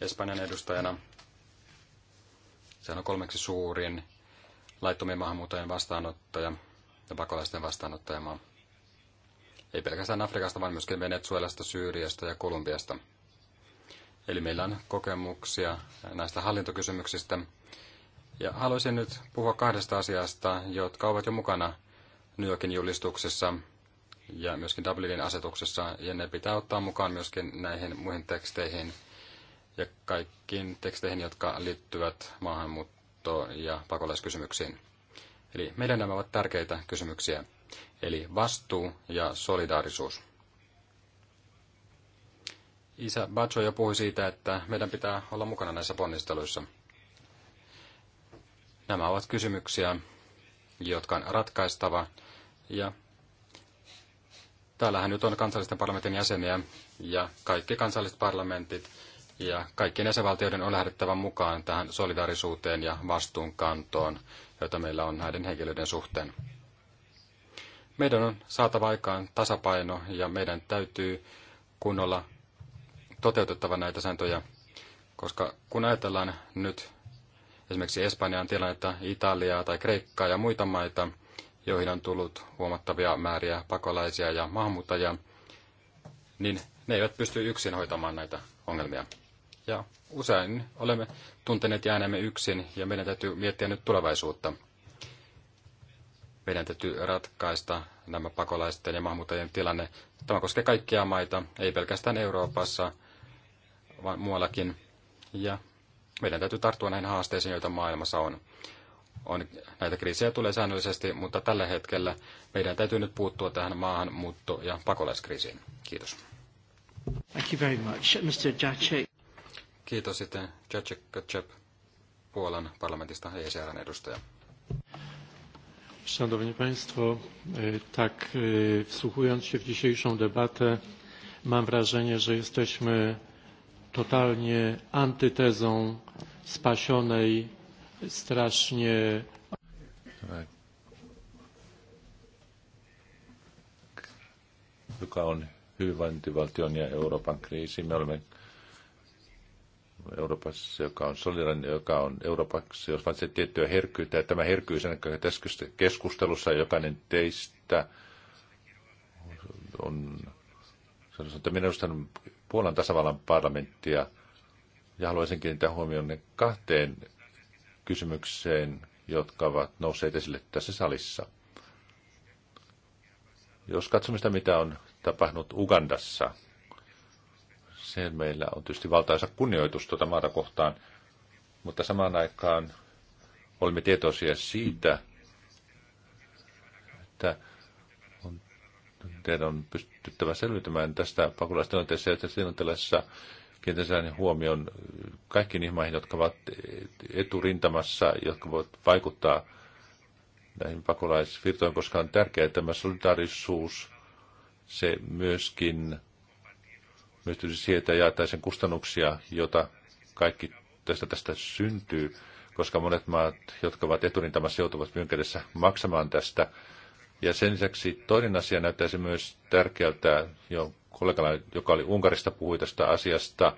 Espanjan edustajana. Sehän on kolmeksi suurin laittomien maahanmuuttajien vastaanottaja ja pakolaisten vastaanottajamaa. Ei pelkästään Afrikasta, vaan myöskin Venezuelasta, Syyriasta ja Kolumbiasta – Eli meillä on kokemuksia näistä hallintokysymyksistä. Ja haluaisin nyt puhua kahdesta asiasta, jotka ovat jo mukana New Yorkin julistuksessa ja myöskin Dublinin asetuksessa, ja ne pitää ottaa mukaan myöskin näihin muihin teksteihin ja kaikkiin teksteihin, jotka liittyvät maahanmuutto ja pakolaiskysymyksiin. Eli meidän nämä ovat tärkeitä kysymyksiä, eli vastuu ja solidaarisuus. Isä Bacho jo puhui siitä, että meidän pitää olla mukana näissä ponnisteluissa. Nämä ovat kysymyksiä, jotka on ratkaistava. Ja täällähän nyt on kansallisten parlamentin jäseniä ja kaikki kansalliset parlamentit ja kaikkien jäsenvaltioiden on lähdettävä mukaan tähän solidaarisuuteen ja vastuunkantoon, jota meillä on näiden henkilöiden suhteen. Meidän on saatava aikaan tasapaino ja meidän täytyy kunnolla toteutettava näitä sääntöjä, koska kun ajatellaan nyt esimerkiksi Espanjan tilannetta, Italiaa tai Kreikkaa ja muita maita, joihin on tullut huomattavia määriä pakolaisia ja maahanmuuttajia, niin ne eivät pysty yksin hoitamaan näitä ongelmia. Ja usein olemme tunteneet jääneemme yksin ja meidän täytyy miettiä nyt tulevaisuutta. Meidän täytyy ratkaista nämä pakolaisten ja maahanmuuttajien tilanne. Tämä koskee kaikkia maita, ei pelkästään Euroopassa, muuallakin. Ja meidän täytyy tarttua näihin haasteisiin, joita maailmassa on. on. Näitä kriisejä tulee säännöllisesti, mutta tällä hetkellä meidän täytyy nyt puuttua tähän maahanmuutto- ja pakolaiskriisiin. Kiitos. Thank you very much, Mr. Jacek. Kiitos sitten Jacek Kacep, Puolan parlamentista ECRn edustaja. Szanowni Państwo, e, tak e, wsłuchując się w dzisiejszą debatę, mam wrażenie, że jesteśmy totalnie antytezą spasionej, strasznie. Joka on hyvinvointivaltion ja Euroopan kriisi. Me olemme Euroopassa, joka on solidarinen, joka on Euroopassa, jos vain se tiettyä herkkyyttä. Ja tämä herkkyys on tässä keskustelussa jokainen teistä on sanotaan, että minusta on Puolan tasavallan parlamenttia ja haluaisin kiinnittää huomioon kahteen kysymykseen, jotka ovat nousseet esille tässä salissa. Jos katsomme sitä, mitä on tapahtunut Ugandassa, sen meillä on tietysti valtaisa kunnioitus tuota maata kohtaan, mutta samaan aikaan olemme tietoisia siitä, että teidän on pystyttävä selviytymään tästä pakolaistilanteessa ja tässä tilanteessa kiinnitetään huomioon kaikkiin ihmaihin, jotka ovat eturintamassa, jotka voivat vaikuttaa näihin pakolaisvirtoihin, koska on tärkeää, että tämä solidaarisuus, se myöskin myöskin siihen, että jaettaisiin kustannuksia, jota kaikki tästä, tästä syntyy, koska monet maat, jotka ovat eturintamassa, joutuvat myönkädessä maksamaan tästä ja sen lisäksi toinen asia näyttäisi myös tärkeältä, jo kollegalla, joka oli Unkarista, puhui tästä asiasta,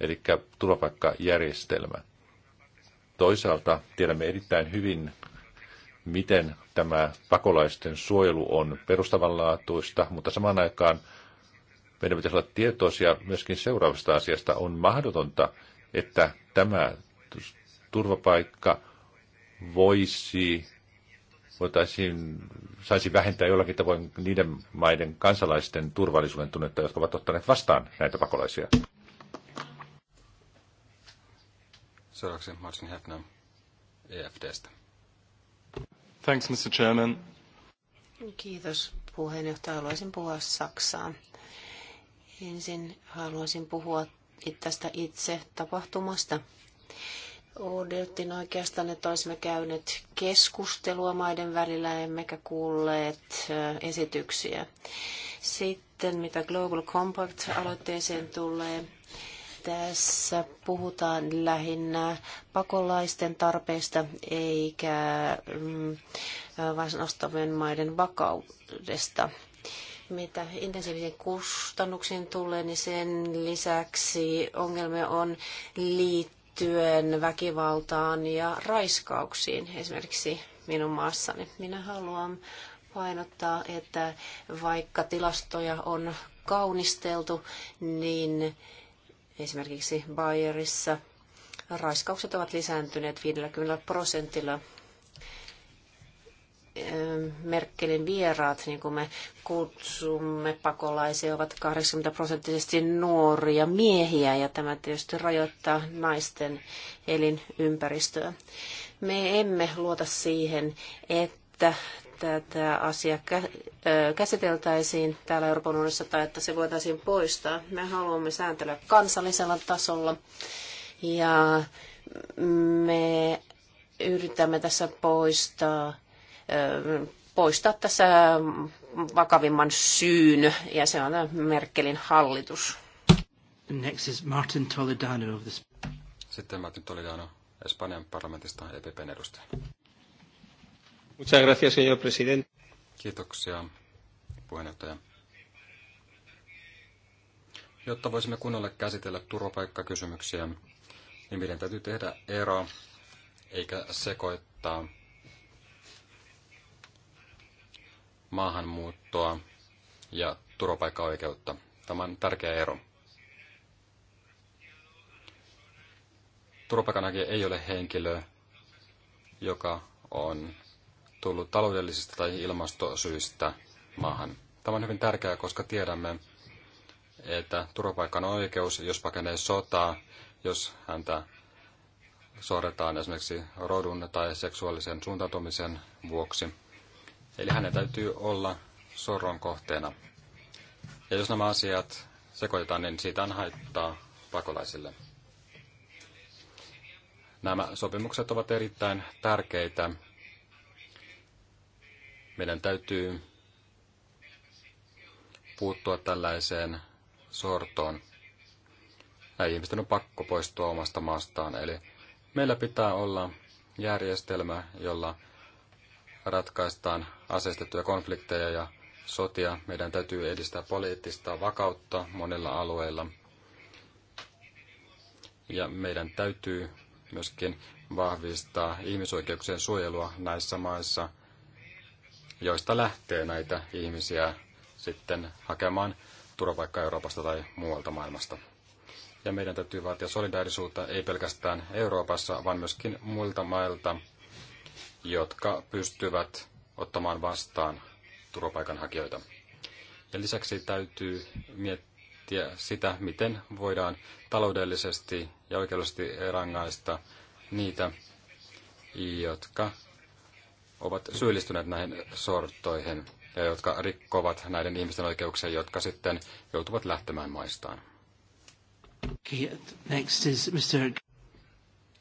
eli turvapaikkajärjestelmä. Toisaalta tiedämme erittäin hyvin, miten tämä pakolaisten suojelu on perustavanlaatuista, mutta samaan aikaan meidän pitäisi olla tietoisia myöskin seuraavasta asiasta. On mahdotonta, että tämä turvapaikka voisi voitaisiin, saisi vähentää jollakin tavoin niiden maiden kansalaisten turvallisuuden tunnetta, jotka ovat ottaneet vastaan näitä pakolaisia. Seuraavaksi Martin Hefner EFDstä. Thanks, Mr. Chairman. Kiitos puheenjohtaja. Haluaisin puhua Saksaa. Ensin haluaisin puhua tästä itse tapahtumasta. Odotin oikeastaan, että olisimme käyneet keskustelua maiden välillä, emmekä kuulleet esityksiä. Sitten mitä Global Compact-aloitteeseen tulee, tässä puhutaan lähinnä pakolaisten tarpeista eikä mm, vastaavien maiden vakaudesta. Mitä intensiivisiin kustannuksiin tulee, niin sen lisäksi ongelmia on liittyen liittyen väkivaltaan ja raiskauksiin esimerkiksi minun maassani. Minä haluan painottaa, että vaikka tilastoja on kaunisteltu, niin esimerkiksi Bayerissa raiskaukset ovat lisääntyneet 50 prosentilla Merkelin vieraat, niin kuin me kutsumme pakolaisia, ovat 80 prosenttisesti nuoria miehiä ja tämä tietysti rajoittaa naisten elinympäristöä. Me emme luota siihen, että tätä asiaa käsiteltäisiin täällä Euroopan unionissa tai että se voitaisiin poistaa. Me haluamme sääntelyä kansallisella tasolla ja me yritämme tässä poistaa poistaa tässä vakavimman syyn, ja se on Merkelin hallitus. Next is Martin Toledano of this. Sitten Martin Toledano, Espanjan parlamentista EPPn edustaja. Muchas gracias, señor presidente. Kiitoksia, puheenjohtaja. Jotta voisimme kunnolla käsitellä turvapaikkakysymyksiä, niin meidän täytyy tehdä ero, eikä sekoittaa maahanmuuttoa ja turvapaikkaoikeutta. Tämä on tärkeä ero. Turvapaikanhakija ei ole henkilö, joka on tullut taloudellisista tai ilmastosyistä maahan. Tämä on hyvin tärkeää, koska tiedämme, että turvapaikan oikeus, jos pakenee sotaa, jos häntä sorretaan esimerkiksi rodun tai seksuaalisen suuntautumisen vuoksi. Eli hänen täytyy olla sorron kohteena. Ja jos nämä asiat sekoitetaan, niin siitä on haittaa pakolaisille. Nämä sopimukset ovat erittäin tärkeitä. Meidän täytyy puuttua tällaiseen sortoon. Näin ihmisten on pakko poistua omasta maastaan. Eli meillä pitää olla järjestelmä, jolla ratkaistaan aseistettuja konflikteja ja sotia. Meidän täytyy edistää poliittista vakautta monilla alueilla. Ja meidän täytyy myöskin vahvistaa ihmisoikeuksien suojelua näissä maissa, joista lähtee näitä ihmisiä sitten hakemaan turvapaikkaa Euroopasta tai muualta maailmasta. Ja meidän täytyy vaatia solidaarisuutta ei pelkästään Euroopassa, vaan myöskin muilta mailta, jotka pystyvät ottamaan vastaan turvapaikanhakijoita. Ja lisäksi täytyy miettiä sitä, miten voidaan taloudellisesti ja oikeudellisesti rangaista niitä, jotka ovat syyllistyneet näihin sortoihin ja jotka rikkovat näiden ihmisten oikeuksia, jotka sitten joutuvat lähtemään maistaan. Okay, next is Mr.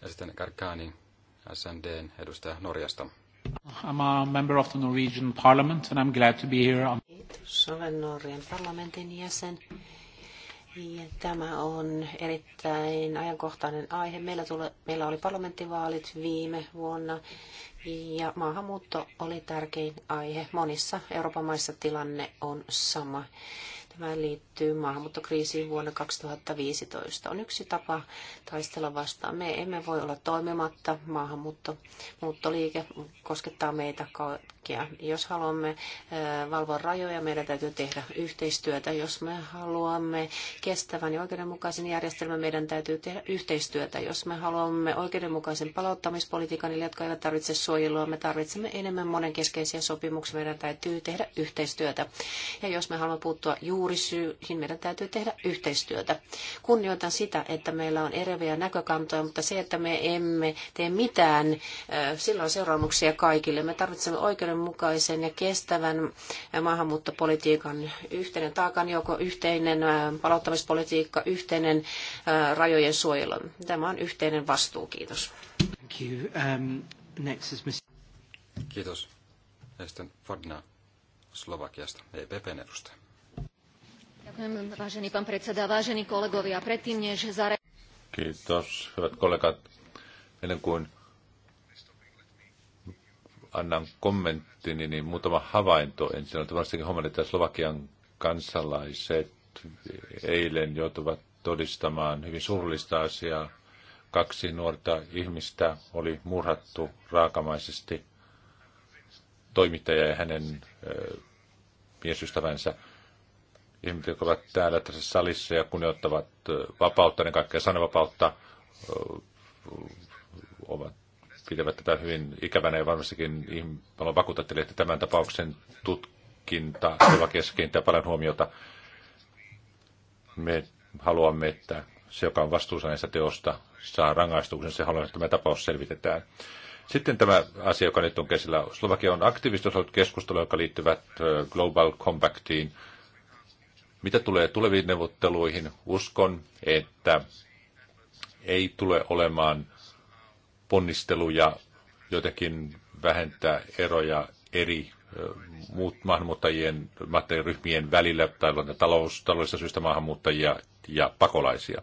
Ja sitten Karkani. SNDn edustaja Norjasta. I'm a member of the Norwegian Parliament and I'm glad to be here. Kiitos, olen Norjan parlamentin jäsen. Ja tämä on erittäin ajankohtainen aihe. Meillä, tule, meillä oli parlamenttivaalit viime vuonna ja maahanmuutto oli tärkein aihe. Monissa Euroopan maissa tilanne on sama. Tämä liittyy maahanmuuttokriisiin vuonna 2015. On yksi tapa taistella vastaan. Me emme voi olla toimimatta. Maahanmuutto, muuttoliike koskettaa meitä kaikkea. Jos haluamme valvoa rajoja, meidän täytyy tehdä yhteistyötä. Jos me haluamme kestävän ja oikeudenmukaisen järjestelmän, meidän täytyy tehdä yhteistyötä. Jos me haluamme oikeudenmukaisen palauttamispolitiikan, niille, jotka eivät tarvitse suojelua, me tarvitsemme enemmän monenkeskeisiä sopimuksia. Meidän täytyy tehdä yhteistyötä. Ja jos me haluamme puuttua juurisyihin, meidän täytyy tehdä yhteistyötä. Kunnioitan sitä, että meillä on eriäviä näkökantoja, mutta se, että me emme tee mitään, sillä on seuraamuksia kaikille. Me tarvitsemme oikeuden oikeudenmukaisen ja kestävän maahanmuuttopolitiikan yhteinen taakanjoko, yhteinen palauttamispolitiikka, yhteinen rajojen suojelu. Tämä on yhteinen vastuu. Kiitos. Um, Kiitos. Ja sitten Fadna Slovakiasta, EPPn edustaja. Kiitos, hyvät kollegat. Ennen kuin annan kommenttini, niin muutama havainto ensin. On varsinkin huomannut, että Slovakian kansalaiset eilen joutuvat todistamaan hyvin surullista asiaa. Kaksi nuorta ihmistä oli murhattu raakamaisesti toimittaja ja hänen ö, miesystävänsä. Ihmiset, jotka ovat täällä tässä salissa ja kunnioittavat vapautta, ne kaikkea sananvapautta, ovat pitävät tätä hyvin ikävänä ja varmastikin haluan vakuuttaa että tämän tapauksen tutkinta Slovakiassa kiinnittää paljon huomiota. Me haluamme, että se, joka on vastuussa näistä teosta, saa rangaistuksen. Se haluamme, että tämä tapaus selvitetään. Sitten tämä asia, joka nyt on käsillä. Slovakia on aktiivisesti osallut keskustelua, joka liittyvät Global Compactiin. Mitä tulee tuleviin neuvotteluihin, uskon, että ei tule olemaan ponnisteluja jotenkin vähentää eroja eri muut maahanmuuttajien, ryhmien välillä, tai talous, taloudellisista syistä maahanmuuttajia ja pakolaisia.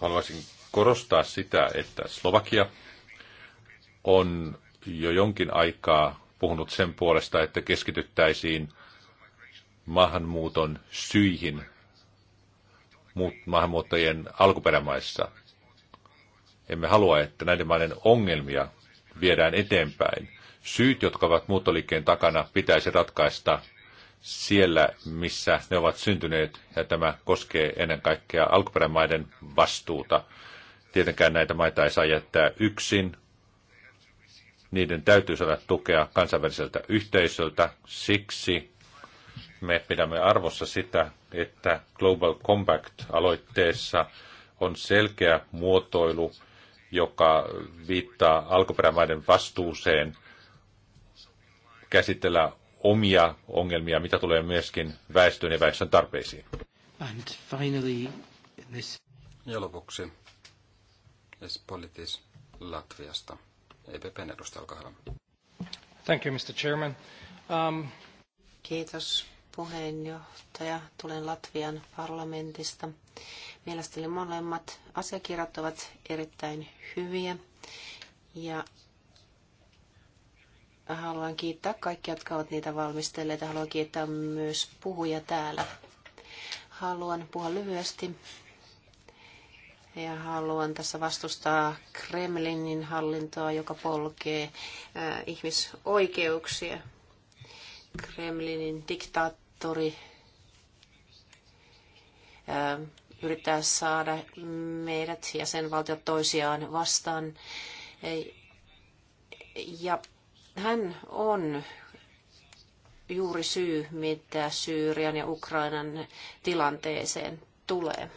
Haluaisin korostaa sitä, että Slovakia on jo jonkin aikaa puhunut sen puolesta, että keskityttäisiin maahanmuuton syihin maahanmuuttajien alkuperämaissa. Emme halua, että näiden maiden ongelmia viedään eteenpäin. Syyt, jotka ovat muuttoliikkeen takana, pitäisi ratkaista siellä, missä ne ovat syntyneet, ja tämä koskee ennen kaikkea alkuperämaiden vastuuta. Tietenkään näitä maita ei saa jättää yksin. Niiden täytyy saada tukea kansainväliseltä yhteisöltä. Siksi me pidämme arvossa sitä, että Global Compact-aloitteessa on selkeä muotoilu joka viittaa alkuperämaiden vastuuseen käsitellä omia ongelmia, mitä tulee myöskin väestön ja väestön tarpeisiin. And finally, this... Ja lopuksi Espolitis Latviasta. EPPn edustaja, olkaa hyvä. Thank you, Mr. Chairman. Um... Kiitos puheenjohtaja. Tulen Latvian parlamentista. Mielestäni molemmat asiakirjat ovat erittäin hyviä ja haluan kiittää kaikkia, jotka ovat niitä valmistelleet. Haluan kiittää myös puhuja täällä. Haluan puhua lyhyesti ja haluan tässä vastustaa Kremlinin hallintoa, joka polkee ihmisoikeuksia Kremlinin diktaattori äh, yrittää saada meidät ja valtiot toisiaan vastaan. Äh, ja hän on juuri syy, mitä Syyrian ja Ukrainan tilanteeseen tulee.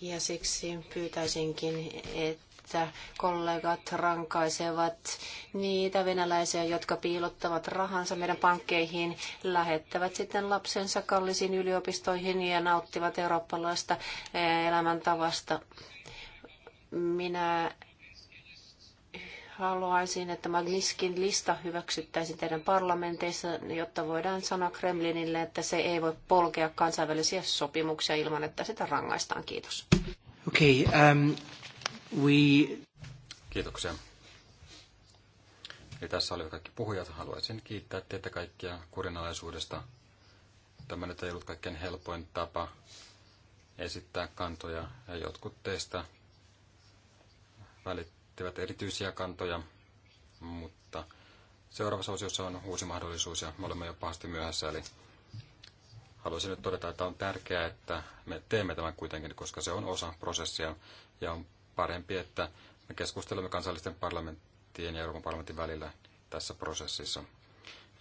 Ja siksi pyytäisinkin, että että kollegat rankaisevat niitä venäläisiä, jotka piilottavat rahansa meidän pankkeihin, lähettävät sitten lapsensa kallisiin yliopistoihin ja nauttivat eurooppalaista eh, elämäntavasta. Minä haluaisin, että Magniskin lista hyväksyttäisiin teidän parlamenteissa, jotta voidaan sanoa Kremlinille, että se ei voi polkea kansainvälisiä sopimuksia ilman, että sitä rangaistaan. Kiitos. Okay, um, We... Kiitoksia. Eli tässä oli kaikki puhujat. Haluaisin kiittää teitä kaikkia kurinalaisuudesta. Tämä nyt ei ollut kaikkein helpoin tapa esittää kantoja ja jotkut teistä välittivät erityisiä kantoja, mutta seuraavassa osiossa on uusi mahdollisuus ja me olemme jo pahasti myöhässä, eli haluaisin nyt todeta, että on tärkeää, että me teemme tämän kuitenkin, koska se on osa prosessia ja on parempi, että me keskustelemme kansallisten parlamenttien ja Euroopan parlamentin välillä tässä prosessissa.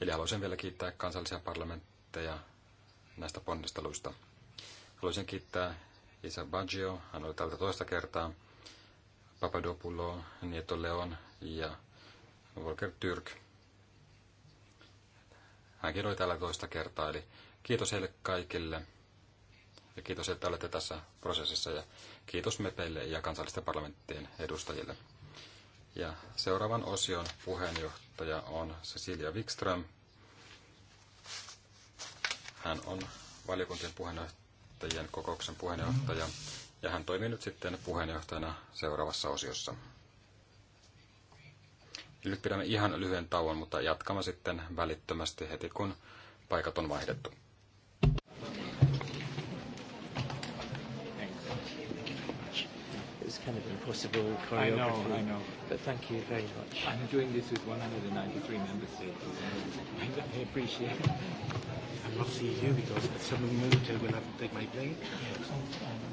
Eli haluaisin vielä kiittää kansallisia parlamentteja näistä ponnisteluista. Haluaisin kiittää Isa Baggio, hän oli tältä toista kertaa, Papadopulo, Nieto Leon ja Volker Türk. Hänkin oli täällä toista kertaa, eli kiitos heille kaikille. Ja kiitos, että olette tässä prosessissa ja kiitos MEPeille ja kansallisten parlamenttien edustajille. Ja seuraavan osion puheenjohtaja on Cecilia Wikström. Hän on valiokuntien puheenjohtajien kokouksen puheenjohtaja ja hän toimii nyt sitten puheenjohtajana seuraavassa osiossa. nyt pidämme ihan lyhyen tauon, mutta jatkamme sitten välittömästi heti kun paikat on vaihdettu. It's kind of impossible choreography. I know, I know. But thank you very much. I'm doing this with 193 member states. I appreciate it. I'm not seeing you because moment I uh, will when I take my plane. Yes.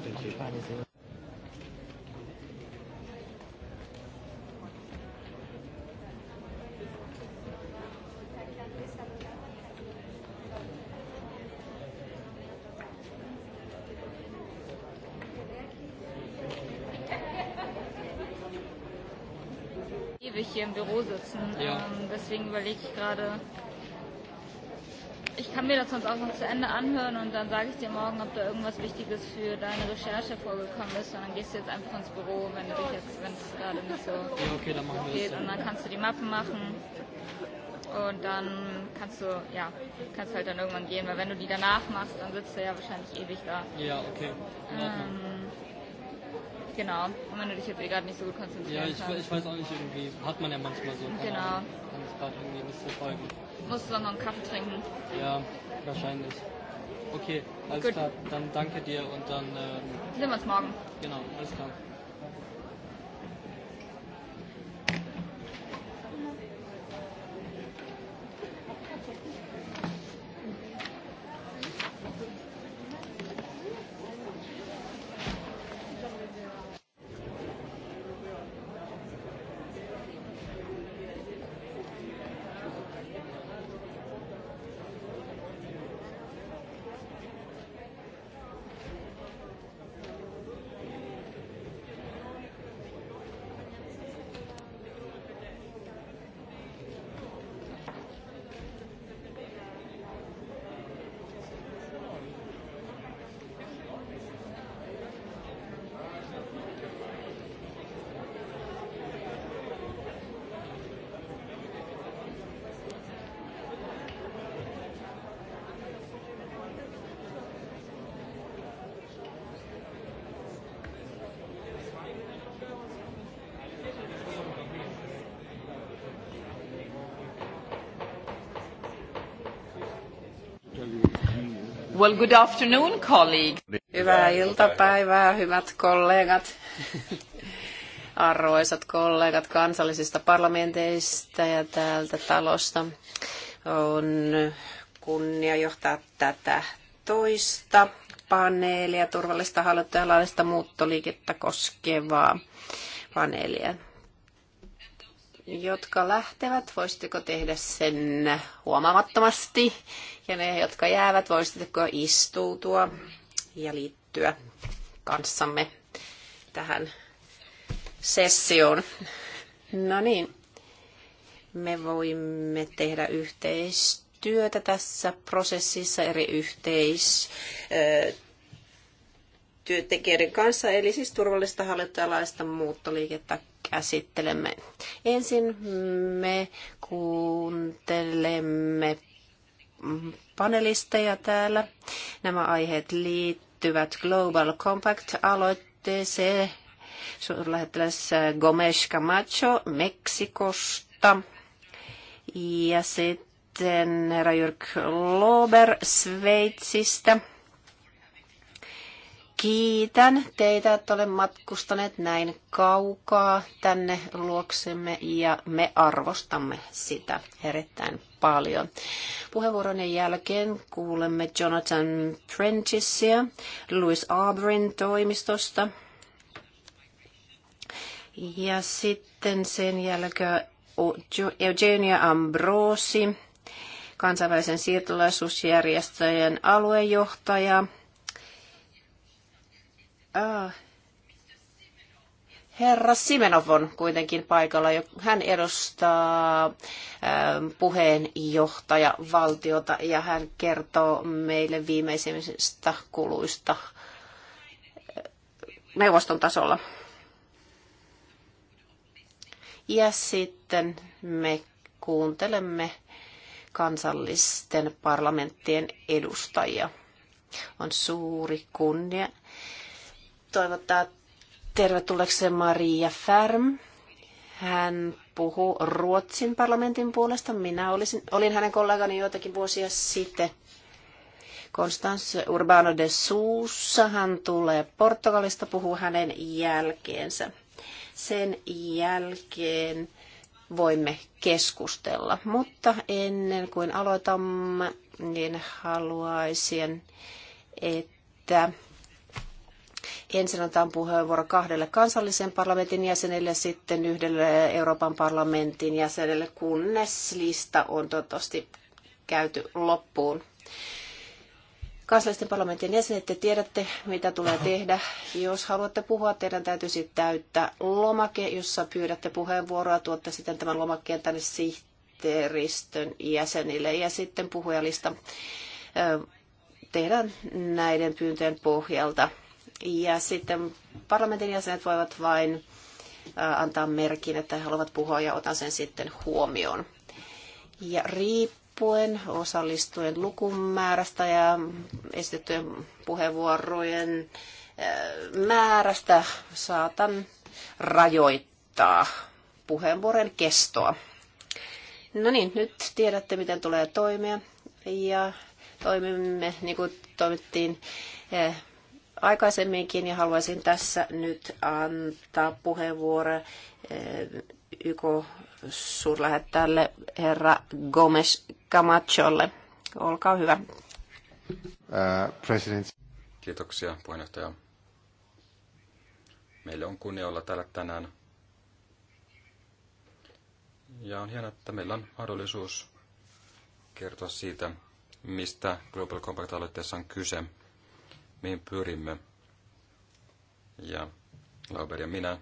Thank you. deswegen überlege ich gerade. Ich kann mir das sonst auch noch zu Ende anhören und dann sage ich dir morgen, ob da irgendwas Wichtiges für deine Recherche vorgekommen ist. Und dann gehst du jetzt einfach ins Büro, wenn es gerade nicht so ja, okay, dann machen wir geht. Das dann. Und dann kannst du die Mappen machen und dann kannst du, ja, kannst halt dann irgendwann gehen, weil wenn du die danach machst, dann sitzt du ja wahrscheinlich ewig da. Ja, okay. Ähm, genau. Und wenn du dich jetzt eh gerade nicht so gut konzentrieren Ja, ich, kannst. ich weiß auch nicht irgendwie, hat man ja manchmal so. Genau. Ahnung ist gerade irgendwie nicht so folgen. du dann noch einen Kaffee trinken. Ja, wahrscheinlich. Okay, alles Gut. klar. Dann danke dir und dann. Ähm, Sehen wir uns morgen. Genau, alles klar. Well, good afternoon, colleagues. Hyvää iltapäivää, hyvät kollegat. Arvoisat kollegat kansallisista parlamenteista ja täältä talosta. On kunnia johtaa tätä toista paneelia, turvallista hallittua ja laillista muuttoliikettä koskevaa paneelia jotka lähtevät, voisitteko tehdä sen huomaamattomasti? Ja ne, jotka jäävät, voisitteko istuutua ja liittyä kanssamme tähän sessioon? No niin, me voimme tehdä yhteistyötä tässä prosessissa eri yhteis työntekijöiden kanssa, eli siis turvallista hallintalaista muuttoliikettä käsittelemme. Ensin me kuuntelemme panelisteja täällä. Nämä aiheet liittyvät Global Compact-aloitteeseen. Suurlähettiläs Gomes Camacho Meksikosta. Ja sitten herra Jörg Lober Sveitsistä. Kiitän teitä, että olen matkustaneet näin kaukaa tänne luoksemme ja me arvostamme sitä erittäin paljon. Puheenvuoron jälkeen kuulemme Jonathan Prentissia Louis Aubrin toimistosta. Ja sitten sen jälkeen Eugenia Ambrosi, kansainvälisen siirtolaisuusjärjestöjen aluejohtaja – Ah. Herra Simenov on kuitenkin paikalla. Hän edustaa ähm, puheenjohtaja valtiota ja hän kertoo meille viimeisimmistä kuluista äh, neuvoston tasolla. Ja sitten me kuuntelemme kansallisten parlamenttien edustajia. On suuri kunnia toivottaa tervetulleeksi Maria Färm. Hän puhuu Ruotsin parlamentin puolesta. Minä olisin, olin hänen kollegani joitakin vuosia sitten. Constance Urbano de Sousa, hän tulee Portugalista, puhuu hänen jälkeensä. Sen jälkeen voimme keskustella, mutta ennen kuin aloitamme, niin haluaisin, että Ensin antaa puheenvuoro kahdelle kansallisen parlamentin jäsenelle ja sitten yhdelle Euroopan parlamentin jäsenelle, kunnes lista on toivottavasti käyty loppuun. Kansallisten parlamentin jäsenet, te tiedätte, mitä tulee tehdä. Jos haluatte puhua, teidän täytyisi täyttää lomake, jossa pyydätte puheenvuoroa. Tuotte sitten tämän lomakkeen tänne sihteeristön jäsenille ja sitten puhujalista tehdään näiden pyyntöjen pohjalta. Ja sitten parlamentin jäsenet voivat vain antaa merkin, että he haluavat puhua ja otan sen sitten huomioon. Ja riippuen osallistujen lukumäärästä ja esitettyjen puheenvuorojen määrästä saatan rajoittaa puheenvuoron kestoa. No niin, nyt tiedätte, miten tulee toimia ja toimimme niin kuin toimittiin aikaisemminkin ja haluaisin tässä nyt antaa puheenvuoro eh, YK suurlähettäjälle herra Gomes Camacholle. Olkaa hyvä. Uh, president. Kiitoksia puheenjohtaja. Meillä on kunnia olla täällä tänään. Ja on hienoa, että meillä on mahdollisuus kertoa siitä, mistä Global Compact-aloitteessa on kyse – mihin pyrimme. Ja Lauber ja minä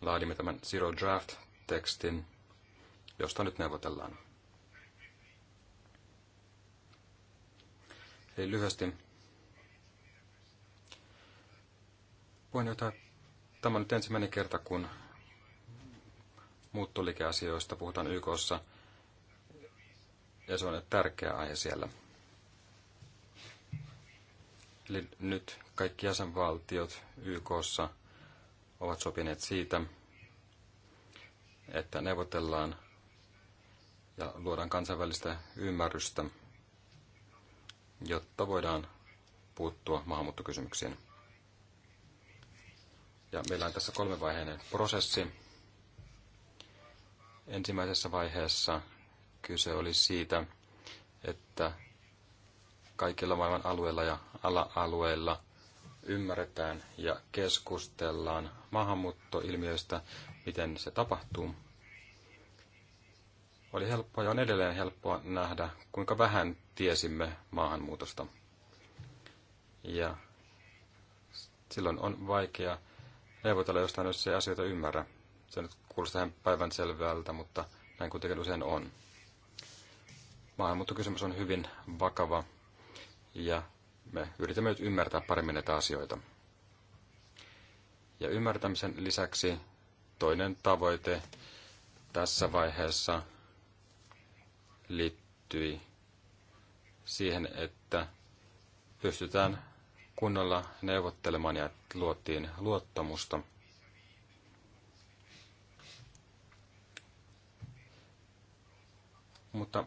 laadimme tämän Zero Draft-tekstin, josta nyt neuvotellaan. Eli lyhyesti. jotain, tämä on nyt ensimmäinen kerta, kun muuttoliikeasioista puhutaan YKssa – ja se on tärkeä aihe siellä. Eli nyt kaikki jäsenvaltiot YKssa ovat sopineet siitä, että neuvotellaan ja luodaan kansainvälistä ymmärrystä, jotta voidaan puuttua maahanmuuttokysymyksiin. Ja meillä on tässä kolmevaiheinen prosessi. Ensimmäisessä vaiheessa Kyse oli siitä, että kaikilla maailman alueilla ja ala-alueilla ymmärretään ja keskustellaan maahanmuuttoilmiöistä, miten se tapahtuu. Oli helppoa ja on edelleen helppoa nähdä, kuinka vähän tiesimme maahanmuutosta. Ja silloin on vaikea neuvotella jostain, jos ei asioita ymmärrä. Se nyt kuulostaa ihan päivän selvältä, mutta näin kuitenkin usein on maahanmuuttokysymys on hyvin vakava ja me yritämme nyt ymmärtää paremmin näitä asioita. Ja ymmärtämisen lisäksi toinen tavoite tässä vaiheessa liittyi siihen, että pystytään kunnolla neuvottelemaan ja luottiin luottamusta. Mutta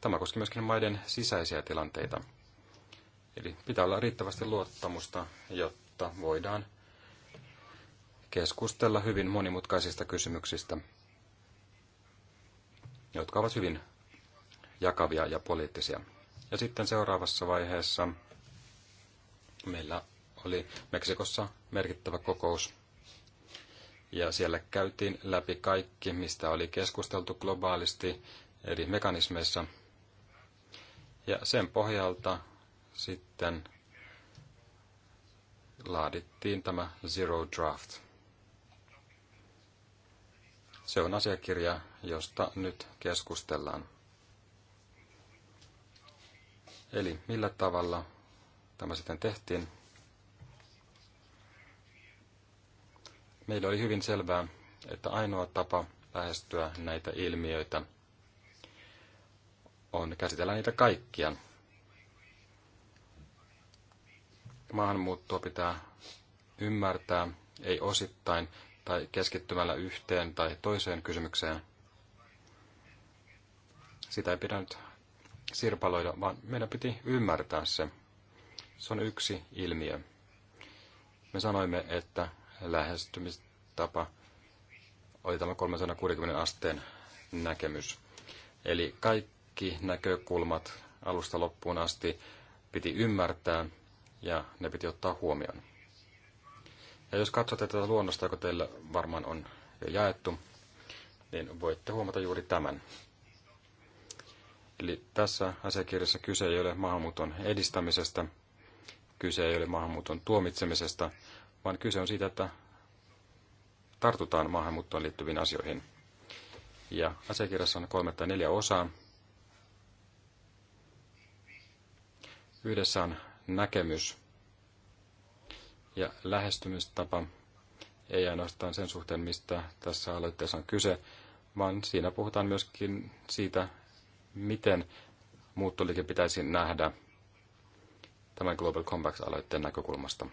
Tämä koski myöskin maiden sisäisiä tilanteita. Eli pitää olla riittävästi luottamusta, jotta voidaan keskustella hyvin monimutkaisista kysymyksistä, jotka ovat hyvin jakavia ja poliittisia. Ja sitten seuraavassa vaiheessa meillä oli Meksikossa merkittävä kokous. Ja siellä käytiin läpi kaikki, mistä oli keskusteltu globaalisti eri mekanismeissa, ja sen pohjalta sitten laadittiin tämä Zero Draft. Se on asiakirja, josta nyt keskustellaan. Eli millä tavalla tämä sitten tehtiin? Meillä oli hyvin selvää, että ainoa tapa lähestyä näitä ilmiöitä – on käsitellä niitä kaikkia. Maahanmuuttoa pitää ymmärtää, ei osittain tai keskittymällä yhteen tai toiseen kysymykseen. Sitä ei pidä nyt sirpaloida, vaan meidän piti ymmärtää se. Se on yksi ilmiö. Me sanoimme, että lähestymistapa oli tämä 360 asteen näkemys. Eli kaikki kaikki näkökulmat alusta loppuun asti piti ymmärtää ja ne piti ottaa huomioon. Ja jos katsotte tätä luonnosta, joka teillä varmaan on jo jaettu, niin voitte huomata juuri tämän. Eli tässä asiakirjassa kyse ei ole maahanmuuton edistämisestä, kyse ei ole maahanmuuton tuomitsemisesta, vaan kyse on siitä, että tartutaan maahanmuuttoon liittyviin asioihin. Ja asiakirjassa on kolme tai neljä osaa, Yhdessä on näkemys ja lähestymistapa, ei ainoastaan sen suhteen, mistä tässä aloitteessa on kyse, vaan siinä puhutaan myöskin siitä, miten muuttoliike pitäisi nähdä tämän Global Compact-aloitteen näkökulmasta.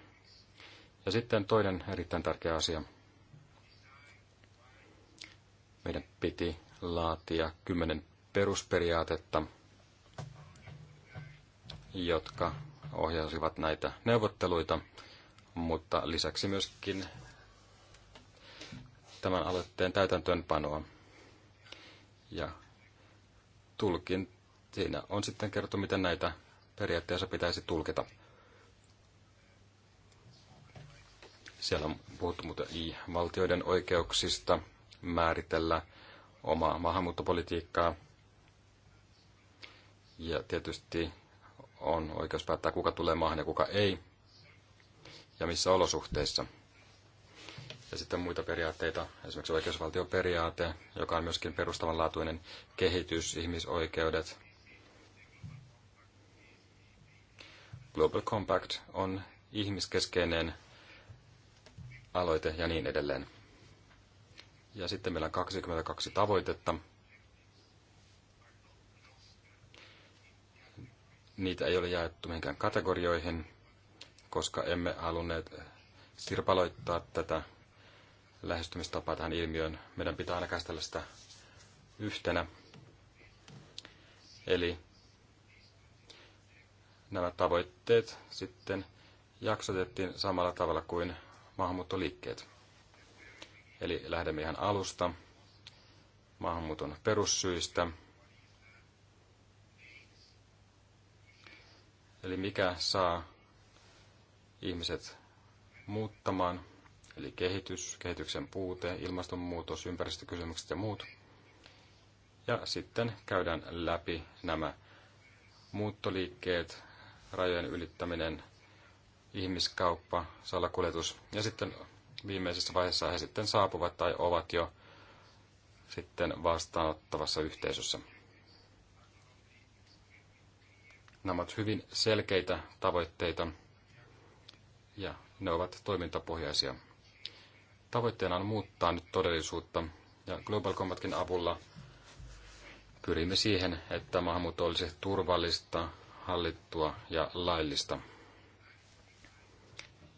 Ja sitten toinen erittäin tärkeä asia. Meidän piti laatia kymmenen perusperiaatetta – jotka ohjasivat näitä neuvotteluita, mutta lisäksi myöskin tämän aloitteen täytäntöönpanoa. Ja tulkin, siinä on sitten kerrottu, miten näitä periaatteessa pitäisi tulkita. Siellä on puhuttu muuten valtioiden oikeuksista määritellä omaa maahanmuuttopolitiikkaa. Ja tietysti on oikeus päättää, kuka tulee maahan ja kuka ei, ja missä olosuhteissa. Ja sitten muita periaatteita, esimerkiksi oikeusvaltioperiaate, joka on myöskin perustavanlaatuinen kehitys, ihmisoikeudet. Global Compact on ihmiskeskeinen aloite ja niin edelleen. Ja sitten meillä on 22 tavoitetta, Niitä ei ole jaettu mihinkään kategorioihin, koska emme halunneet sirpaloittaa tätä lähestymistapaa tähän ilmiöön. Meidän pitää aina käsitellä sitä yhtenä. Eli nämä tavoitteet sitten jaksotettiin samalla tavalla kuin maahanmuuttoliikkeet. Eli lähdemme ihan alusta, maahanmuuton perussyistä – Eli mikä saa ihmiset muuttamaan, eli kehitys, kehityksen puute, ilmastonmuutos, ympäristökysymykset ja muut. Ja sitten käydään läpi nämä muuttoliikkeet, rajojen ylittäminen, ihmiskauppa, salakuljetus ja sitten viimeisessä vaiheessa he sitten saapuvat tai ovat jo sitten vastaanottavassa yhteisössä. Nämä ovat hyvin selkeitä tavoitteita ja ne ovat toimintapohjaisia. Tavoitteena on muuttaa nyt todellisuutta ja Global Combatkin avulla pyrimme siihen, että maahanmuutto olisi turvallista, hallittua ja laillista.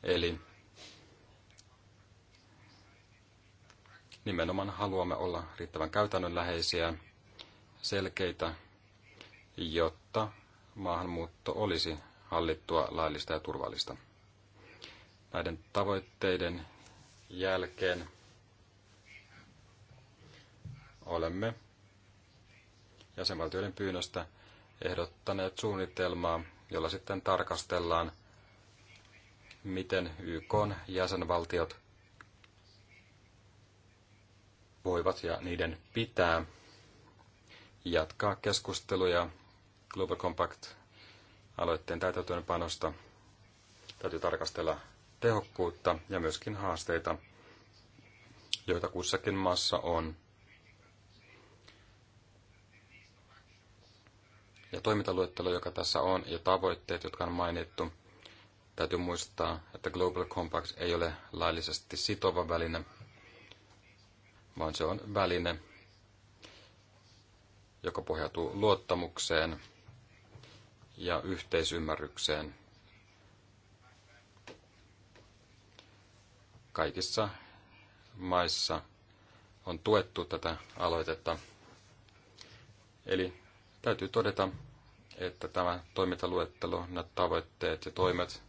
Eli nimenomaan haluamme olla riittävän käytännönläheisiä, selkeitä, jotta maahanmuutto olisi hallittua, laillista ja turvallista. Näiden tavoitteiden jälkeen olemme jäsenvaltioiden pyynnöstä ehdottaneet suunnitelmaa, jolla sitten tarkastellaan, miten YK jäsenvaltiot voivat ja niiden pitää jatkaa keskusteluja Global Compact-aloitteen panosta. Täytyy tarkastella tehokkuutta ja myöskin haasteita, joita kussakin maassa on. Ja toimintaluettelo, joka tässä on, ja tavoitteet, jotka on mainittu. Täytyy muistaa, että Global Compact ei ole laillisesti sitova väline, vaan se on väline, joka pohjautuu luottamukseen – ja yhteisymmärrykseen kaikissa maissa on tuettu tätä aloitetta. Eli täytyy todeta, että tämä toimintaluettelo, nämä tavoitteet ja toimet,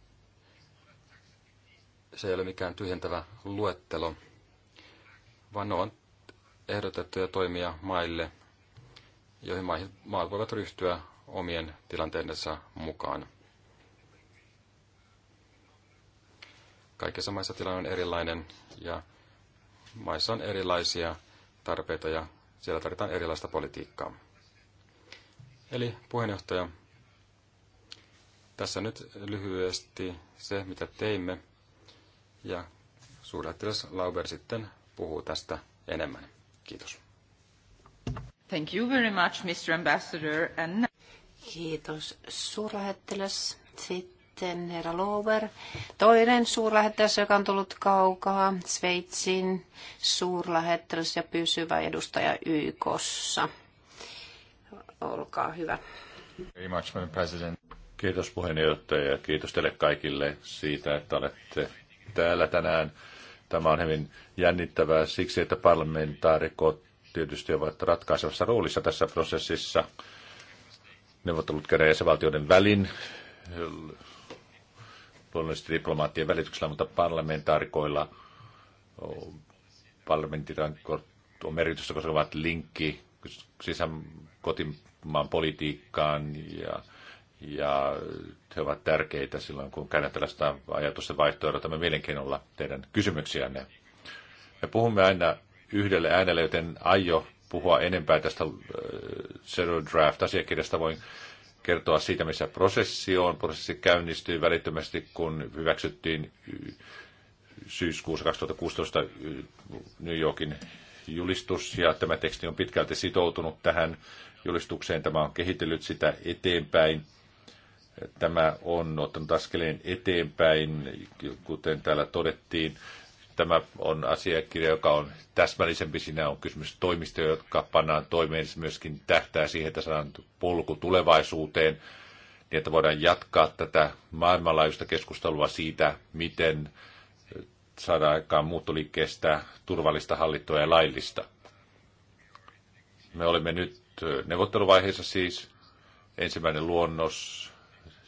se ei ole mikään tyhjentävä luettelo, vaan ne on ehdotettuja toimia maille, joihin maihin, maat voivat ryhtyä omien tilanteensa mukaan. Kaikissa maissa tilanne on erilainen ja maissa on erilaisia tarpeita ja siellä tarvitaan erilaista politiikkaa. Eli puheenjohtaja, tässä nyt lyhyesti se, mitä teimme, ja suurlähettiläs Lauber sitten puhuu tästä enemmän. Kiitos. Thank you very much, Mr. Ambassador. And... Kiitos suurlähettiläs. Sitten herra Lover, toinen suurlähettiläs, joka on tullut kaukaa, Sveitsin suurlähettiläs ja pysyvä edustaja YKssa. Olkaa hyvä. Very much, President. Kiitos puheenjohtaja ja kiitos teille kaikille siitä, että olette täällä tänään. Tämä on hyvin jännittävää siksi, että parlamentaarikot tietysti ovat ratkaisevassa roolissa tässä prosessissa – Neuvottelut käydään jäsenvaltioiden välin, luonnollisesti diplomaattien välityksellä, mutta parlamentaarikoilla parlamentit on merkitystä, koska ovat linkki sisään kotimaan politiikkaan ja, ja he ovat tärkeitä silloin, kun käydään tällaista ajatusten vaihtoa. Odotamme mielenkiinnolla teidän kysymyksiänne. Me puhumme aina yhdelle äänelle, joten aio puhua enempää tästä äh, Zero Draft-asiakirjasta. Voin kertoa siitä, missä prosessi on. Prosessi käynnistyi välittömästi, kun hyväksyttiin syyskuussa 2016 New Yorkin julistus, ja tämä teksti on pitkälti sitoutunut tähän julistukseen. Tämä on kehitellyt sitä eteenpäin. Tämä on ottanut askeleen eteenpäin, kuten täällä todettiin Tämä on asiakirja, joka on täsmällisempi. Siinä on kysymys toimista, jotka pannaan toimeen. Se myöskin tähtää siihen, että saadaan polku tulevaisuuteen, niin että voidaan jatkaa tätä maailmanlaajuista keskustelua siitä, miten saadaan aikaan muuttoliikkeestä turvallista, hallittua ja laillista. Me olemme nyt neuvotteluvaiheessa siis. Ensimmäinen luonnos,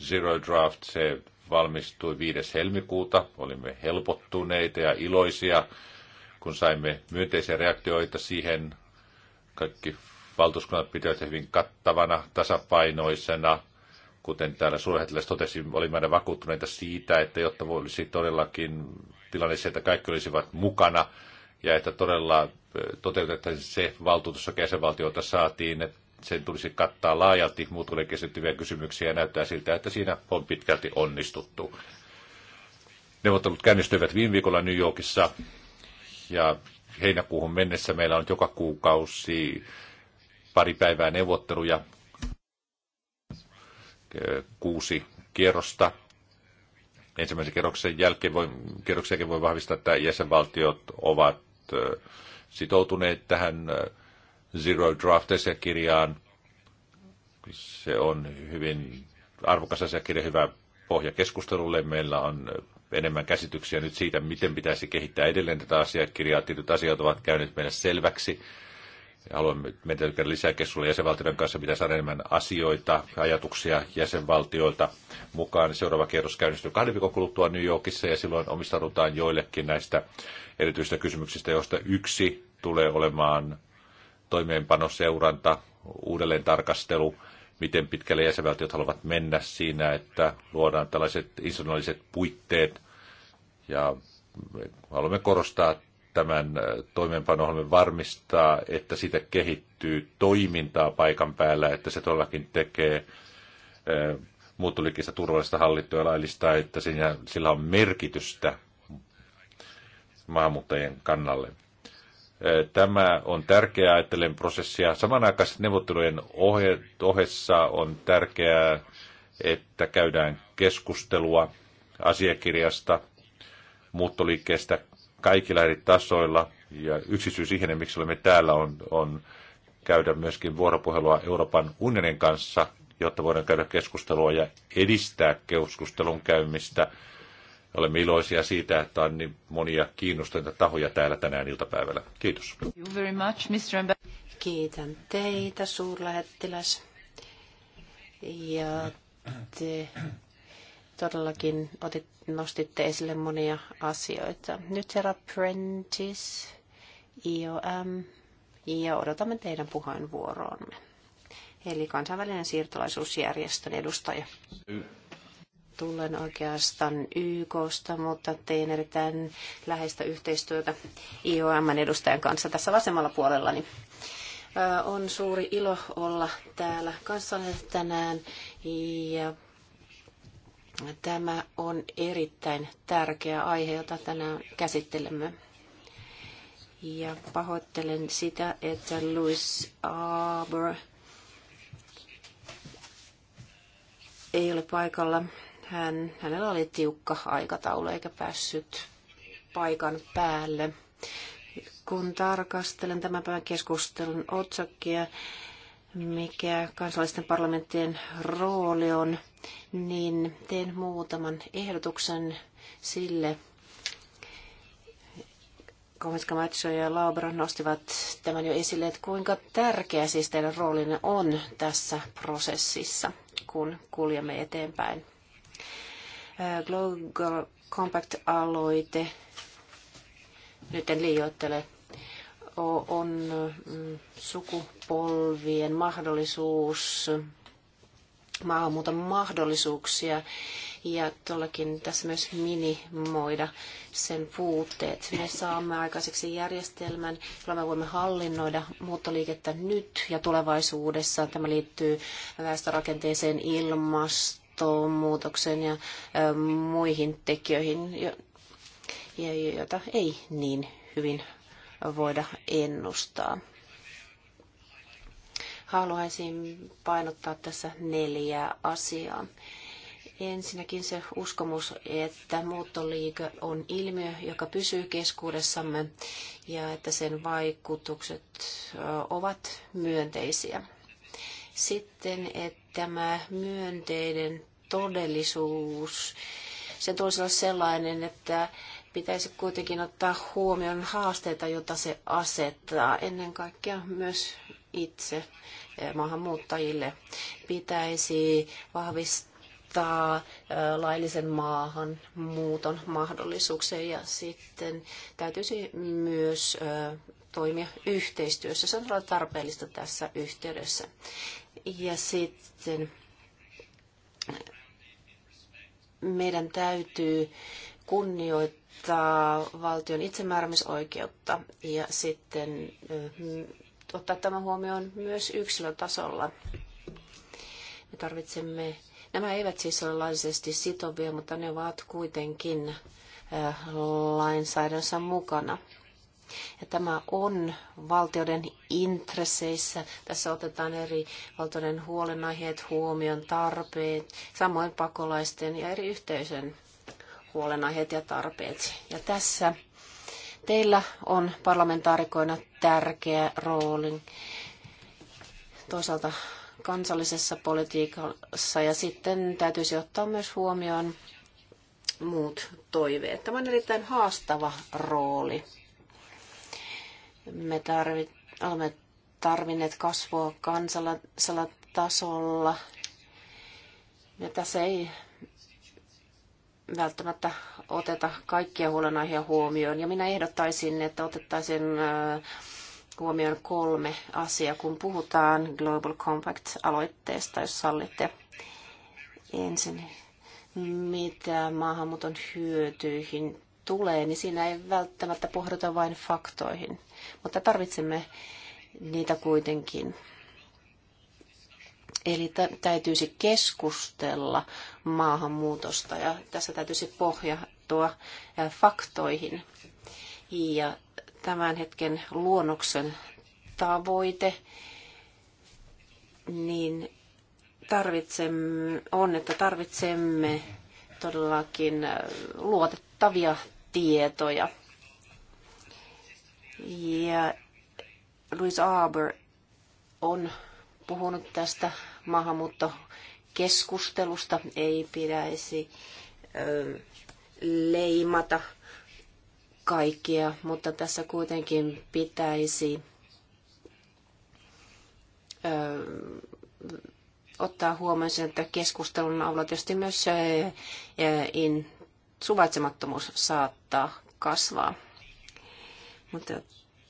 Zero Draft, se valmistui 5. helmikuuta. Olimme helpottuneita ja iloisia, kun saimme myönteisiä reaktioita siihen. Kaikki valtuuskunnat pitivät hyvin kattavana, tasapainoisena. Kuten täällä suurlähettiläs totesi, olimme aina vakuuttuneita siitä, että jotta olisi todellakin tilanne se, että kaikki olisivat mukana ja että todella toteutettaisiin se valtuutus, joka jäsenvaltiolta saatiin, että sen tulisi kattaa laajalti muutolle keskittyviä kysymyksiä ja näyttää siltä, että siinä on pitkälti onnistuttu. Neuvottelut käynnistyivät viime viikolla New Yorkissa ja heinäkuuhun mennessä meillä on joka kuukausi pari päivää neuvotteluja, eh, kuusi kierrosta. Ensimmäisen kerroksen jälkeen voi, kerroksen jälkeen voi vahvistaa, että jäsenvaltiot ovat eh, sitoutuneet tähän eh, Zero Draft-asiakirjaan. Se on hyvin arvokas asiakirja, hyvä pohja keskustelulle. Meillä on enemmän käsityksiä nyt siitä, miten pitäisi kehittää edelleen tätä asiakirjaa. Tietyt asiat ovat käyneet meille selväksi. Haluamme mennä käydä lisää keskustelua jäsenvaltioiden kanssa, pitää saada enemmän asioita, ajatuksia jäsenvaltioilta mukaan. Seuraava kierros käynnistyy kahden viikon kuluttua New Yorkissa ja silloin omistaudutaan joillekin näistä erityisistä kysymyksistä, joista yksi tulee olemaan toimeenpano, seuranta, uudelleen tarkastelu, miten pitkälle jäsenvaltiot haluavat mennä siinä, että luodaan tällaiset institutionaaliset puitteet. Ja haluamme korostaa tämän äh, toimeenpano, haluamme varmistaa, että siitä kehittyy toimintaa paikan päällä, että se todellakin tekee äh, muuttolikistä turvallista hallittua ja laillista, että sillä on merkitystä maahanmuuttajien kannalle. Tämä on tärkeää ajattelen prosessia. Samanaikaisesti neuvottelujen ohessa on tärkeää, että käydään keskustelua asiakirjasta, muuttoliikkeestä kaikilla eri tasoilla. Ja yksi syy siihen, miksi olemme täällä, on, on käydä myöskin vuoropuhelua Euroopan unionin kanssa, jotta voidaan käydä keskustelua ja edistää keskustelun käymistä – Olemme iloisia siitä, että on niin monia kiinnostuneita tahoja täällä tänään iltapäivällä. Kiitos. Kiitän teitä, suurlähettiläs. Ja te todellakin otit, nostitte esille monia asioita. Nyt herra Prentice, IOM, ja odotamme teidän puheenvuoroonne. Eli kansainvälinen siirtolaisuusjärjestön edustaja tullen oikeastaan YKsta, mutta tein erittäin läheistä yhteistyötä IOMn edustajan kanssa tässä vasemmalla puolella. On suuri ilo olla täällä kanssanne tänään ja tämä on erittäin tärkeä aihe, jota tänään käsittelemme. Ja pahoittelen sitä, että Louis Arbor ei ole paikalla. Hän, hänellä oli tiukka aikataulu eikä päässyt paikan päälle. Kun tarkastelen tämän päivän keskustelun otsakkia, mikä kansallisten parlamenttien rooli on, niin teen muutaman ehdotuksen sille. Komiska Macho ja Laubra nostivat tämän jo esille, että kuinka tärkeä siis teidän roolinne on tässä prosessissa, kun kuljemme eteenpäin. Global Compact-aloite, nyt en liioittele, on mm, sukupolvien mahdollisuus, maahanmuuton mahdollisuuksia ja tuollakin tässä myös minimoida sen puutteet. Me saamme aikaiseksi järjestelmän, jolla me voimme hallinnoida muuttoliikettä nyt ja tulevaisuudessa. Tämä liittyy väestörakenteeseen ilmastoon ilmastonmuutokseen ja muihin tekijöihin, joita ei niin hyvin voida ennustaa. Haluaisin painottaa tässä neljää asiaa. Ensinnäkin se uskomus, että muuttoliike on ilmiö, joka pysyy keskuudessamme ja että sen vaikutukset ovat myönteisiä. Sitten, että tämä myönteinen todellisuus. Se tulisi olla sellainen, että pitäisi kuitenkin ottaa huomioon haasteita, joita se asettaa. Ennen kaikkea myös itse eh, maahanmuuttajille pitäisi vahvistaa eh, laillisen maahan muuton mahdollisuuksia ja sitten täytyisi myös eh, toimia yhteistyössä. Se on tarpeellista tässä yhteydessä. Ja sitten meidän täytyy kunnioittaa valtion itsemääräämisoikeutta ja sitten ottaa tämä huomioon myös yksilötasolla. Me tarvitsemme, nämä eivät siis ole laillisesti sitovia, mutta ne ovat kuitenkin lainsäädännössä mukana. Ja tämä on valtioiden intresseissä. Tässä otetaan eri valtioiden huolenaiheet huomioon, tarpeet, samoin pakolaisten ja eri yhteisön huolenaiheet ja tarpeet. Ja tässä teillä on parlamentaarikoina tärkeä rooli toisaalta kansallisessa politiikassa ja sitten täytyisi ottaa myös huomioon muut toiveet. Tämä on erittäin haastava rooli. Me tarvit, olemme tarvinneet kasvua kansallisella tasolla. Ja tässä ei välttämättä oteta kaikkia huolenaiheja huomioon. Ja minä ehdottaisin, että otettaisiin huomioon kolme asiaa, kun puhutaan Global Compact-aloitteesta, jos sallitte. Ensin, mitä maahanmuuton hyötyihin tulee, niin siinä ei välttämättä pohdita vain faktoihin mutta tarvitsemme niitä kuitenkin. Eli täytyisi keskustella maahanmuutosta ja tässä täytyisi pohjautua faktoihin. Ja tämän hetken luonnoksen tavoite, niin tarvitsemme, on, että tarvitsemme todellakin luotettavia tietoja – ja Louis Aber on puhunut tästä maahanmuuttokeskustelusta. Ei pitäisi ö, leimata kaikkia, mutta tässä kuitenkin pitäisi ö, ottaa huomioon sen, että keskustelun avulla tietysti myös ö, in, suvaitsemattomuus saattaa kasvaa mutta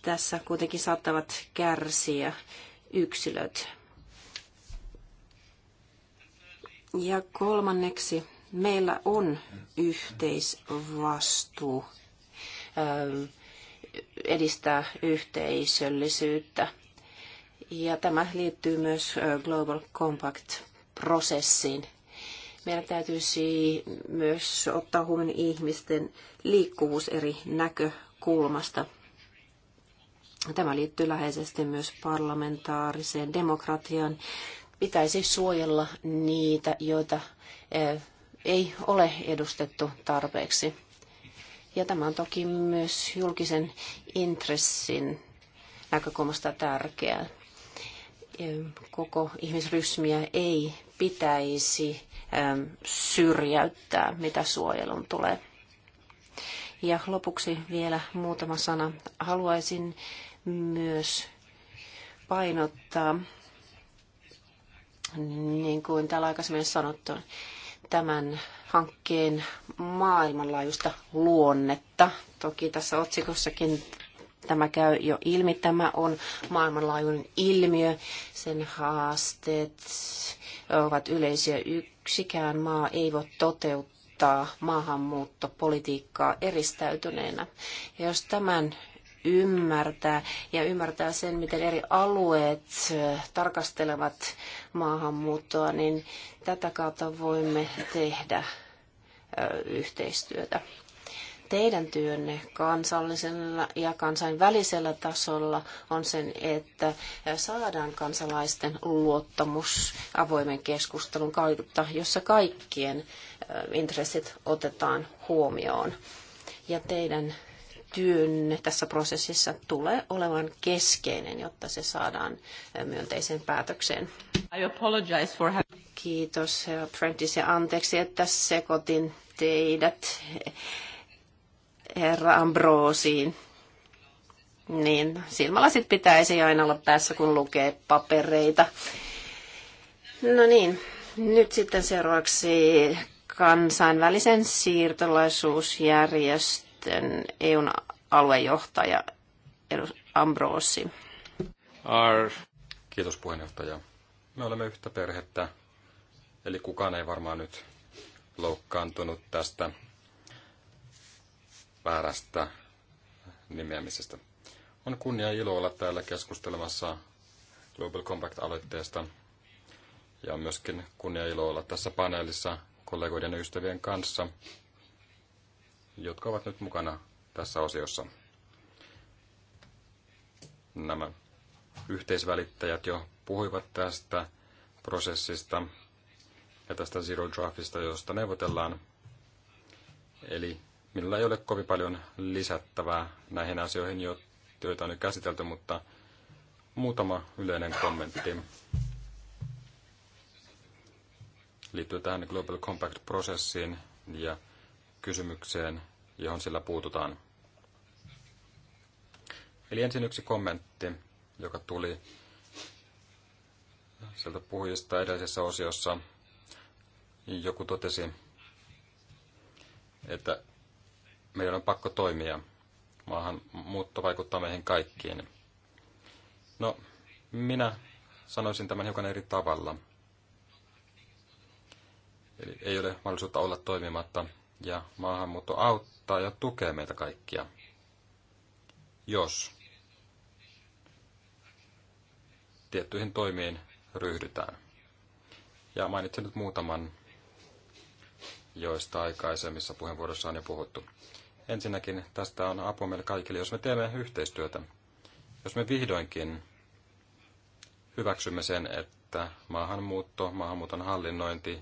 tässä kuitenkin saattavat kärsiä yksilöt. Ja kolmanneksi, meillä on yhteisvastuu edistää yhteisöllisyyttä. Ja tämä liittyy myös Global Compact-prosessiin. Meidän täytyisi myös ottaa huomioon ihmisten liikkuvuus eri näkökulmasta – Tämä liittyy läheisesti myös parlamentaariseen demokratiaan. Pitäisi suojella niitä, joita eh, ei ole edustettu tarpeeksi. Ja tämä on toki myös julkisen intressin näkökulmasta tärkeää. Koko ihmisryhmiä ei pitäisi syrjäyttää, mitä suojelun tulee. Ja lopuksi vielä muutama sana. Haluaisin myös painottaa, niin kuin täällä aikaisemmin sanottu, tämän hankkeen maailmanlaajuista luonnetta. Toki tässä otsikossakin tämä käy jo ilmi. Tämä on maailmanlaajuinen ilmiö. Sen haasteet ovat yleisiä. Yksikään maa ei voi toteuttaa maahanmuuttopolitiikkaa eristäytyneenä. Ja jos tämän ymmärtää ja ymmärtää sen, miten eri alueet tarkastelevat maahanmuuttoa, niin tätä kautta voimme tehdä yhteistyötä. Teidän työnne kansallisella ja kansainvälisellä tasolla on sen, että saadaan kansalaisten luottamus avoimen keskustelun kautta, jossa kaikkien intressit otetaan huomioon. Ja teidän työn tässä prosessissa tulee olevan keskeinen, jotta se saadaan eh, myönteiseen päätökseen. I apologize for Kiitos, herra Prentice, ja anteeksi, että sekoitin teidät herra Ambrosiin. Niin, silmälasit pitäisi aina olla päässä, kun lukee papereita. No niin, nyt sitten seuraavaksi kansainvälisen siirtolaisuusjärjestön sitten EUn aluejohtaja Ambrosi. Ar. Kiitos puheenjohtaja. Me olemme yhtä perhettä, eli kukaan ei varmaan nyt loukkaantunut tästä väärästä nimeämisestä. On kunnia ilo olla täällä keskustelemassa Global Compact-aloitteesta ja on myöskin kunnia ilo olla tässä paneelissa kollegoiden ja ystävien kanssa – jotka ovat nyt mukana tässä osiossa. Nämä yhteisvälittäjät jo puhuivat tästä prosessista ja tästä Zero Draftista, josta neuvotellaan. Eli minulla ei ole kovin paljon lisättävää näihin asioihin, joita on nyt käsitelty, mutta muutama yleinen kommentti liittyy tähän Global Compact-prosessiin ja kysymykseen johon sillä puututaan. Eli ensin yksi kommentti, joka tuli sieltä puhujista edellisessä osiossa. Joku totesi, että meidän on pakko toimia. Maahan muutto vaikuttaa meihin kaikkiin. No, minä sanoisin tämän hiukan eri tavalla. Eli ei ole mahdollisuutta olla toimimatta, ja maahanmuutto auttaa auttaa ja tukee meitä kaikkia. Jos tiettyihin toimiin ryhdytään. Ja mainitsen nyt muutaman, joista aikaisemmissa puheenvuoroissa on jo puhuttu. Ensinnäkin tästä on apua meille kaikille, jos me teemme yhteistyötä. Jos me vihdoinkin hyväksymme sen, että maahanmuutto, maahanmuuton hallinnointi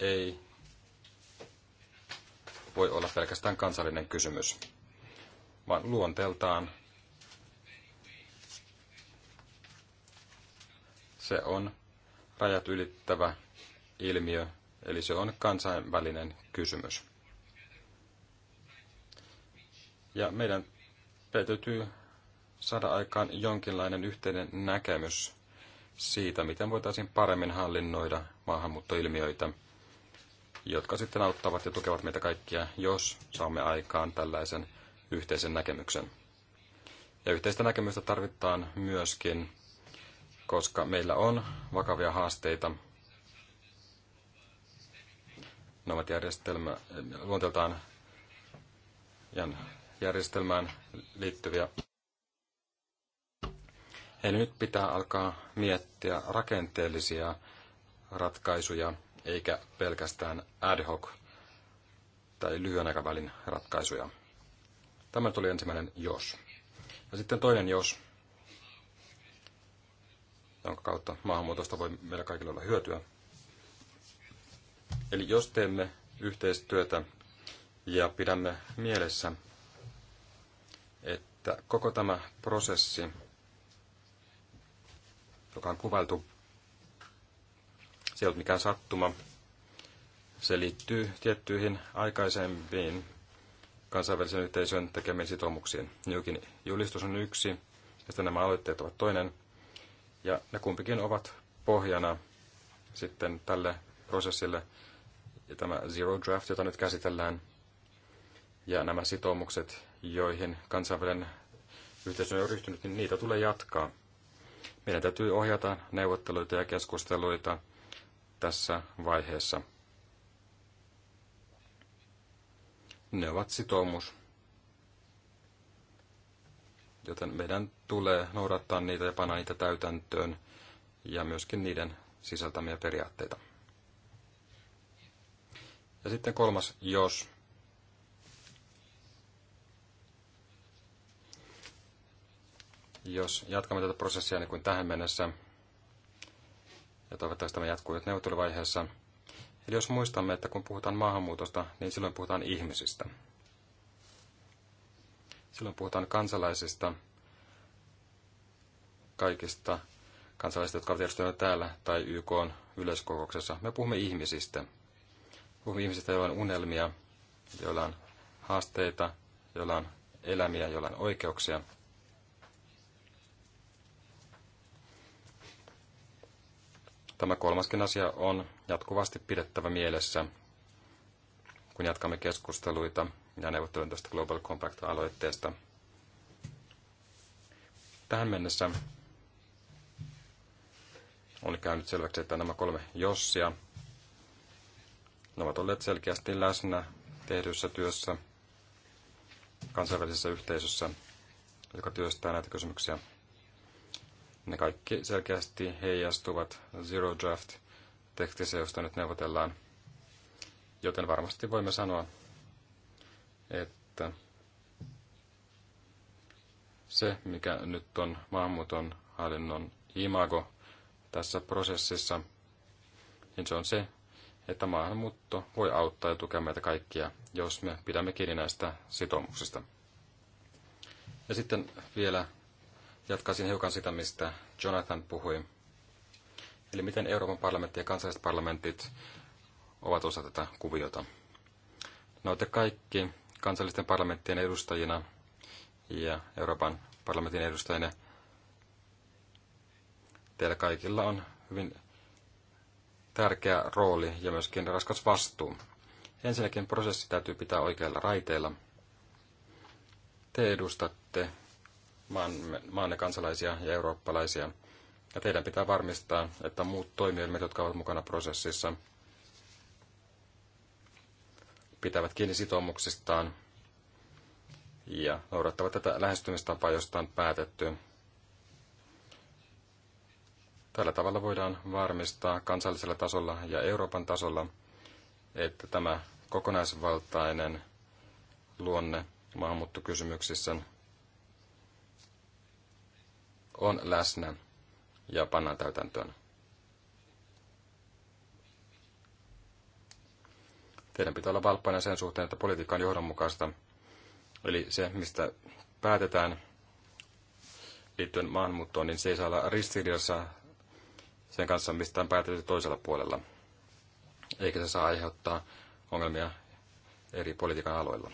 ei voi olla pelkästään kansallinen kysymys, vaan luonteeltaan se on rajat ylittävä ilmiö, eli se on kansainvälinen kysymys. Ja meidän täytyy saada aikaan jonkinlainen yhteinen näkemys siitä, miten voitaisiin paremmin hallinnoida maahanmuuttoilmiöitä – jotka sitten auttavat ja tukevat meitä kaikkia, jos saamme aikaan tällaisen yhteisen näkemyksen. Ja yhteistä näkemystä tarvitaan myöskin, koska meillä on vakavia haasteita. Ne ovat järjestelmä, luonteeltaan järjestelmään liittyviä. Eli nyt pitää alkaa miettiä rakenteellisia ratkaisuja eikä pelkästään ad hoc tai lyhyen aikavälin ratkaisuja. Tämä tuli ensimmäinen jos. Ja sitten toinen jos, jonka kautta maahanmuutosta voi meillä kaikilla olla hyötyä. Eli jos teemme yhteistyötä ja pidämme mielessä, että koko tämä prosessi, joka on kuvailtu se ei ollut mikään sattuma. Se liittyy tiettyihin aikaisempiin kansainvälisen yhteisön tekemiin sitoumuksiin. Jokin julistus on yksi, ja sitten nämä aloitteet ovat toinen. Ja ne kumpikin ovat pohjana sitten tälle prosessille. Ja tämä Zero Draft, jota nyt käsitellään, ja nämä sitoumukset, joihin kansainvälinen yhteisö on ryhtynyt, niin niitä tulee jatkaa. Meidän täytyy ohjata neuvotteluita ja keskusteluita tässä vaiheessa. Ne ovat sitoumus, joten meidän tulee noudattaa niitä ja panna niitä täytäntöön ja myöskin niiden sisältämiä periaatteita. Ja sitten kolmas, jos. Jos jatkamme tätä prosessia niin kuin tähän mennessä, ja toivottavasti tämä jatkuu nyt neuvotteluvaiheessa. Eli jos muistamme, että kun puhutaan maahanmuutosta, niin silloin puhutaan ihmisistä. Silloin puhutaan kansalaisista, kaikista kansalaisista, jotka ovat järjestöneet täällä tai YK on yleiskokouksessa. Me puhumme ihmisistä. Puhumme ihmisistä, joilla on unelmia, joilla on haasteita, joilla on elämiä, joilla on oikeuksia – Tämä kolmaskin asia on jatkuvasti pidettävä mielessä, kun jatkamme keskusteluita ja neuvottelun tästä Global Compact-aloitteesta. Tähän mennessä on käynyt selväksi, että nämä kolme jossia ne ovat olleet selkeästi läsnä tehdyssä työssä kansainvälisessä yhteisössä, joka työstää näitä kysymyksiä. Ne kaikki selkeästi heijastuvat Zero Draft-tekstissä, josta nyt neuvotellaan. Joten varmasti voimme sanoa, että se, mikä nyt on maahanmuuton hallinnon imago tässä prosessissa, niin se on se, että maahanmuutto voi auttaa ja tukea meitä kaikkia, jos me pidämme kiinni näistä sitoumuksista. Ja sitten vielä Jatkaisin hiukan sitä, mistä Jonathan puhui. Eli miten Euroopan parlamentti ja kansalliset parlamentit ovat osa tätä kuviota. No te kaikki kansallisten parlamenttien edustajina ja Euroopan parlamentin edustajina, teillä kaikilla on hyvin tärkeä rooli ja myöskin raskas vastuu. Ensinnäkin prosessi täytyy pitää oikeilla raiteilla. Te edustatte maan, maanne kansalaisia ja eurooppalaisia. Ja teidän pitää varmistaa, että muut toimijat, jotka ovat mukana prosessissa, pitävät kiinni sitoumuksistaan ja noudattavat tätä lähestymistapaa, josta on päätetty. Tällä tavalla voidaan varmistaa kansallisella tasolla ja Euroopan tasolla, että tämä kokonaisvaltainen luonne maahanmuuttokysymyksissä on läsnä ja pannaan täytäntöön. Teidän pitää olla valppaina sen suhteen, että politiikka on johdonmukaista. Eli se, mistä päätetään liittyen maahanmuuttoon, niin se ei saa olla ristiriidassa sen kanssa, mistä on päätetty toisella puolella. Eikä se saa aiheuttaa ongelmia eri politiikan aloilla.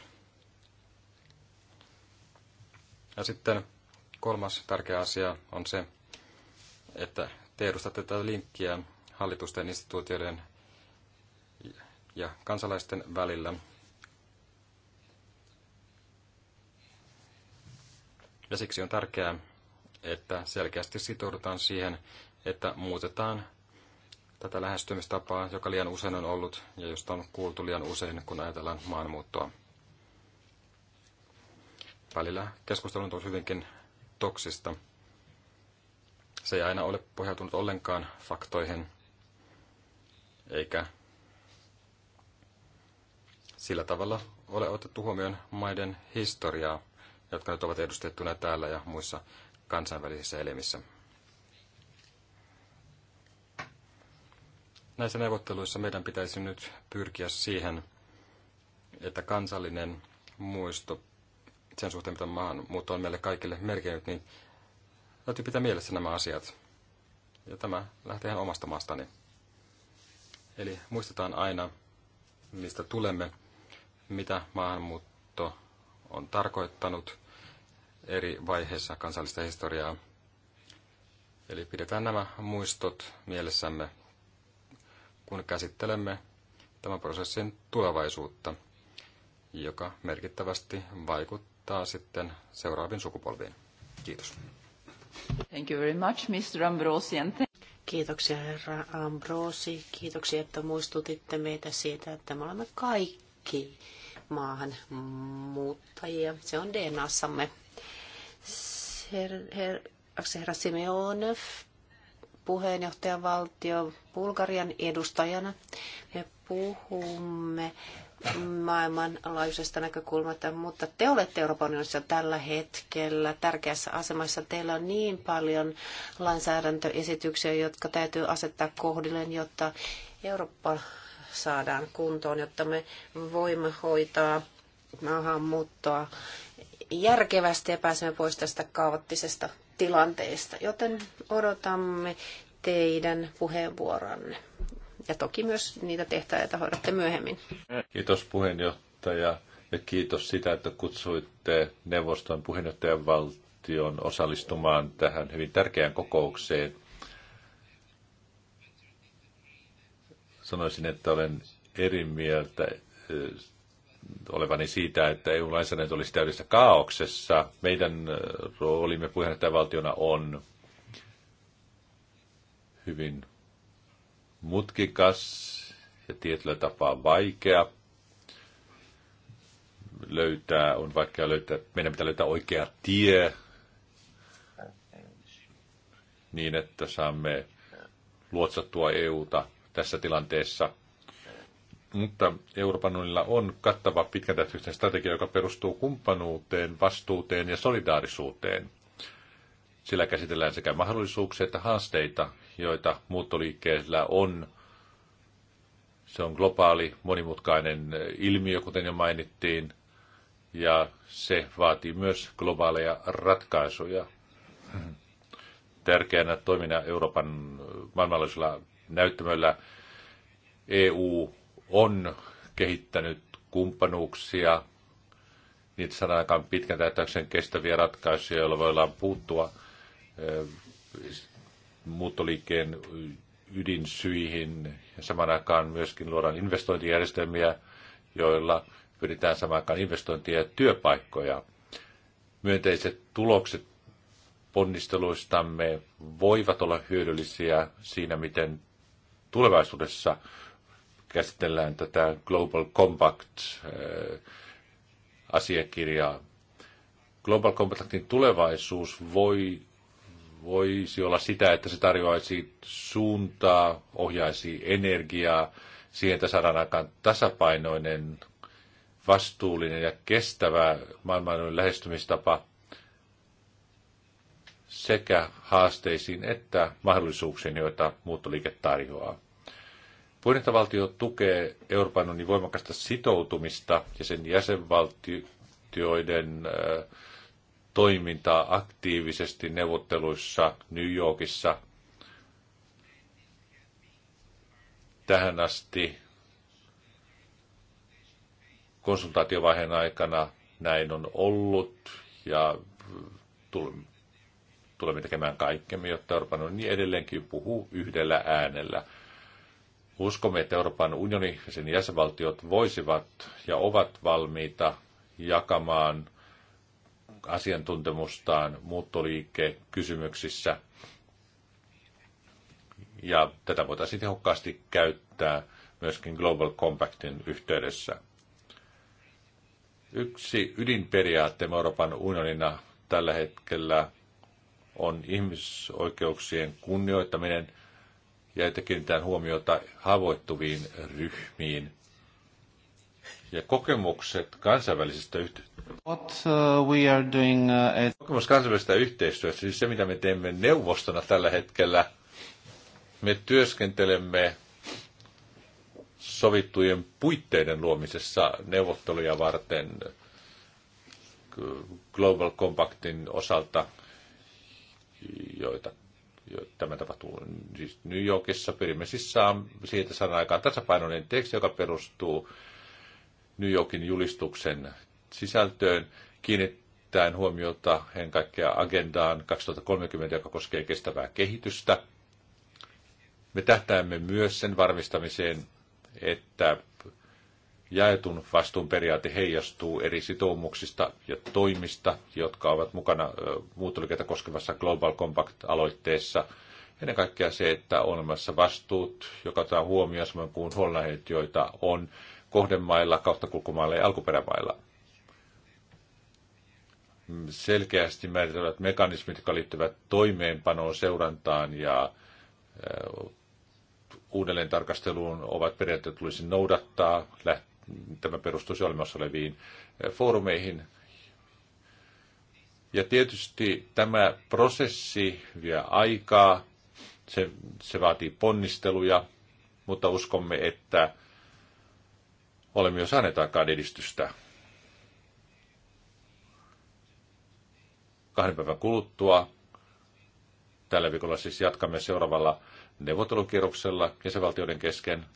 Ja sitten Kolmas tärkeä asia on se, että tiedustatte tätä linkkiä hallitusten, instituutioiden ja kansalaisten välillä. Ja siksi on tärkeää, että selkeästi sitoudutaan siihen, että muutetaan tätä lähestymistapaa, joka liian usein on ollut ja josta on kuultu liian usein, kun ajatellaan maanmuuttoa. Välillä keskustelu on hyvinkin toksista. Se ei aina ole pohjautunut ollenkaan faktoihin, eikä sillä tavalla ole otettu huomioon maiden historiaa, jotka nyt ovat edustettuna täällä ja muissa kansainvälisissä elimissä. Näissä neuvotteluissa meidän pitäisi nyt pyrkiä siihen, että kansallinen muisto sen suhteen, mitä maahanmuutto on meille kaikille merkinnyt, niin täytyy pitää mielessä nämä asiat. Ja tämä lähtee ihan omasta maastani. Eli muistetaan aina, mistä tulemme, mitä maahanmuutto on tarkoittanut eri vaiheissa kansallista historiaa. Eli pidetään nämä muistot mielessämme, kun käsittelemme tämän prosessin tulevaisuutta, joka merkittävästi vaikuttaa vaikuttaa sitten seuraaviin sukupolviin. Kiitos. Thank you very much, Mr. Ambrosi. Kiitoksia herra Ambrosi. Kiitoksia, että muistutitte meitä siitä, että me olemme kaikki maahan muuttajia. Se on DNAssamme. Her, her, herra Simeonov, puheenjohtajavaltio Bulgarian edustajana. Me puhumme maailmanlaajuisesta näkökulmasta, mutta te olette Euroopan unionissa tällä hetkellä tärkeässä asemassa. Teillä on niin paljon lainsäädäntöesityksiä, jotka täytyy asettaa kohdilleen, jotta Eurooppa saadaan kuntoon, jotta me voimme hoitaa maahanmuuttoa järkevästi ja pääsemme pois tästä kaavattisesta tilanteesta. Joten odotamme teidän puheenvuoronne ja toki myös niitä tehtäviä, joita hoidatte myöhemmin. Kiitos puheenjohtaja ja kiitos sitä, että kutsuitte neuvoston puheenjohtajan valtion osallistumaan tähän hyvin tärkeään kokoukseen. Sanoisin, että olen eri mieltä eh, olevani siitä, että EU-lainsäädäntö olisi täydessä kaauksessa. Meidän eh, roolimme puheenjohtajavaltiona on hyvin mutkikas ja tietyllä tapaa vaikea löytää, on vaikea löytää, meidän pitää löytää oikea tie niin, että saamme luotsattua EUta tässä tilanteessa. Mutta Euroopan unionilla on kattava pitkän tähtäyksen strategia, joka perustuu kumppanuuteen, vastuuteen ja solidaarisuuteen. Sillä käsitellään sekä mahdollisuuksia että haasteita, joita muuttoliikkeellä on. Se on globaali, monimutkainen ilmiö, kuten jo mainittiin, ja se vaatii myös globaaleja ratkaisuja. Tärkeänä toimina Euroopan maailmanlaajuisella näyttämöllä EU on kehittänyt kumppanuuksia, niitä saadaan aikaan pitkän tähtäyksen kestäviä ratkaisuja, joilla voidaan puuttua muuttoliikkeen ydinsyihin ja samaan aikaan myöskin luodaan investointijärjestelmiä, joilla pyritään samaan aikaan investointia ja työpaikkoja. Myönteiset tulokset ponnisteluistamme voivat olla hyödyllisiä siinä, miten tulevaisuudessa käsitellään tätä Global Compact-asiakirjaa. Äh, Global Compactin tulevaisuus voi voisi olla sitä, että se tarjoaisi suuntaa, ohjaisi energiaa siihen, että saadaan aikaan tasapainoinen, vastuullinen ja kestävä maailmanlaajuinen lähestymistapa sekä haasteisiin että mahdollisuuksiin, joita muuttoliike tarjoaa. Puheenjohtajavaltio tukee Euroopan unionin voimakasta sitoutumista ja sen jäsenvaltioiden äh, toimintaa aktiivisesti neuvotteluissa New Yorkissa. Tähän asti konsultaatiovaiheen aikana näin on ollut ja tulemme tekemään kaikkemme, jotta Euroopan unioni edelleenkin puhuu yhdellä äänellä. Uskomme, että Euroopan unioni ja sen jäsenvaltiot voisivat ja ovat valmiita jakamaan – asiantuntemustaan muuttoliikekysymyksissä. Ja tätä voitaisiin tehokkaasti käyttää myöskin Global Compactin yhteydessä. Yksi ydinperiaatteemme Euroopan unionina tällä hetkellä on ihmisoikeuksien kunnioittaminen ja että kiinnitetään huomiota haavoittuviin ryhmiin – ja kokemukset kansainvälisestä yhteistyöstä. Uh, uh, Kokemus kansainvälisestä yhteistyöstä, siis se mitä me teemme neuvostona tällä hetkellä, me työskentelemme sovittujen puitteiden luomisessa neuvotteluja varten Global Compactin osalta, joita tämä tapahtuu siis New Yorkissa. Pyrimme siis saamaan siitä sanan aikaan tasapainoinen teksti, joka perustuu New Yorkin julistuksen sisältöön, kiinnittäen huomiota ennen kaikkea agendaan 2030, joka koskee kestävää kehitystä. Me tähtäämme myös sen varmistamiseen, että jaetun vastuun periaate heijastuu eri sitoumuksista ja toimista, jotka ovat mukana muuttoliikettä koskevassa Global Compact-aloitteessa. Ennen kaikkea se, että on olemassa vastuut, joka ottaa huomioon samoin kuin huolenaiheet, joita on kohdemailla, kauttakulkumailla ja alkuperämailla. Selkeästi määritelmät mekanismit, jotka liittyvät toimeenpanoon, seurantaan ja uudelleen tarkasteluun, ovat periaatteet tulisi noudattaa. Tämä perustuisi olemassa oleviin foorumeihin, ja tietysti tämä prosessi vie aikaa, se, se vaatii ponnisteluja, mutta uskomme, että olemme jo saaneet aikaan edistystä. Kahden päivän kuluttua tällä viikolla siis jatkamme seuraavalla neuvottelukierroksella jäsenvaltioiden kesken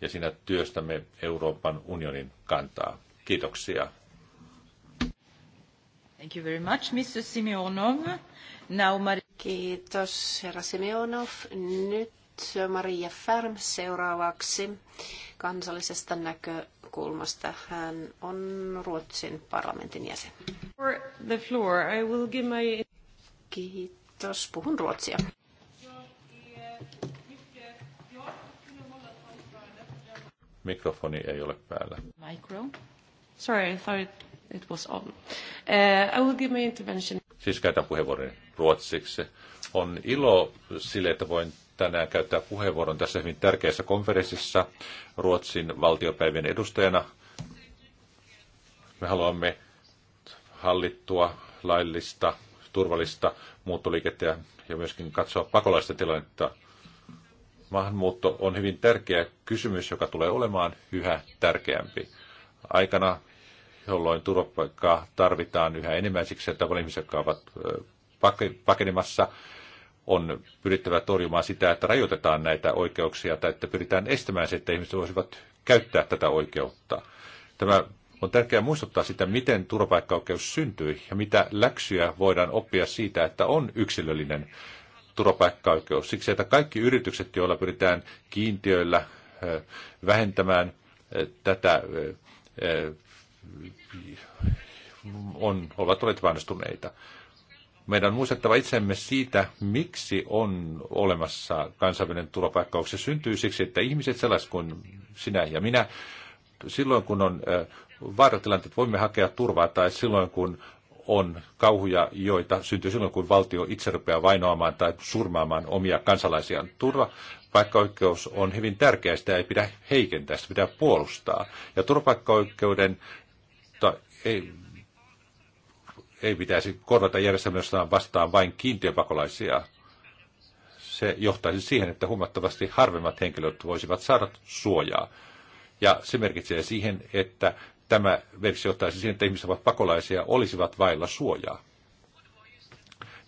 ja siinä työstämme Euroopan unionin kantaa. Kiitoksia. Thank you very much, Mr. Simeonov. Now, Mar- Kiitos, herra Simeonov. Nyt Maria Färm seuraavaksi kansallisesta näkökulmasta. Hän on Ruotsin parlamentin jäsen. For the floor, I will give my... Kiitos. Puhun ruotsia. Mikrofoni ei ole päällä. Micro. Sorry, I thought it was on. Uh, I will give my intervention. Siis käytän puheenvuoron ruotsiksi. On ilo sille, että voin tänään käyttää puheenvuoron tässä hyvin tärkeässä konferenssissa Ruotsin valtiopäivien edustajana. Me haluamme hallittua, laillista, turvallista muuttoliikettä ja, ja myöskin katsoa pakolaista tilannetta. Maahanmuutto on hyvin tärkeä kysymys, joka tulee olemaan yhä tärkeämpi. Aikana, jolloin turvapaikkaa tarvitaan yhä enemmän siksi, että ihmiset, jotka ovat pakenemassa, on pyrittävä torjumaan sitä, että rajoitetaan näitä oikeuksia tai että pyritään estämään se, että ihmiset voisivat käyttää tätä oikeutta. Tämä on tärkeää muistuttaa sitä, miten turvapaikkaoikeus syntyi ja mitä läksyjä voidaan oppia siitä, että on yksilöllinen turvapaikkaoikeus. Siksi, että kaikki yritykset, joilla pyritään kiintiöillä vähentämään tätä, on, ovat olleet vannistuneita. Meidän on muistettava itsemme siitä, miksi on olemassa kansainvälinen turvapaikka. Se syntyy siksi, että ihmiset sellaiset kuin sinä ja minä, silloin kun on vaaratilanteet, voimme hakea turvaa tai silloin kun on kauhuja, joita syntyy silloin, kun valtio itse rupeaa vainoamaan tai surmaamaan omia kansalaisiaan. Turva turvapaikkaoikeus on hyvin tärkeä, sitä ei pidä heikentää, sitä pitää puolustaa. Ja turvapaikkaoikeuden ei, ei pitäisi korvata järjestelmästään vastaan vain kiintiöpakolaisia. Se johtaisi siihen, että huomattavasti harvemmat henkilöt voisivat saada suojaa. Ja se merkitsee siihen, että tämä versio johtaisi siihen, että ihmiset ovat pakolaisia, olisivat vailla suojaa.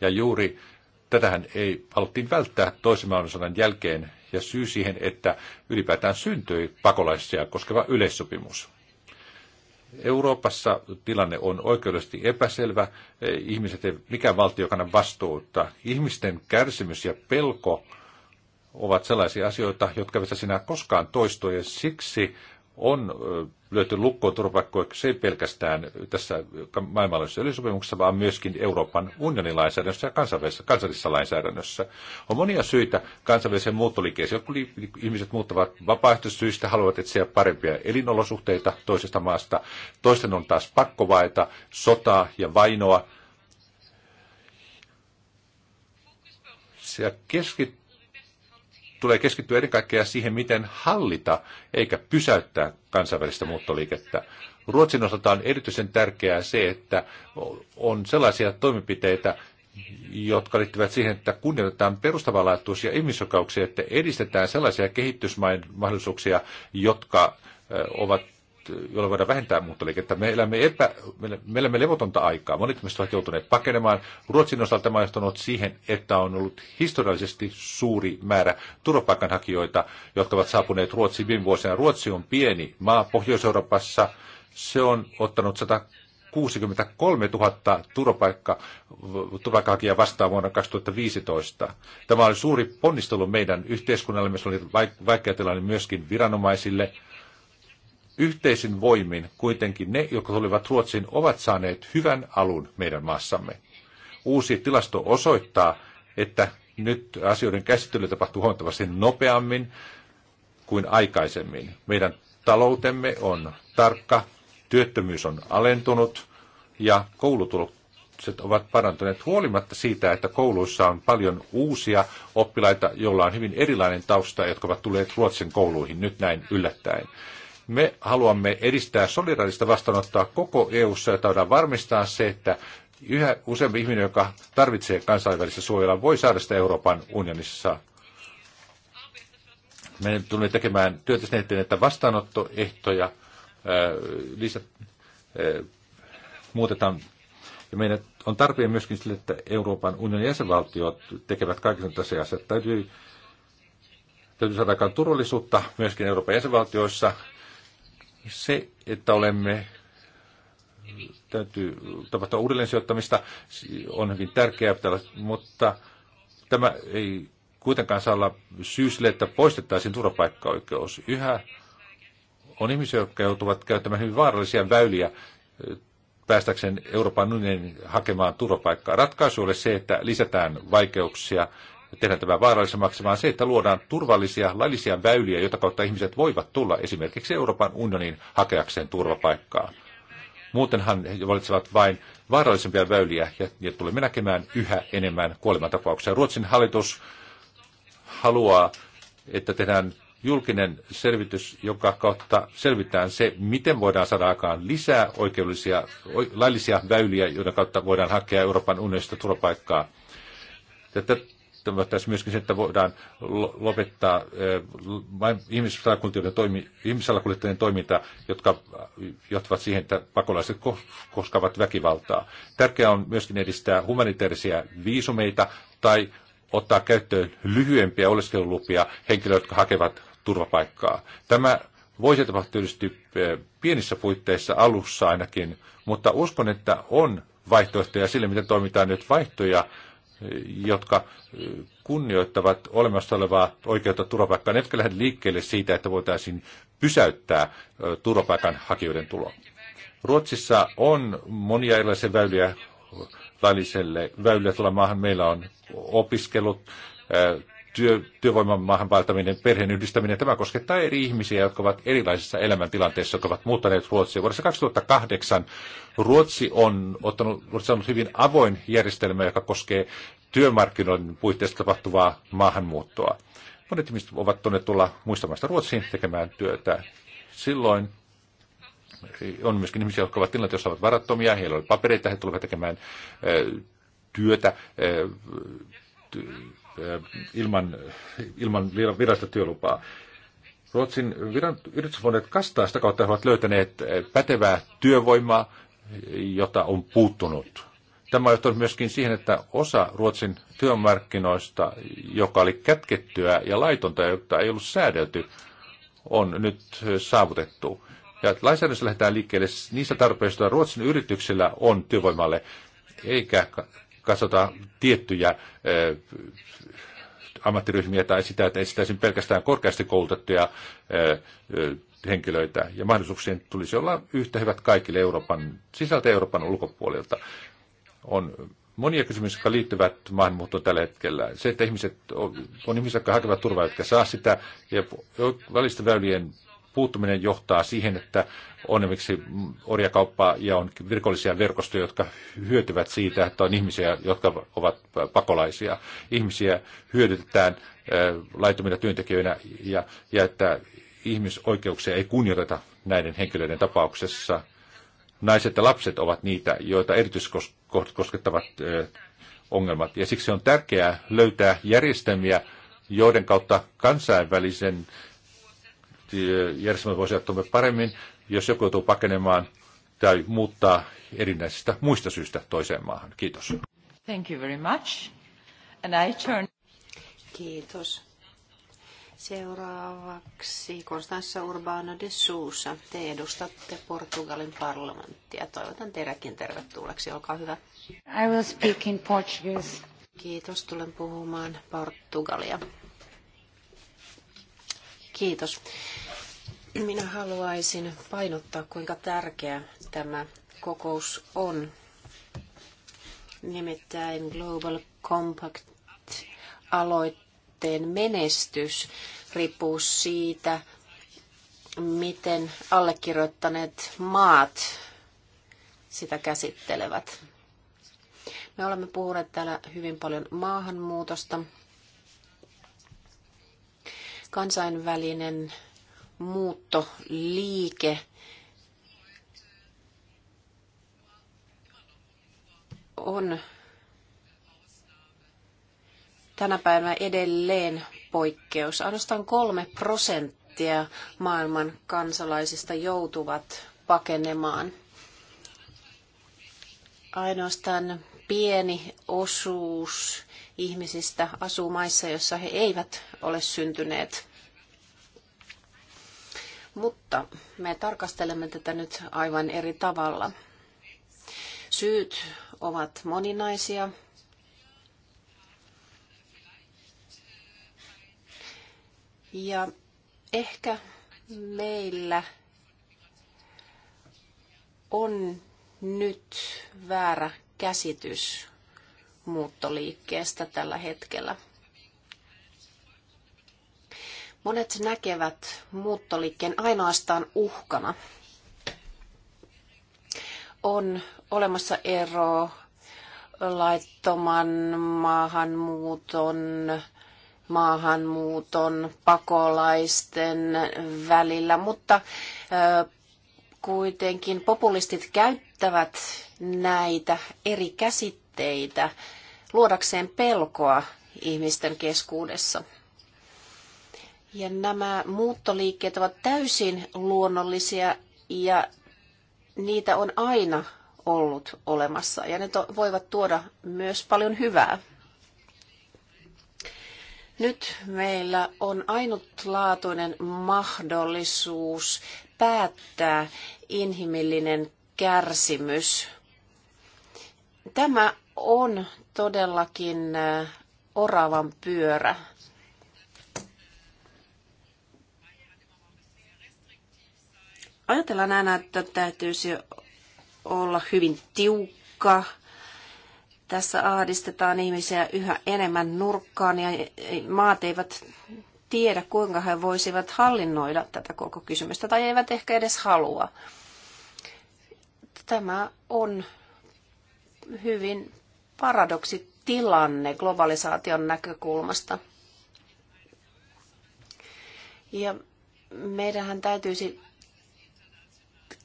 Ja juuri tätähän ei haluttiin välttää toisen maailmansodan jälkeen ja syy siihen, että ylipäätään syntyi pakolaisia koskeva yleissopimus. Euroopassa tilanne on oikeudellisesti epäselvä. Eh, ihmiset ei mikään valtio kannan vastuuta. Ihmisten kärsimys ja pelko ovat sellaisia asioita, jotka eivät sinä koskaan toistu, ja siksi on eh, lyöty lukkoon turvapaikkoiksi ei pelkästään tässä maailmanlaajuisessa yleisopimuksessa, vaan myöskin Euroopan unionin lainsäädännössä ja kansainvälisessä, kansallisessa lainsäädännössä. On monia syitä kansainväliseen muuttoliikkeeseen. Jotkut ihmiset muuttavat vapaaehtoissyistä, haluavat etsiä parempia elinolosuhteita toisesta maasta. Toisten on taas pakko vaeta sotaa ja vainoa. Se keskittyy tulee keskittyä ennen kaikkea siihen, miten hallita eikä pysäyttää kansainvälistä muuttoliikettä. Ruotsin osalta on erityisen tärkeää se, että on sellaisia toimenpiteitä, jotka liittyvät siihen, että kunnioitetaan perustavanlaatuisia ihmisoikeuksia, että edistetään sellaisia kehitysmahdollisuuksia, jotka ovat joilla voidaan vähentää muuttoliikettä. Me elämme, epä, me elämme levotonta aikaa. Monet meistä ovat joutuneet pakenemaan. Ruotsin osalta tämä on johtanut siihen, että on ollut historiallisesti suuri määrä turvapaikanhakijoita, jotka ovat saapuneet Ruotsiin viime vuosina. Ruotsi on pieni maa Pohjois-Euroopassa. Se on ottanut 163 000 turvapaikka, turvapaikanhakijaa vastaan vuonna 2015. Tämä oli suuri ponnistelu meidän yhteiskunnallemme. Se oli vaikea tilanne myöskin viranomaisille – Yhteisin voimin kuitenkin ne, jotka olivat Ruotsiin, ovat saaneet hyvän alun meidän maassamme. Uusi tilasto osoittaa, että nyt asioiden käsittely tapahtuu huomattavasti nopeammin kuin aikaisemmin. Meidän taloutemme on tarkka, työttömyys on alentunut ja koulutulokset ovat parantuneet huolimatta siitä, että kouluissa on paljon uusia oppilaita, joilla on hyvin erilainen tausta, jotka ovat tulleet Ruotsin kouluihin nyt näin yllättäen. Me haluamme edistää solidaarista vastaanottoa koko EU-ssa, ja voidaan varmistaa se, että yhä useampi ihminen, joka tarvitsee kansainvälistä suojelua, voi saada sitä Euroopan unionissa. Me tulemme tekemään työtä sen eteen, että vastaanottoehtoja ää, lisät, ää, muutetaan. Ja meidän on tarpeen myöskin sille, että Euroopan unionin jäsenvaltiot tekevät kaiken tässä asiassa. Täytyy, täytyy saada aikaan turvallisuutta myöskin Euroopan jäsenvaltioissa se, että olemme täytyy tapahtua uudelleen sijoittamista, on hyvin tärkeää, mutta tämä ei kuitenkaan saa olla syy sille, että poistettaisiin turvapaikkaoikeus. Yhä on ihmisiä, jotka joutuvat käyttämään hyvin vaarallisia väyliä päästäkseen Euroopan unionin hakemaan turvapaikkaa. Ratkaisu oli se, että lisätään vaikeuksia tehdä tämä vaarallisemmaksi, vaan se, että luodaan turvallisia, laillisia väyliä, jota kautta ihmiset voivat tulla esimerkiksi Euroopan unionin hakeakseen turvapaikkaa. Muutenhan he valitsevat vain vaarallisempia väyliä ja, ja tulemme näkemään yhä enemmän kuolemantapauksia. Ruotsin hallitus haluaa, että tehdään julkinen selvitys, joka kautta selvitään se, miten voidaan saada aikaan lisää oikeudellisia, laillisia väyliä, joiden kautta voidaan hakea Euroopan unionista turvapaikkaa. Tätä mahdollistaisi myöskin sen, että voidaan lopettaa eh, ihmissalakuljettajien, ihmissalakuljettajien toiminta, jotka eh, johtavat siihen, että pakolaiset koskavat väkivaltaa. Tärkeää on myöskin edistää humanitaarisia viisumeita tai ottaa käyttöön lyhyempiä oleskelulupia henkilöille, jotka hakevat turvapaikkaa. Tämä voisi tapahtua tietysti eh, pienissä puitteissa alussa ainakin, mutta uskon, että on vaihtoehtoja sille, miten toimitaan nyt vaihtoja jotka kunnioittavat olemassa olevaa oikeutta turvapaikkaan, ne, jotka lähde liikkeelle siitä, että voitaisiin pysäyttää turvapaikanhakijoiden tulo. Ruotsissa on monia erilaisia väyliä lailliselle väyliä tulla maahan. Meillä on opiskelut, työ, työvoiman maahan vaeltaminen, perheen yhdistäminen, tämä koskettaa eri ihmisiä, jotka ovat erilaisissa elämäntilanteissa, jotka ovat muuttaneet Ruotsiin. Vuodessa 2008 Ruotsi on ottanut Ruotsi on hyvin avoin järjestelmä, joka koskee työmarkkinoiden puitteissa tapahtuvaa maahanmuuttoa. Monet ihmiset ovat tuonne tulla muista maista Ruotsiin tekemään työtä. Silloin on myöskin ihmisiä, jotka ovat tilanteessa ovat varattomia, heillä oli papereita, he tulevat tekemään työtä Eh, ilman, ilman virallista työlupaa. Ruotsin yritysvoimat kastaa sitä kautta, he ovat löytäneet eh, pätevää työvoimaa, jota on puuttunut. Tämä on johtanut myöskin siihen, että osa Ruotsin työmarkkinoista, joka oli kätkettyä ja laitonta, jota ei ollut säädelty, on nyt eh, saavutettu. Ja lainsäädännössä lähdetään liikkeelle niistä tarpeista, joita Ruotsin yrityksillä on työvoimalle, eikä katsotaan tiettyjä ammattiryhmiä tai sitä, että etsitäisiin pelkästään korkeasti koulutettuja henkilöitä ja mahdollisuuksien tulisi olla yhtä hyvät kaikille Euroopan, sisältä Euroopan ulkopuolelta. On monia kysymyksiä, jotka liittyvät maahanmuuttoon tällä hetkellä. Se, että ihmiset on, on jotka hakevat turvaa, jotka saa sitä, ja välistä väylien puuttuminen johtaa siihen, että on esimerkiksi ja on virkollisia verkostoja, jotka hyötyvät siitä, että on ihmisiä, jotka ovat pakolaisia. Ihmisiä hyödytetään äh, laittomina työntekijöinä ja, ja että ihmisoikeuksia ei kunnioiteta näiden henkilöiden tapauksessa. Naiset ja lapset ovat niitä, joita erityiskoskettavat äh, ongelmat. Ja siksi on tärkeää löytää järjestelmiä, joiden kautta kansainvälisen järjestelmät voisivat toimia paremmin, jos joku joutuu pakenemaan tai muuttaa erinäisistä muista syistä toiseen maahan. Kiitos. Thank you very much. And I turn... Kiitos. Seuraavaksi Konstanssa Urbano de Sousa. Te edustatte Portugalin parlamenttia. Toivotan teidänkin tervetulleeksi. Olkaa hyvä. I will speak in Portuguese. Kiitos. Tulen puhumaan Portugalia. Kiitos. Minä haluaisin painottaa, kuinka tärkeä tämä kokous on. Nimittäin Global Compact-aloitteen menestys riippuu siitä, miten allekirjoittaneet maat sitä käsittelevät. Me olemme puhuneet täällä hyvin paljon maahanmuutosta kansainvälinen muuttoliike on tänä päivänä edelleen poikkeus. Ainoastaan kolme prosenttia maailman kansalaisista joutuvat pakenemaan. Ainoastaan pieni osuus ihmisistä asuu maissa, joissa he eivät ole syntyneet. Mutta me tarkastelemme tätä nyt aivan eri tavalla. Syyt ovat moninaisia. Ja ehkä meillä on nyt väärä käsitys muuttoliikkeestä tällä hetkellä. Monet näkevät muuttoliikkeen ainoastaan uhkana. On olemassa ero laittoman maahanmuuton, maahanmuuton, pakolaisten välillä, mutta kuitenkin populistit käyttävät käyttävät näitä eri käsitteitä luodakseen pelkoa ihmisten keskuudessa. Ja nämä muuttoliikkeet ovat täysin luonnollisia ja niitä on aina ollut olemassa ja ne voivat tuoda myös paljon hyvää. Nyt meillä on ainutlaatuinen mahdollisuus päättää inhimillinen kärsimys. Tämä on todellakin äh, oravan pyörä. Ajatellaan aina, että täytyisi olla hyvin tiukka. Tässä ahdistetaan ihmisiä yhä enemmän nurkkaan ja maat eivät tiedä, kuinka he voisivat hallinnoida tätä koko kysymystä tai eivät ehkä edes halua. Tämä on hyvin paradoksi tilanne globalisaation näkökulmasta. Ja meidähän täytyisi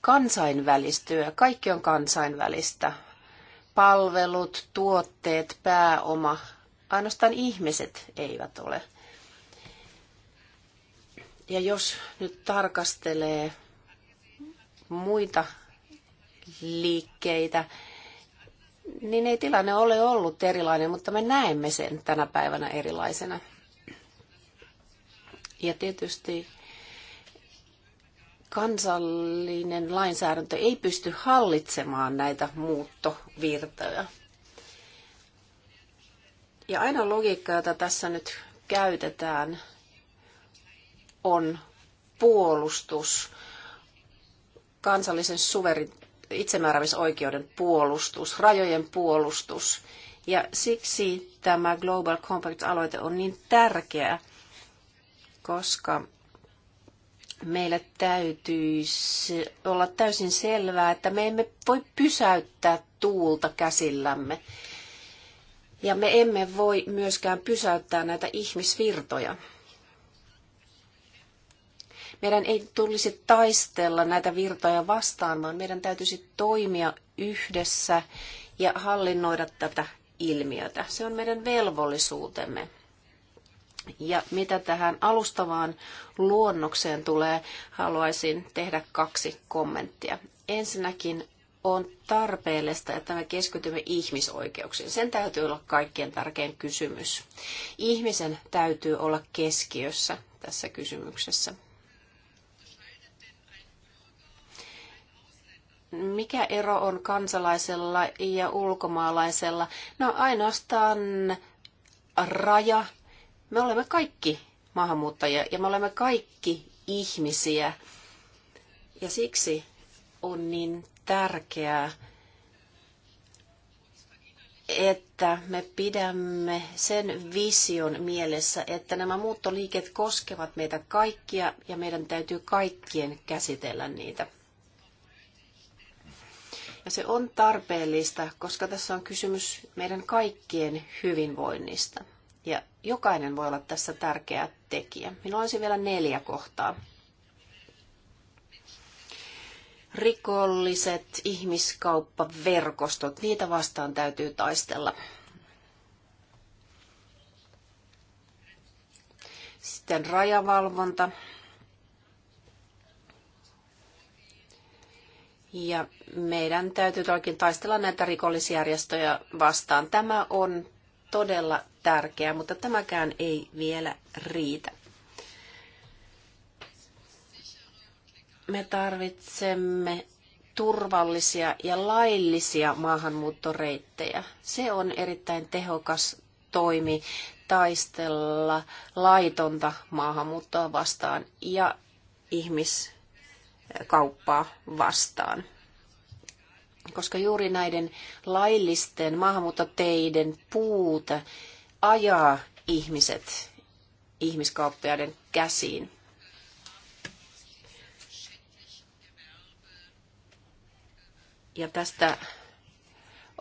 kansainvälistyä. Kaikki on kansainvälistä. Palvelut, tuotteet, pääoma. Ainoastaan ihmiset eivät ole. Ja jos nyt tarkastelee muita liikkeitä, niin ei tilanne ole ollut erilainen, mutta me näemme sen tänä päivänä erilaisena. Ja tietysti kansallinen lainsäädäntö ei pysty hallitsemaan näitä muuttovirtoja. Ja aina logiikka, jota tässä nyt käytetään, on puolustus kansallisen suveri- itsemääräämisoikeuden puolustus, rajojen puolustus. Ja siksi tämä Global Compact-aloite on niin tärkeä, koska meillä täytyisi olla täysin selvää, että me emme voi pysäyttää tuulta käsillämme. Ja me emme voi myöskään pysäyttää näitä ihmisvirtoja. Meidän ei tulisi taistella näitä virtoja vastaan, vaan meidän täytyisi toimia yhdessä ja hallinnoida tätä ilmiötä. Se on meidän velvollisuutemme. Ja mitä tähän alustavaan luonnokseen tulee, haluaisin tehdä kaksi kommenttia. Ensinnäkin on tarpeellista, että me keskitymme ihmisoikeuksiin. Sen täytyy olla kaikkien tärkein kysymys. Ihmisen täytyy olla keskiössä tässä kysymyksessä. mikä ero on kansalaisella ja ulkomaalaisella? No ainoastaan raja. Me olemme kaikki maahanmuuttajia ja me olemme kaikki ihmisiä. Ja siksi on niin tärkeää, että me pidämme sen vision mielessä, että nämä muuttoliiket koskevat meitä kaikkia ja meidän täytyy kaikkien käsitellä niitä. Ja se on tarpeellista, koska tässä on kysymys meidän kaikkien hyvinvoinnista. Ja jokainen voi olla tässä tärkeä tekijä. Minulla olisi vielä neljä kohtaa. Rikolliset ihmiskauppaverkostot, niitä vastaan täytyy taistella. Sitten rajavalvonta, Ja meidän täytyy todellakin taistella näitä rikollisjärjestöjä vastaan. Tämä on todella tärkeää, mutta tämäkään ei vielä riitä. Me tarvitsemme turvallisia ja laillisia maahanmuuttoreittejä. Se on erittäin tehokas toimi taistella laitonta maahanmuuttoa vastaan ja ihmis kauppaa vastaan. Koska juuri näiden laillisten maahanmuuttoteiden puute ajaa ihmiset ihmiskauppiaiden käsiin. Ja tästä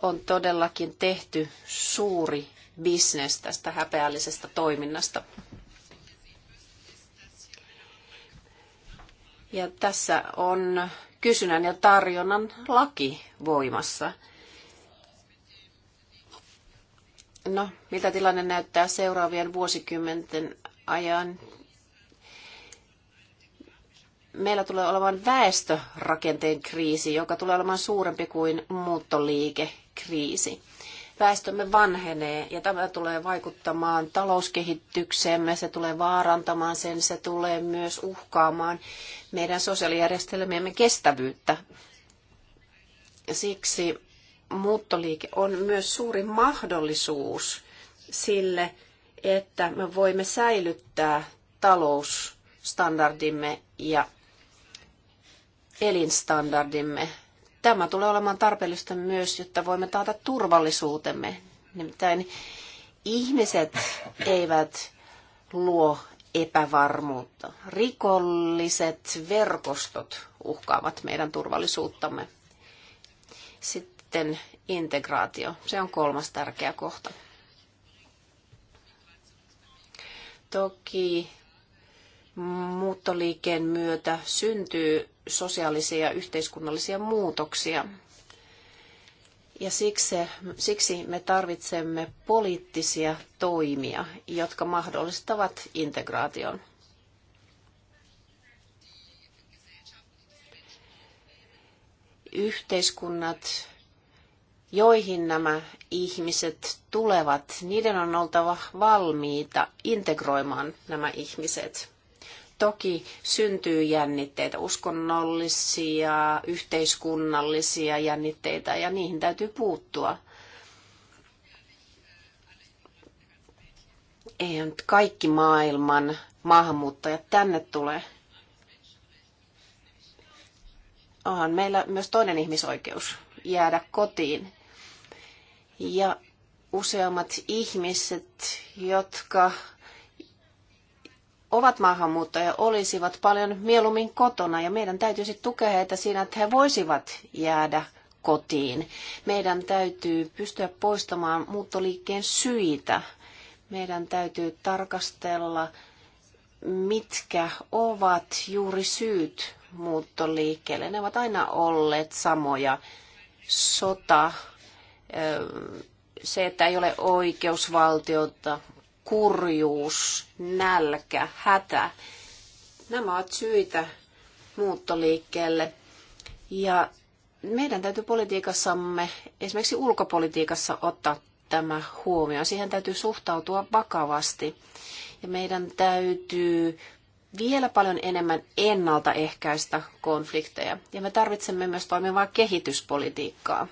on todellakin tehty suuri bisnes tästä häpeällisestä toiminnasta. Ja tässä on kysynnän ja tarjonnan laki voimassa. No, miltä tilanne näyttää seuraavien vuosikymmenten ajan? Meillä tulee olemaan väestörakenteen kriisi, joka tulee olemaan suurempi kuin muuttoliikekriisi väestömme vanhenee ja tämä tulee vaikuttamaan talouskehitykseemme, se tulee vaarantamaan sen, se tulee myös uhkaamaan meidän sosiaalijärjestelmiemme kestävyyttä. Siksi muuttoliike on myös suuri mahdollisuus sille, että me voimme säilyttää talousstandardimme ja elinstandardimme Tämä tulee olemaan tarpeellista myös, jotta voimme taata turvallisuutemme. Nimittäin ihmiset eivät luo epävarmuutta. Rikolliset verkostot uhkaavat meidän turvallisuuttamme. Sitten integraatio. Se on kolmas tärkeä kohta. Toki muuttoliikkeen myötä syntyy sosiaalisia ja yhteiskunnallisia muutoksia. Ja siksi, siksi me tarvitsemme poliittisia toimia, jotka mahdollistavat integraation. Yhteiskunnat, joihin nämä ihmiset tulevat, niiden on oltava valmiita integroimaan nämä ihmiset – Toki syntyy jännitteitä, uskonnollisia, yhteiskunnallisia jännitteitä ja niihin täytyy puuttua. Ei nyt kaikki maailman maahanmuuttajat tänne tule. Onhan meillä myös toinen ihmisoikeus jäädä kotiin. Ja useammat ihmiset, jotka ovat maahanmuuttajia, olisivat paljon mieluummin kotona ja meidän täytyisi tukea heitä siinä, että he voisivat jäädä kotiin. Meidän täytyy pystyä poistamaan muuttoliikkeen syitä. Meidän täytyy tarkastella, mitkä ovat juuri syyt muuttoliikkeelle. Ne ovat aina olleet samoja. Sota, se, että ei ole oikeusvaltiota, kurjuus, nälkä, hätä. Nämä ovat syitä muuttoliikkeelle. Ja meidän täytyy politiikassamme, esimerkiksi ulkopolitiikassa, ottaa tämä huomioon. Siihen täytyy suhtautua vakavasti. Ja meidän täytyy vielä paljon enemmän ennaltaehkäistä konflikteja. Ja me tarvitsemme myös toimivaa kehityspolitiikkaa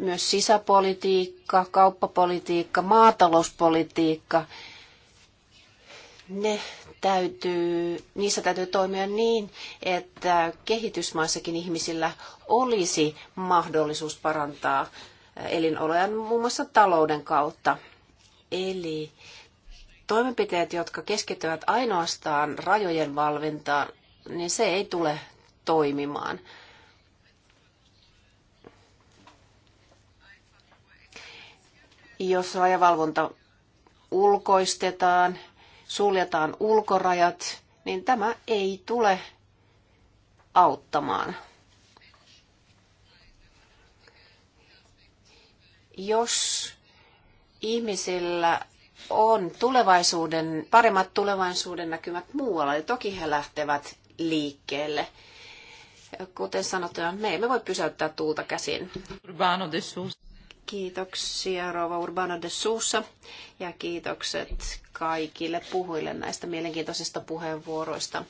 myös sisäpolitiikka, kauppapolitiikka, maatalouspolitiikka, ne täytyy, niissä täytyy toimia niin, että kehitysmaissakin ihmisillä olisi mahdollisuus parantaa elinoloja muun muassa talouden kautta. Eli toimenpiteet, jotka keskittyvät ainoastaan rajojen valvintaan, niin se ei tule toimimaan. jos rajavalvonta ulkoistetaan, suljetaan ulkorajat, niin tämä ei tule auttamaan. Jos ihmisillä on tulevaisuuden, paremmat tulevaisuuden näkymät muualla, niin toki he lähtevät liikkeelle. Kuten sanottua, me emme voi pysäyttää tuulta käsin. Kiitoksia Rova Urbana de Sousa ja kiitokset kaikille puhuille näistä mielenkiintoisista puheenvuoroista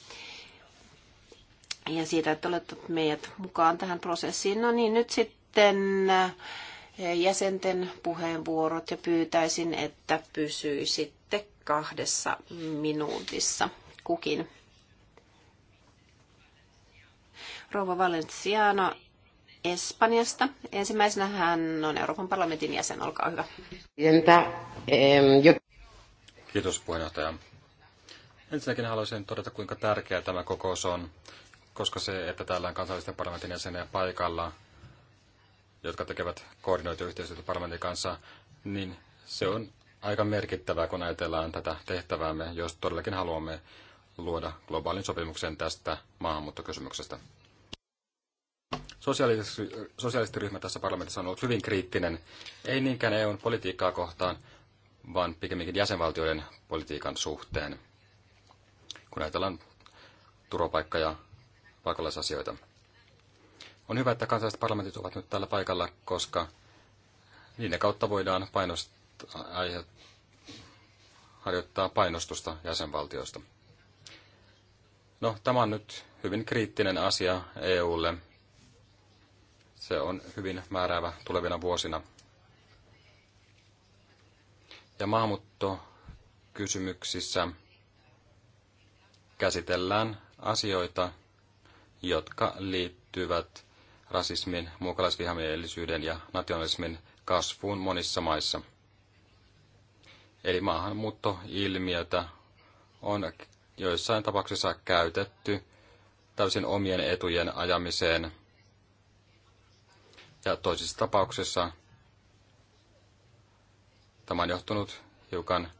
ja siitä, että olette meidät mukaan tähän prosessiin. No niin, nyt sitten eh, jäsenten puheenvuorot ja pyytäisin, että pysyisitte kahdessa minuutissa kukin. rova Valenciano Espanjasta. Ensimmäisenä hän on Euroopan parlamentin jäsen. Olkaa hyvä. Kiitos puheenjohtaja. Ensinnäkin haluaisin todeta, kuinka tärkeä tämä kokous on, koska se, että täällä on kansallisten parlamentin jäseniä paikalla, jotka tekevät koordinoitua yhteistyötä parlamentin kanssa, niin se on aika merkittävää, kun ajatellaan tätä tehtäväämme, jos todellakin haluamme luoda globaalin sopimuksen tästä maahanmuuttokysymyksestä sosialistiryhmä tässä parlamentissa on ollut hyvin kriittinen, ei niinkään EUn politiikkaa kohtaan, vaan pikemminkin jäsenvaltioiden politiikan suhteen, kun ajatellaan turvapaikka- ja pakolaisasioita. On hyvä, että kansalliset parlamentit ovat nyt tällä paikalla, koska niiden kautta voidaan painostaa, aihe, harjoittaa painostusta jäsenvaltioista. No, tämä on nyt hyvin kriittinen asia EUlle se on hyvin määräävä tulevina vuosina. Ja maahanmuuttokysymyksissä käsitellään asioita, jotka liittyvät rasismin, muukalaisvihamielisyyden ja nationalismin kasvuun monissa maissa. Eli maahanmuuttoilmiötä on joissain tapauksissa käytetty täysin omien etujen ajamiseen – ja toisessa tapauksessa tämä on johtunut hiukan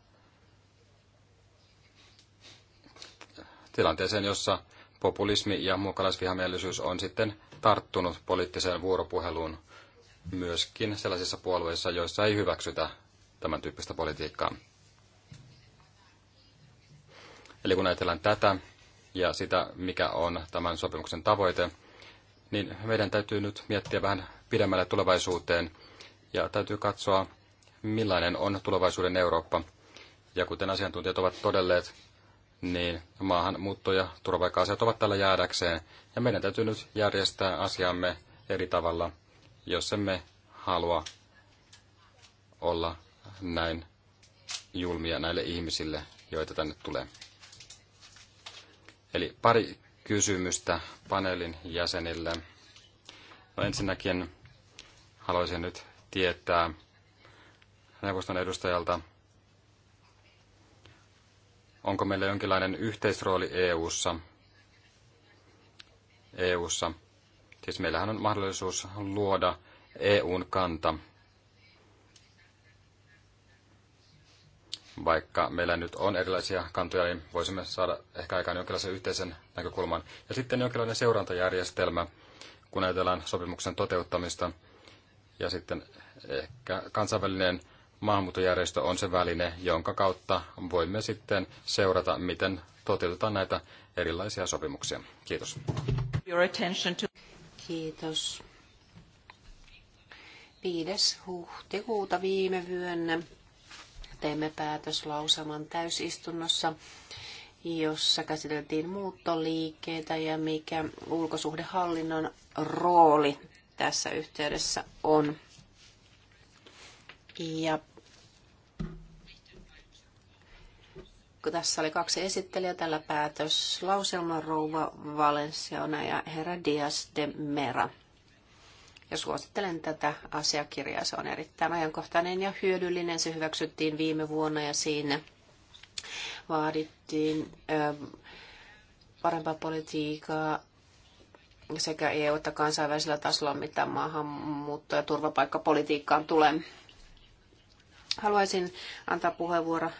tilanteeseen, jossa populismi ja muukalaisvihamielisyys on sitten tarttunut poliittiseen vuoropuheluun myöskin sellaisissa puolueissa, joissa ei hyväksytä tämän tyyppistä politiikkaa. Eli kun ajatellaan tätä ja sitä, mikä on tämän sopimuksen tavoite, niin meidän täytyy nyt miettiä vähän pidemmälle tulevaisuuteen ja täytyy katsoa, millainen on tulevaisuuden Eurooppa. Ja kuten asiantuntijat ovat todelleet, niin maahanmuutto- ja turvapaikka-asiat ovat täällä jäädäkseen, ja meidän täytyy nyt järjestää asiamme eri tavalla, jos emme halua olla näin julmia näille ihmisille, joita tänne tulee. Eli pari kysymystä paneelin jäsenille. No ensinnäkin Haluaisin nyt tietää neuvoston edustajalta, onko meillä jonkinlainen yhteisrooli EU:ssa. EU:ssa. Siis meillähän on mahdollisuus luoda EUn kanta, vaikka meillä nyt on erilaisia kantoja, niin voisimme saada ehkä aikaan jonkinlaisen yhteisen näkökulman. Ja sitten jonkinlainen seurantajärjestelmä, kun ajatellaan sopimuksen toteuttamista, ja sitten ehkä kansainvälinen maahanmuuttojärjestö on se väline, jonka kautta voimme sitten seurata, miten toteutetaan näitä erilaisia sopimuksia. Kiitos. Kiitos. 5. huhtikuuta viime vyönä teimme päätöslausaman täysistunnossa, jossa käsiteltiin muuttoliikkeitä ja mikä ulkosuhdehallinnon rooli tässä yhteydessä on. Ja kun tässä oli kaksi esittelijää tällä lauselma Rouva Valenciana ja herra Dias de Mera. Ja suosittelen tätä asiakirjaa. Se on erittäin ajankohtainen ja hyödyllinen. Se hyväksyttiin viime vuonna ja siinä vaadittiin ö, parempaa politiikkaa sekä EU- että kansainvälisellä tasolla, mitä maahanmuutto- ja turvapaikkapolitiikkaan tulee. Haluaisin antaa puheenvuoro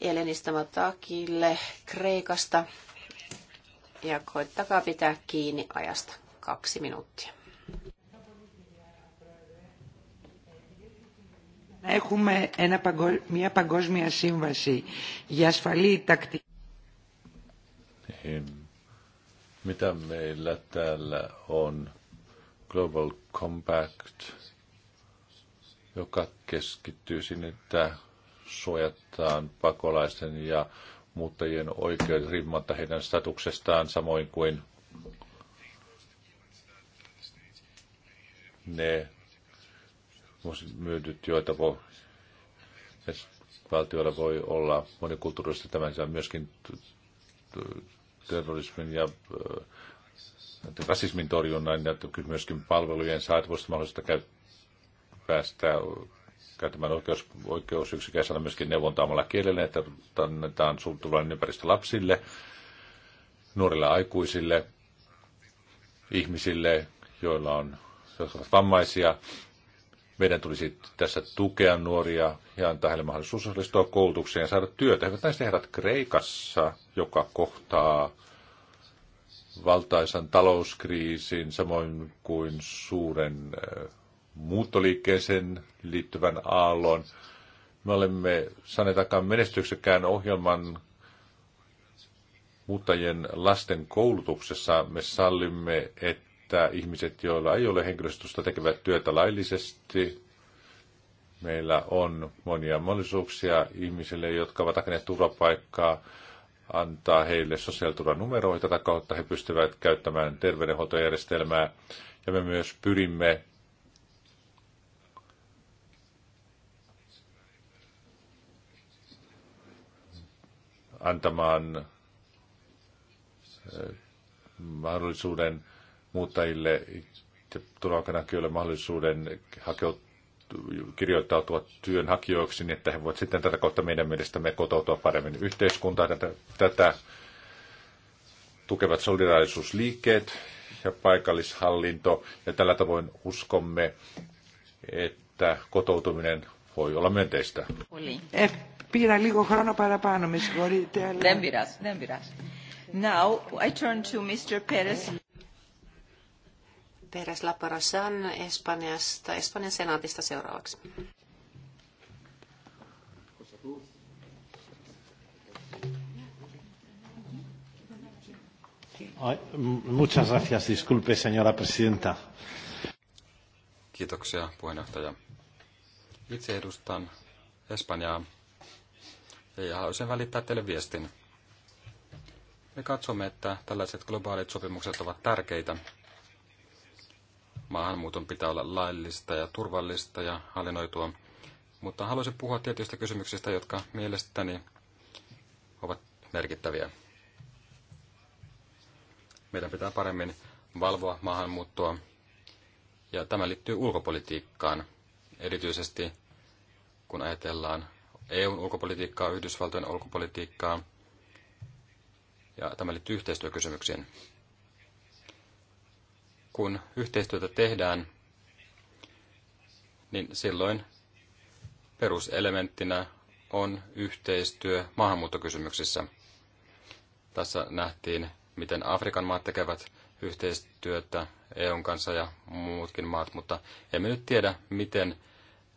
Elenistä Matakille Kreikasta ja koittakaa pitää kiinni ajasta kaksi minuuttia. Έχουμε ένα, μια παγκόσμια σύμβαση για ασφαλή τακτική. Mitä meillä täällä on? Global Compact, joka keskittyy sinne, että suojataan pakolaisten ja muuttajien oikeudet riippumatta heidän statuksestaan, samoin kuin ne myydyt, joita voi, valtioilla voi olla monikulttuurisesti tämän myöskin terrorismin ja äh, rasismin torjunnan ja myöskin palvelujen saatavuudesta mahdollista käy, päästä käyttämään oikeus, oikeusyksikä saada myöskin neuvontaa omalla kielellä, että annetaan suunnitelman ympäristö lapsille, nuorille aikuisille, ihmisille, joilla on jotka ovat vammaisia, meidän tulisi tässä tukea nuoria ja antaa heille mahdollisuus osallistua koulutukseen ja saada työtä. Hyvät naiset herrat Kreikassa, joka kohtaa valtaisan talouskriisin, samoin kuin suuren äh, muuttoliikkeeseen liittyvän aallon. Me olemme saaneet aikaan menestyksekään ohjelman muuttajien lasten koulutuksessa. Me sallimme, että että ihmiset, joilla ei ole henkilöstöstä, tekevät työtä laillisesti. Meillä on monia mahdollisuuksia ihmisille, jotka ovat hakeneet turvapaikkaa, antaa heille sosiaaliturvanumeroita, tätä kautta he pystyvät käyttämään terveydenhuoltojärjestelmää. Ja me myös pyrimme antamaan eh, mahdollisuuden muuttajille turvapaikanhakijoille kyllä mahdollisuuden hakeutua kirjoittautua työnhakijoiksi, niin että he voivat sitten tätä kautta meidän mielestämme kotoutua paremmin yhteiskuntaan. Tätä, tätä tukevat solidaarisuusliikkeet ja paikallishallinto, ja tällä tavoin uskomme, että kotoutuminen voi olla myönteistä. Eh, Now I turn to Mr. Perez. Pérez Laparasan Espanjasta, Espanjan senaatista seuraavaksi. Muchas gracias, disculpe señora presidenta. Kiitoksia puheenjohtaja. Itse edustan Espanjaa ja haluaisin välittää teille viestin. Me katsomme, että tällaiset globaalit sopimukset ovat tärkeitä Maahanmuuton pitää olla laillista ja turvallista ja hallinnoitua. Mutta haluaisin puhua tietyistä kysymyksistä, jotka mielestäni ovat merkittäviä. Meidän pitää paremmin valvoa maahanmuuttoa. Ja tämä liittyy ulkopolitiikkaan, erityisesti kun ajatellaan EUn ulkopolitiikkaa, Yhdysvaltojen ulkopolitiikkaa, ja tämä liittyy yhteistyökysymyksiin kun yhteistyötä tehdään, niin silloin peruselementtinä on yhteistyö maahanmuuttokysymyksissä. Tässä nähtiin, miten Afrikan maat tekevät yhteistyötä EUn kanssa ja muutkin maat, mutta emme nyt tiedä, miten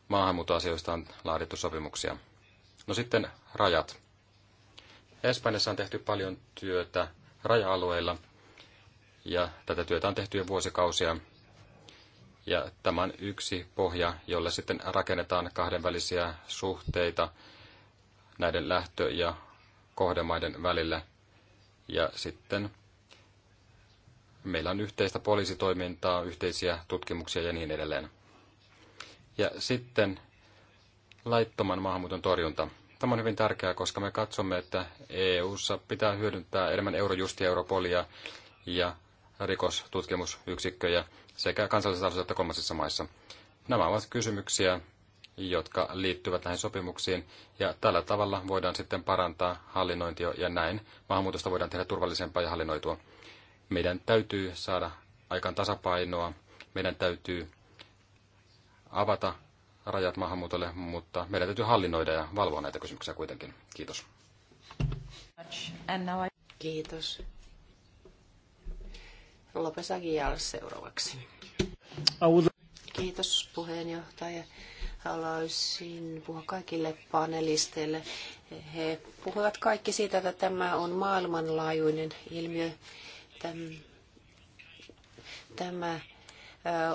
maahanmuuttoasioista on laadittu sopimuksia. No sitten rajat. Espanjassa on tehty paljon työtä raja-alueilla – ja tätä työtä on tehty jo vuosikausia. Ja tämä on yksi pohja, jolla sitten rakennetaan kahdenvälisiä suhteita näiden lähtö- ja kohdemaiden välillä. Ja sitten meillä on yhteistä poliisitoimintaa, yhteisiä tutkimuksia ja niin edelleen. Ja sitten laittoman maahanmuuton torjunta. Tämä on hyvin tärkeää, koska me katsomme, että EU:ssa pitää hyödyntää enemmän eurojustia, europolia ja rikostutkimusyksikköjä sekä kansallisessa tasolla että kolmansissa maissa. Nämä ovat kysymyksiä, jotka liittyvät näihin sopimuksiin, ja tällä tavalla voidaan sitten parantaa hallinnointia, ja näin maahanmuutosta voidaan tehdä turvallisempaa ja hallinnoitua. Meidän täytyy saada aikaan tasapainoa, meidän täytyy avata rajat maahanmuutolle, mutta meidän täytyy hallinnoida ja valvoa näitä kysymyksiä kuitenkin. Kiitos. Kiitos. Lopes Aguiar seuraavaksi. Kiitos puheenjohtaja. Haluaisin puhua kaikille panelisteille. He puhuvat kaikki siitä, että tämä on maailmanlaajuinen ilmiö. Tämä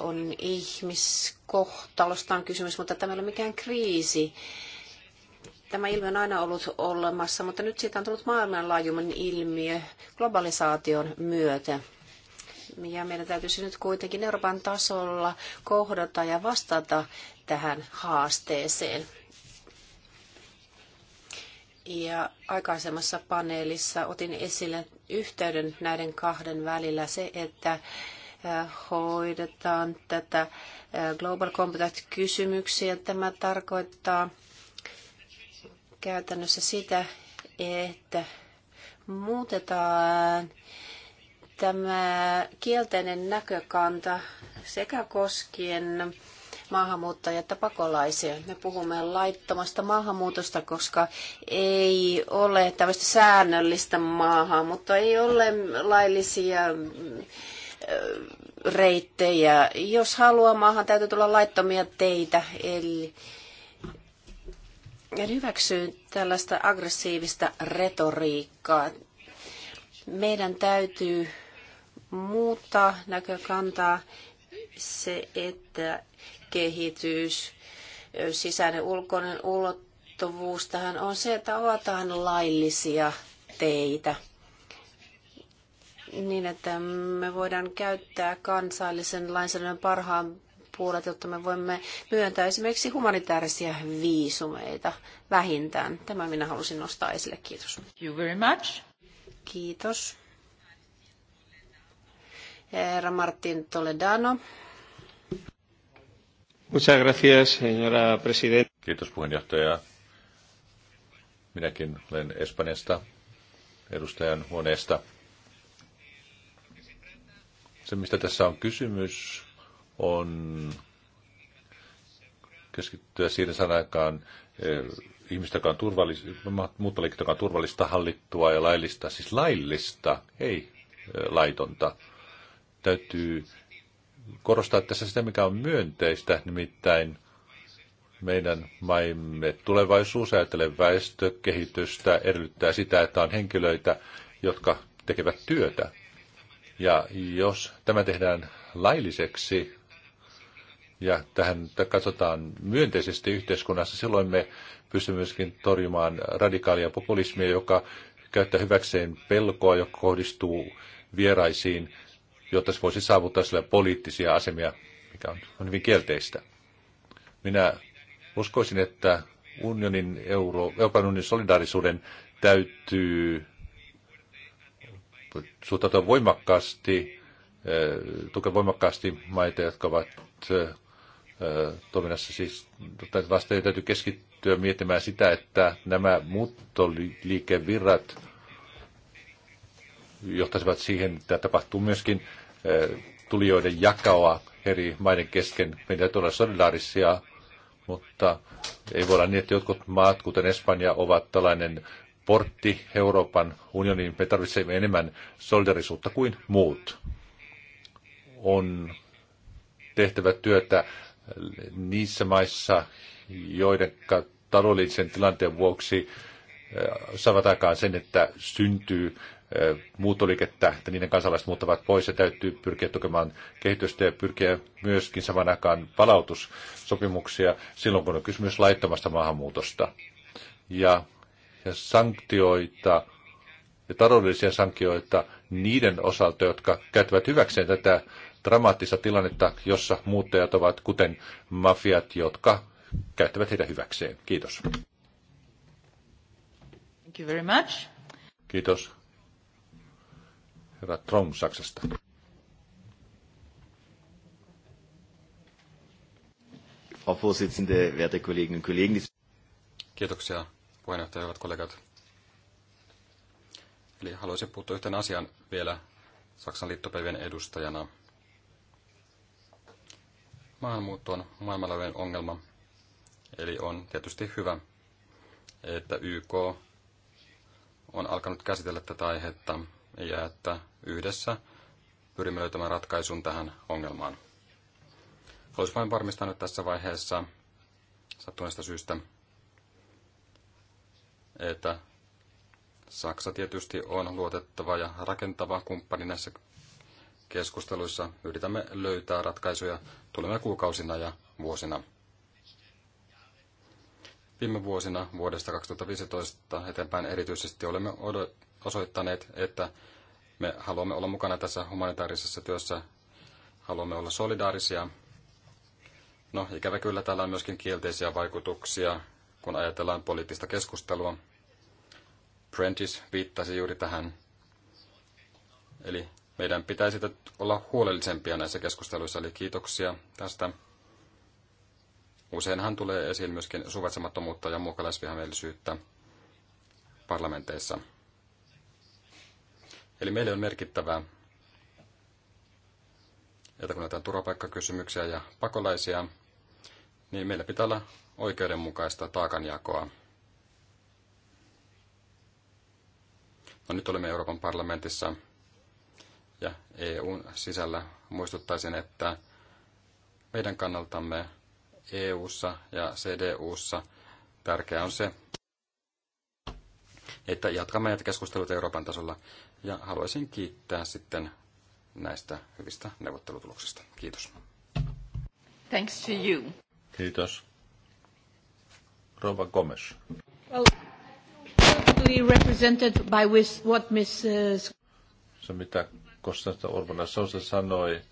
on ihmiskohtalostaan kysymys, mutta tämä ei ole mikään kriisi. Tämä ilmiö on aina ollut olemassa, mutta nyt siitä on tullut maailmanlaajuinen ilmiö globalisaation myötä ja meidän täytyisi nyt kuitenkin Euroopan tasolla kohdata ja vastata tähän haasteeseen. Ja aikaisemmassa paneelissa otin esille yhteyden näiden kahden välillä se, että hoidetaan tätä Global Compact-kysymyksiä. Tämä tarkoittaa käytännössä sitä, että muutetaan tämä kielteinen näkökanta sekä koskien maahanmuuttajia että pakolaisia. Me puhumme laittomasta maahanmuutosta, koska ei ole tämmöistä säännöllistä maahan, mutta ei ole laillisia reittejä. Jos haluaa maahan, täytyy tulla laittomia teitä. Eli en hyväksy tällaista aggressiivista retoriikkaa. Meidän täytyy muuttaa näkökantaa. Se, että kehitys, sisäinen ulkoinen ulottuvuus tähän on se, että avataan laillisia teitä niin, että me voidaan käyttää kansallisen lainsäädännön parhaan puolet, jotta me voimme myöntää esimerkiksi humanitaarisia viisumeita vähintään. Tämä minä halusin nostaa esille. Kiitos. Thank you very much. Kiitos. Herra Martin Toledano. Muchas gracias, señora presidenta. Kiitos puheenjohtaja. Minäkin olen Espanjasta, edustajan huoneesta. Se, mistä tässä on kysymys, on keskittyä siihen sanakaan eh, ihmistä, joka on turvallista, muuttoliikettä, joka on turvallista, hallittua ja laillista, siis laillista, ei eh, laitonta täytyy korostaa tässä sitä, mikä on myönteistä, nimittäin meidän maimme tulevaisuus ajatellen väestökehitystä edellyttää sitä, että on henkilöitä, jotka tekevät työtä. Ja jos tämä tehdään lailliseksi ja tähän katsotaan myönteisesti yhteiskunnassa, silloin me pystymme myöskin torjumaan radikaalia populismia, joka käyttää hyväkseen pelkoa, joka kohdistuu vieraisiin jotta se voisi saavuttaa sillä poliittisia asemia, mikä on, on hyvin kielteistä. Minä uskoisin, että unionin euro, Euroopan unionin solidaarisuuden täytyy suhtautua voimakkaasti, eh, tukea voimakkaasti maita, jotka ovat eh, toiminnassa siis vasta täytyy keskittyä miettimään sitä, että nämä muuttoliikevirrat johtaisivat siihen, että tapahtuu myöskin eh, tulijoiden jakaua eri maiden kesken. Meidän täytyy olla solidaarisia, mutta ei voi olla niin, että jotkut maat, kuten Espanja, ovat tällainen portti Euroopan unioniin. Me tarvitsemme enemmän solidarisuutta kuin muut. On tehtävä työtä niissä maissa, joiden taloudellisen tilanteen vuoksi eh, saavat aikaan sen, että syntyy muuttoliikettä, että niiden kansalaiset muuttavat pois ja täytyy pyrkiä tukemaan kehitystä ja pyrkiä myöskin saman aikaan palautussopimuksia silloin, kun on kysymys laittomasta maahanmuutosta. Ja, ja sanktioita ja taloudellisia sanktioita niiden osalta, jotka käyttävät hyväkseen tätä dramaattista tilannetta, jossa muuttajat ovat kuten mafiat, jotka käyttävät heitä hyväkseen. Kiitos. Thank you very much. Kiitos herra Trom Saksasta. Kiitoksia puheenjohtaja, hyvät kollegat. Eli haluaisin puuttua yhteen asiaan vielä Saksan liittopäivien edustajana. Maahanmuutto on maailmanlaajuinen ongelma, eli on tietysti hyvä, että YK on alkanut käsitellä tätä aihetta ja että yhdessä pyrimme löytämään ratkaisun tähän ongelmaan. Haluaisin vain varmistaa nyt tässä vaiheessa sattuneesta syystä, että Saksa tietysti on luotettava ja rakentava kumppani näissä keskusteluissa. Yritämme löytää ratkaisuja tulevina kuukausina ja vuosina. Viime vuosina vuodesta 2015 eteenpäin erityisesti olemme osoittaneet, että me haluamme olla mukana tässä humanitaarisessa työssä, haluamme olla solidaarisia. No, ikävä kyllä täällä on myöskin kielteisiä vaikutuksia, kun ajatellaan poliittista keskustelua. Prentice viittasi juuri tähän. Eli meidän pitäisi olla huolellisempia näissä keskusteluissa, eli kiitoksia tästä. Useinhan tulee esiin myöskin suvaitsemattomuutta ja muukalaisvihamielisyyttä parlamenteissa. Eli meille on merkittävää, että kun näitä turvapaikkakysymyksiä ja pakolaisia, niin meillä pitää olla oikeudenmukaista taakanjakoa. No nyt olemme Euroopan parlamentissa ja EUn sisällä muistuttaisin, että meidän kannaltamme EU-ssa ja CDU:ssa tärkeää on se, että jatkamme näitä keskusteluita Euroopan tasolla ja haluaisin kiittää sitten näistä hyvistä neuvottelutuloksista. Kiitos. Thanks to you. Kiitos. Rova Gomes. Well, totally represented by what Mrs. Uh, se mitä Konstantin Orvana Sousa sanoi,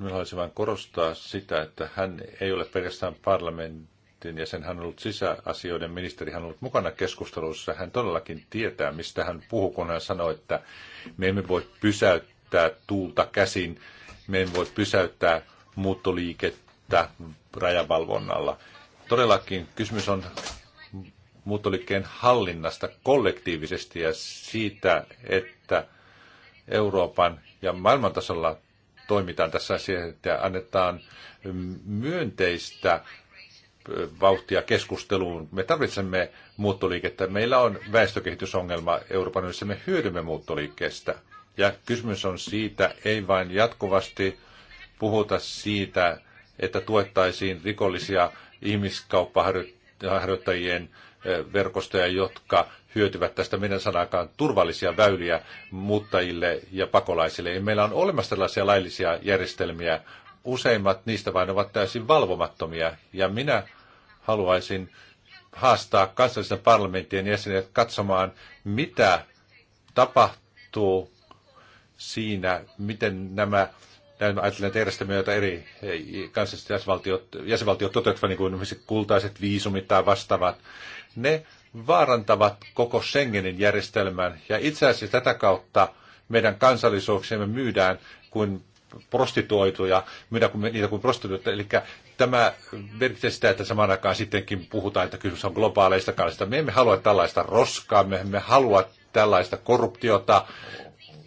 minä haluaisin vain korostaa sitä, että hän ei ole pelkästään parlamentin jäsen, hän on ollut sisäasioiden ministeri, hän on ollut mukana keskustelussa. Hän todellakin tietää, mistä hän puhuu, kun hän sanoi, että me emme voi pysäyttää tuulta käsin, me emme voi pysäyttää muuttoliikettä rajavalvonnalla. Todellakin kysymys on muuttoliikkeen hallinnasta kollektiivisesti ja siitä, että Euroopan ja maailman tasolla toimitaan tässä asiassa, että annetaan myönteistä vauhtia keskusteluun. Me tarvitsemme muuttoliikettä. Meillä on väestökehitysongelma Euroopan yhdessä. Me hyödymme muuttoliikkeestä. Ja kysymys on siitä, ei vain jatkuvasti puhuta siitä, että tuettaisiin rikollisia ihmiskauppaharjoittajien verkostoja, jotka hyötyvät tästä meidän sanakaan turvallisia väyliä muuttajille ja pakolaisille. Ja meillä on olemassa tällaisia laillisia järjestelmiä. Useimmat niistä vain ovat täysin valvomattomia. Ja minä haluaisin haastaa kansallisen parlamenttien jäsenet katsomaan, mitä tapahtuu siinä, miten nämä näin ajattelen järjestelmiä, joita eri eh, kansalliset jäsenvaltiot, jäsenvaltiot toteuttavat, niin kuin kultaiset viisumit tai vastaavat, ne vaarantavat koko Schengenin järjestelmän. Ja itse asiassa tätä kautta meidän kansallisuuksiamme myydään kuin prostituoituja, myydään kuin, niitä kuin prostituoituja. Eli tämä merkitsee sitä, että samaan aikaan sittenkin puhutaan, että kysymys on globaaleista kansista. Me emme halua tällaista roskaa, me emme halua tällaista korruptiota,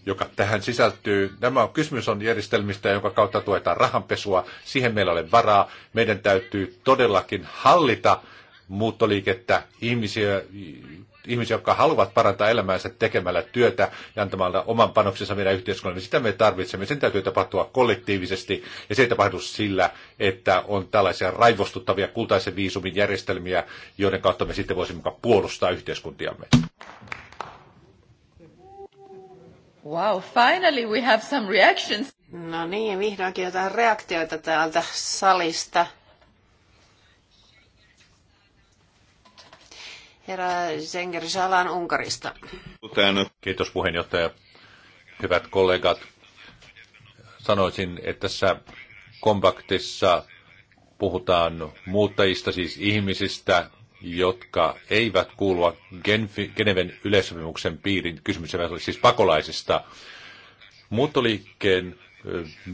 joka tähän sisältyy. Nämä on, kysymys on järjestelmistä, jonka kautta tuetaan rahanpesua. Siihen meillä ei ole varaa. Meidän täytyy todellakin hallita muuttoliikettä, ihmisiä, ihmisiä, jotka haluavat parantaa elämäänsä tekemällä työtä ja antamalla oman panoksensa meidän yhteiskunnalle, niin sitä me tarvitsemme. Sen täytyy tapahtua kollektiivisesti ja se ei tapahdu sillä, että on tällaisia raivostuttavia kultaisen viisumin järjestelmiä, joiden kautta me sitten voisimme puolustaa yhteiskuntiamme. Wow, finally we have some reactions. No niin, vihdoinkin jotain reaktioita täältä salista. Herra Zenger Salan Unkarista. Kiitos puheenjohtaja. Hyvät kollegat, sanoisin, että tässä kompaktissa puhutaan muuttajista, siis ihmisistä, jotka eivät kuulua Genfi, Geneven yleissopimuksen piiriin. Kysymys ei siis pakolaisista. Muuttoliikkeen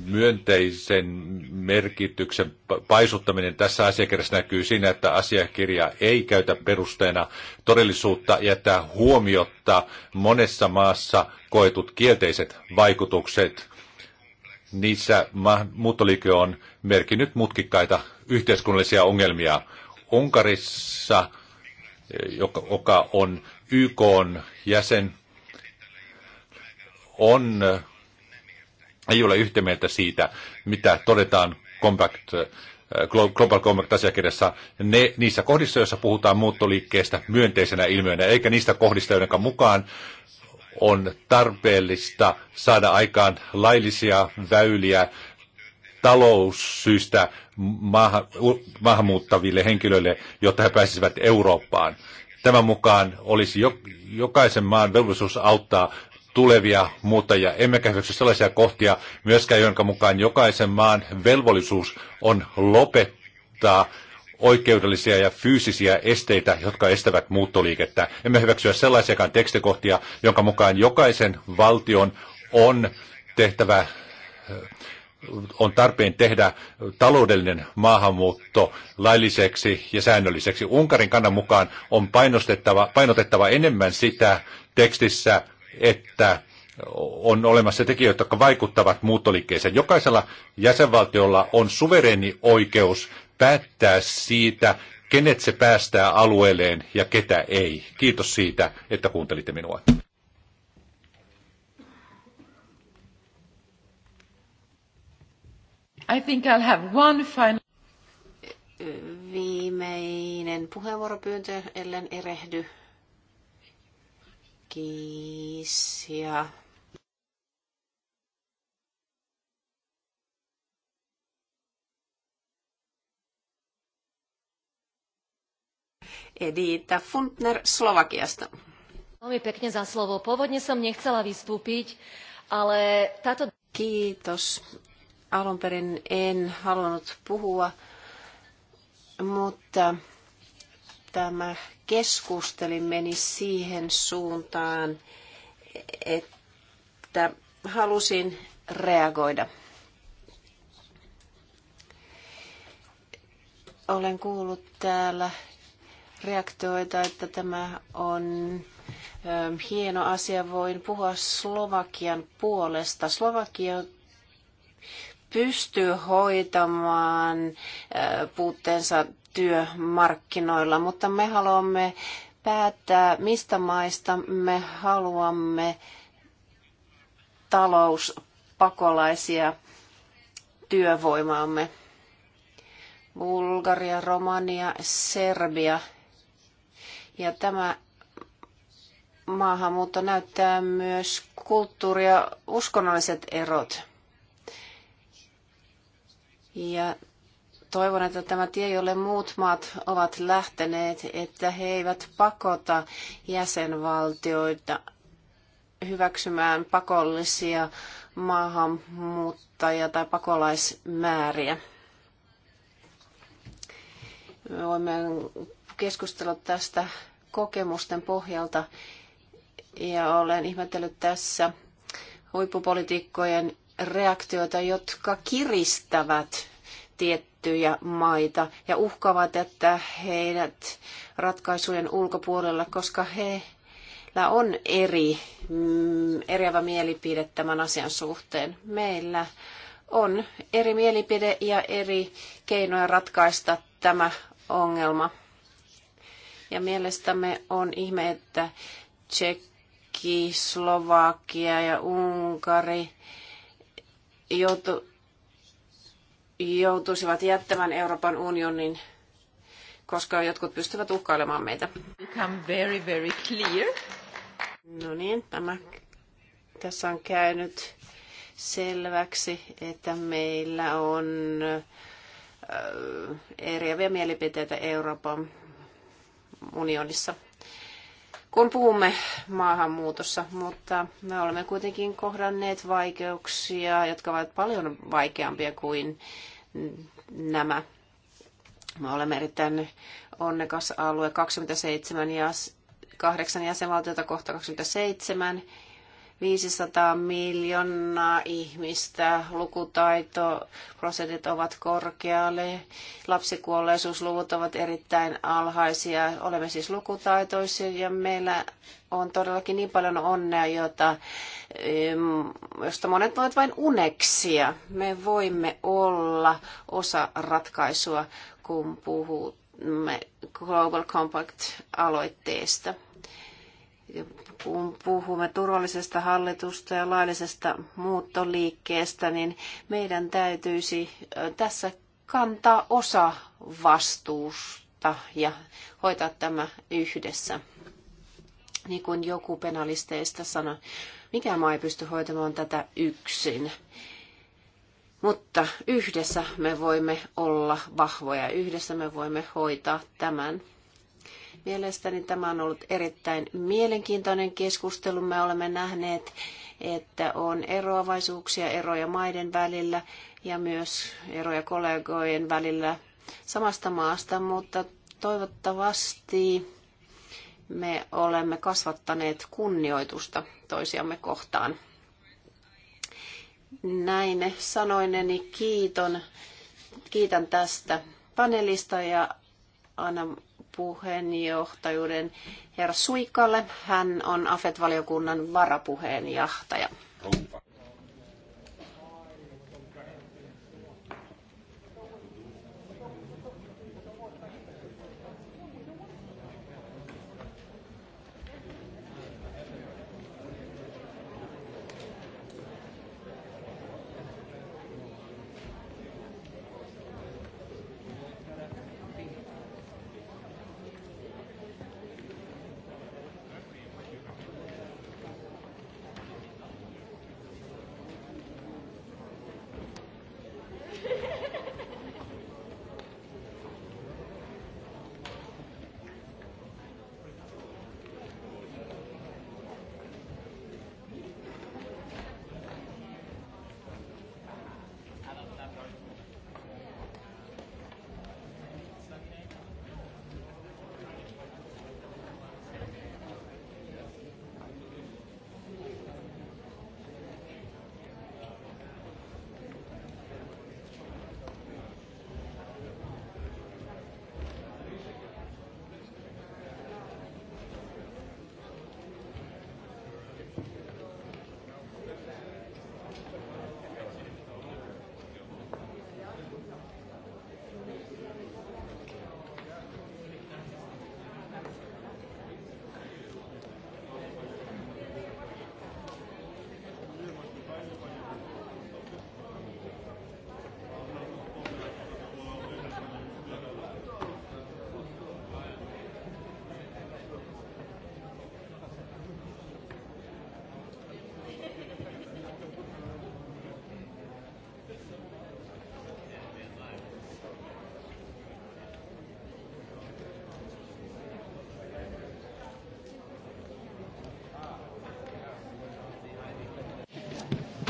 myönteisen merkityksen paisuttaminen tässä asiakirjassa näkyy siinä, että asiakirja ei käytä perusteena todellisuutta ja että huomiotta monessa maassa koetut kielteiset vaikutukset. Niissä muuttoliike on merkinnyt mutkikkaita yhteiskunnallisia ongelmia. Unkarissa, joka on YK on jäsen, on ei ole yhtä mieltä siitä, mitä todetaan Compact äh, Global Compact-asiakirjassa ne, niissä kohdissa, joissa puhutaan muuttoliikkeestä myönteisenä ilmiönä, eikä niistä kohdista, joiden mukaan on tarpeellista saada aikaan laillisia väyliä taloussyistä maahan, maahanmuuttaville henkilöille, jotta he pääsisivät Eurooppaan. Tämän mukaan olisi jo, jokaisen maan velvollisuus auttaa tulevia muuttajia. Emmekä hyväksy sellaisia kohtia myöskään, jonka mukaan jokaisen maan velvollisuus on lopettaa oikeudellisia ja fyysisiä esteitä, jotka estävät muuttoliikettä. Emme hyväksyä sellaisiakaan tekstikohtia, jonka mukaan jokaisen valtion on tehtävä on tarpeen tehdä taloudellinen maahanmuutto lailliseksi ja säännölliseksi. Unkarin kannan mukaan on painotettava enemmän sitä tekstissä, että on olemassa tekijöitä, jotka vaikuttavat muuttoliikkeeseen. Jokaisella jäsenvaltiolla on suvereeni oikeus päättää siitä, kenet se päästää alueelleen ja ketä ei. Kiitos siitä, että kuuntelitte minua. I think I'll have one final... Viimeinen puheenvuoropyyntö, ellen erehdy strategisia Edita Funtner Slovakiasta. Veľmi pekne za slovo. Pôvodne som nechcela vystúpiť, ale táto... Kiitos. Alun perin en halunnut puhua, mutta tämä keskusteli meni siihen suuntaan, että halusin reagoida. Olen kuullut täällä reaktioita, että tämä on hieno asia. Voin puhua Slovakian puolesta. Slovakia pystyy hoitamaan puutteensa työmarkkinoilla, mutta me haluamme päättää, mistä maista me haluamme talouspakolaisia työvoimaamme. Bulgaria, Romania, Serbia. Ja tämä maahanmuutto näyttää myös kulttuuria, uskonnolliset erot. Ja toivon, että tämä tie, jolle muut maat ovat lähteneet, että he eivät pakota jäsenvaltioita hyväksymään pakollisia maahanmuuttajia tai pakolaismääriä. Me voimme keskustella tästä kokemusten pohjalta ja olen ihmetellyt tässä huippupolitiikkojen reaktioita, jotka kiristävät tiettyjä maita ja uhkaavat, että heidät ratkaisujen ulkopuolella, koska he on eri, mm, eriävä mielipide tämän asian suhteen. Meillä on eri mielipide ja eri keinoja ratkaista tämä ongelma. Ja mielestämme on ihme, että Tsekki, Slovakia ja Unkari joutu, joutuisivat jättämään Euroopan unionin, koska jotkut pystyvät uhkailemaan meitä. Very, very clear. No niin, tämä tässä on käynyt selväksi, että meillä on eriäviä mielipiteitä Euroopan unionissa kun puhumme maahanmuutossa, mutta me olemme kuitenkin kohdanneet vaikeuksia, jotka ovat paljon vaikeampia kuin nämä. Me olemme erittäin onnekas alue 27 ja 8 jäsenvaltiota kohta 27 500 miljoonaa ihmistä, lukutaito prosentit ovat korkealle, lapsikuolleisuusluvut ovat erittäin alhaisia, olemme siis lukutaitoisia ja meillä on todellakin niin paljon onnea, jota, josta monet voivat vain uneksia. Me voimme olla osa ratkaisua, kun puhumme Global Compact-aloitteesta kun puhumme turvallisesta hallitusta ja laillisesta muuttoliikkeestä, niin meidän täytyisi tässä kantaa osa vastuusta ja hoitaa tämä yhdessä. Niin kuin joku penalisteista sanoi, mikä maa ei pysty hoitamaan tätä yksin. Mutta yhdessä me voimme olla vahvoja, yhdessä me voimme hoitaa tämän Mielestäni tämä on ollut erittäin mielenkiintoinen keskustelu. Me olemme nähneet, että on eroavaisuuksia, eroja maiden välillä ja myös eroja kollegojen välillä samasta maasta, mutta toivottavasti me olemme kasvattaneet kunnioitusta toisiamme kohtaan. Näin sanoineni kiiton, kiitän tästä panelista ja annan puheenjohtajuuden herra Suikalle. Hän on AFET-valiokunnan varapuheenjohtaja.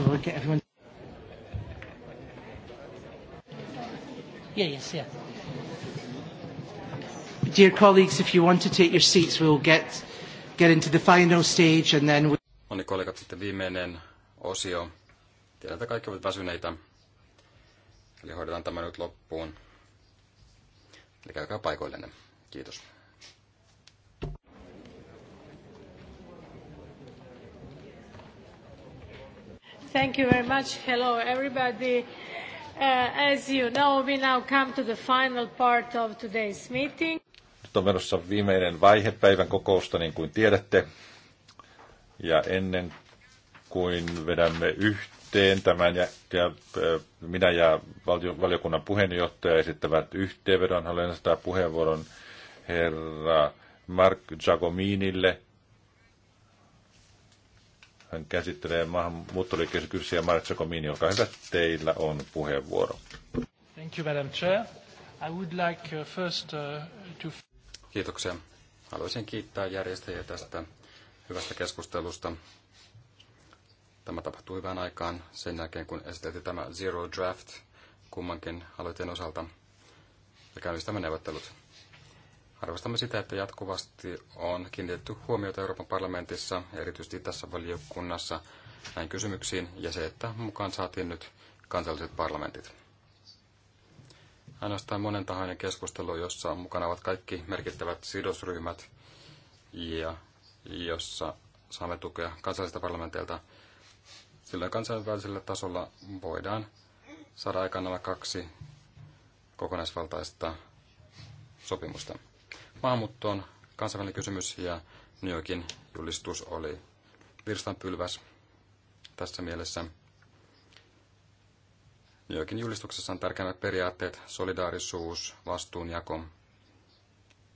to work. Everyone. Yeah, yes, yeah. Dear colleagues, if you want to take your seats, we'll get, get into the final stage and then... We... Moni no niin, kollegat, sitten viimeinen osio. Tiedän, että kaikki ovat väsyneitä. Eli hoidetaan tämä nyt loppuun. Eli käykää paikoillenne. Kiitos. Thank you very much. Hello, everybody. Uh, as you know, we now come to the final part of today's meeting. Nyt on menossa viimeinen vaihe päivän kokousta, niin kuin tiedätte. Ja ennen kuin vedämme yhteen tämän, ja, ja minä ja valio, valiokunnan puheenjohtaja esittävät yhteenvedon, haluan puheenvuoron herra Mark Giacominille – hän käsittelee maahanmuuttoliikkeen kysymyksiä. Marek Sokomini, olkaa hyvä. Teillä on puheenvuoro. Thank you, Madam Chair. I would like uh, first uh, to... Kiitoksia. Haluaisin kiittää järjestäjiä tästä hyvästä keskustelusta. Tämä tapahtui hyvään aikaan sen jälkeen, kun esiteltiin tämä Zero Draft kummankin aloitteen osalta ja käynnistämme neuvottelut. Arvostamme sitä, että jatkuvasti on kiinnitetty huomiota Euroopan parlamentissa, erityisesti tässä valiokunnassa, näin kysymyksiin, ja se, että mukaan saatiin nyt kansalliset parlamentit. Ainoastaan monentahainen keskustelu, jossa mukana ovat kaikki merkittävät sidosryhmät, ja jossa saamme tukea kansallisista parlamenteilta, sillä kansainvälisellä tasolla voidaan saada aikaan nämä kaksi kokonaisvaltaista sopimusta maahanmuuttoon kansainvälinen kysymys ja New Yorkin julistus oli virstanpylväs tässä mielessä. New Yorkin julistuksessa on tärkeimmät periaatteet solidaarisuus, vastuunjako,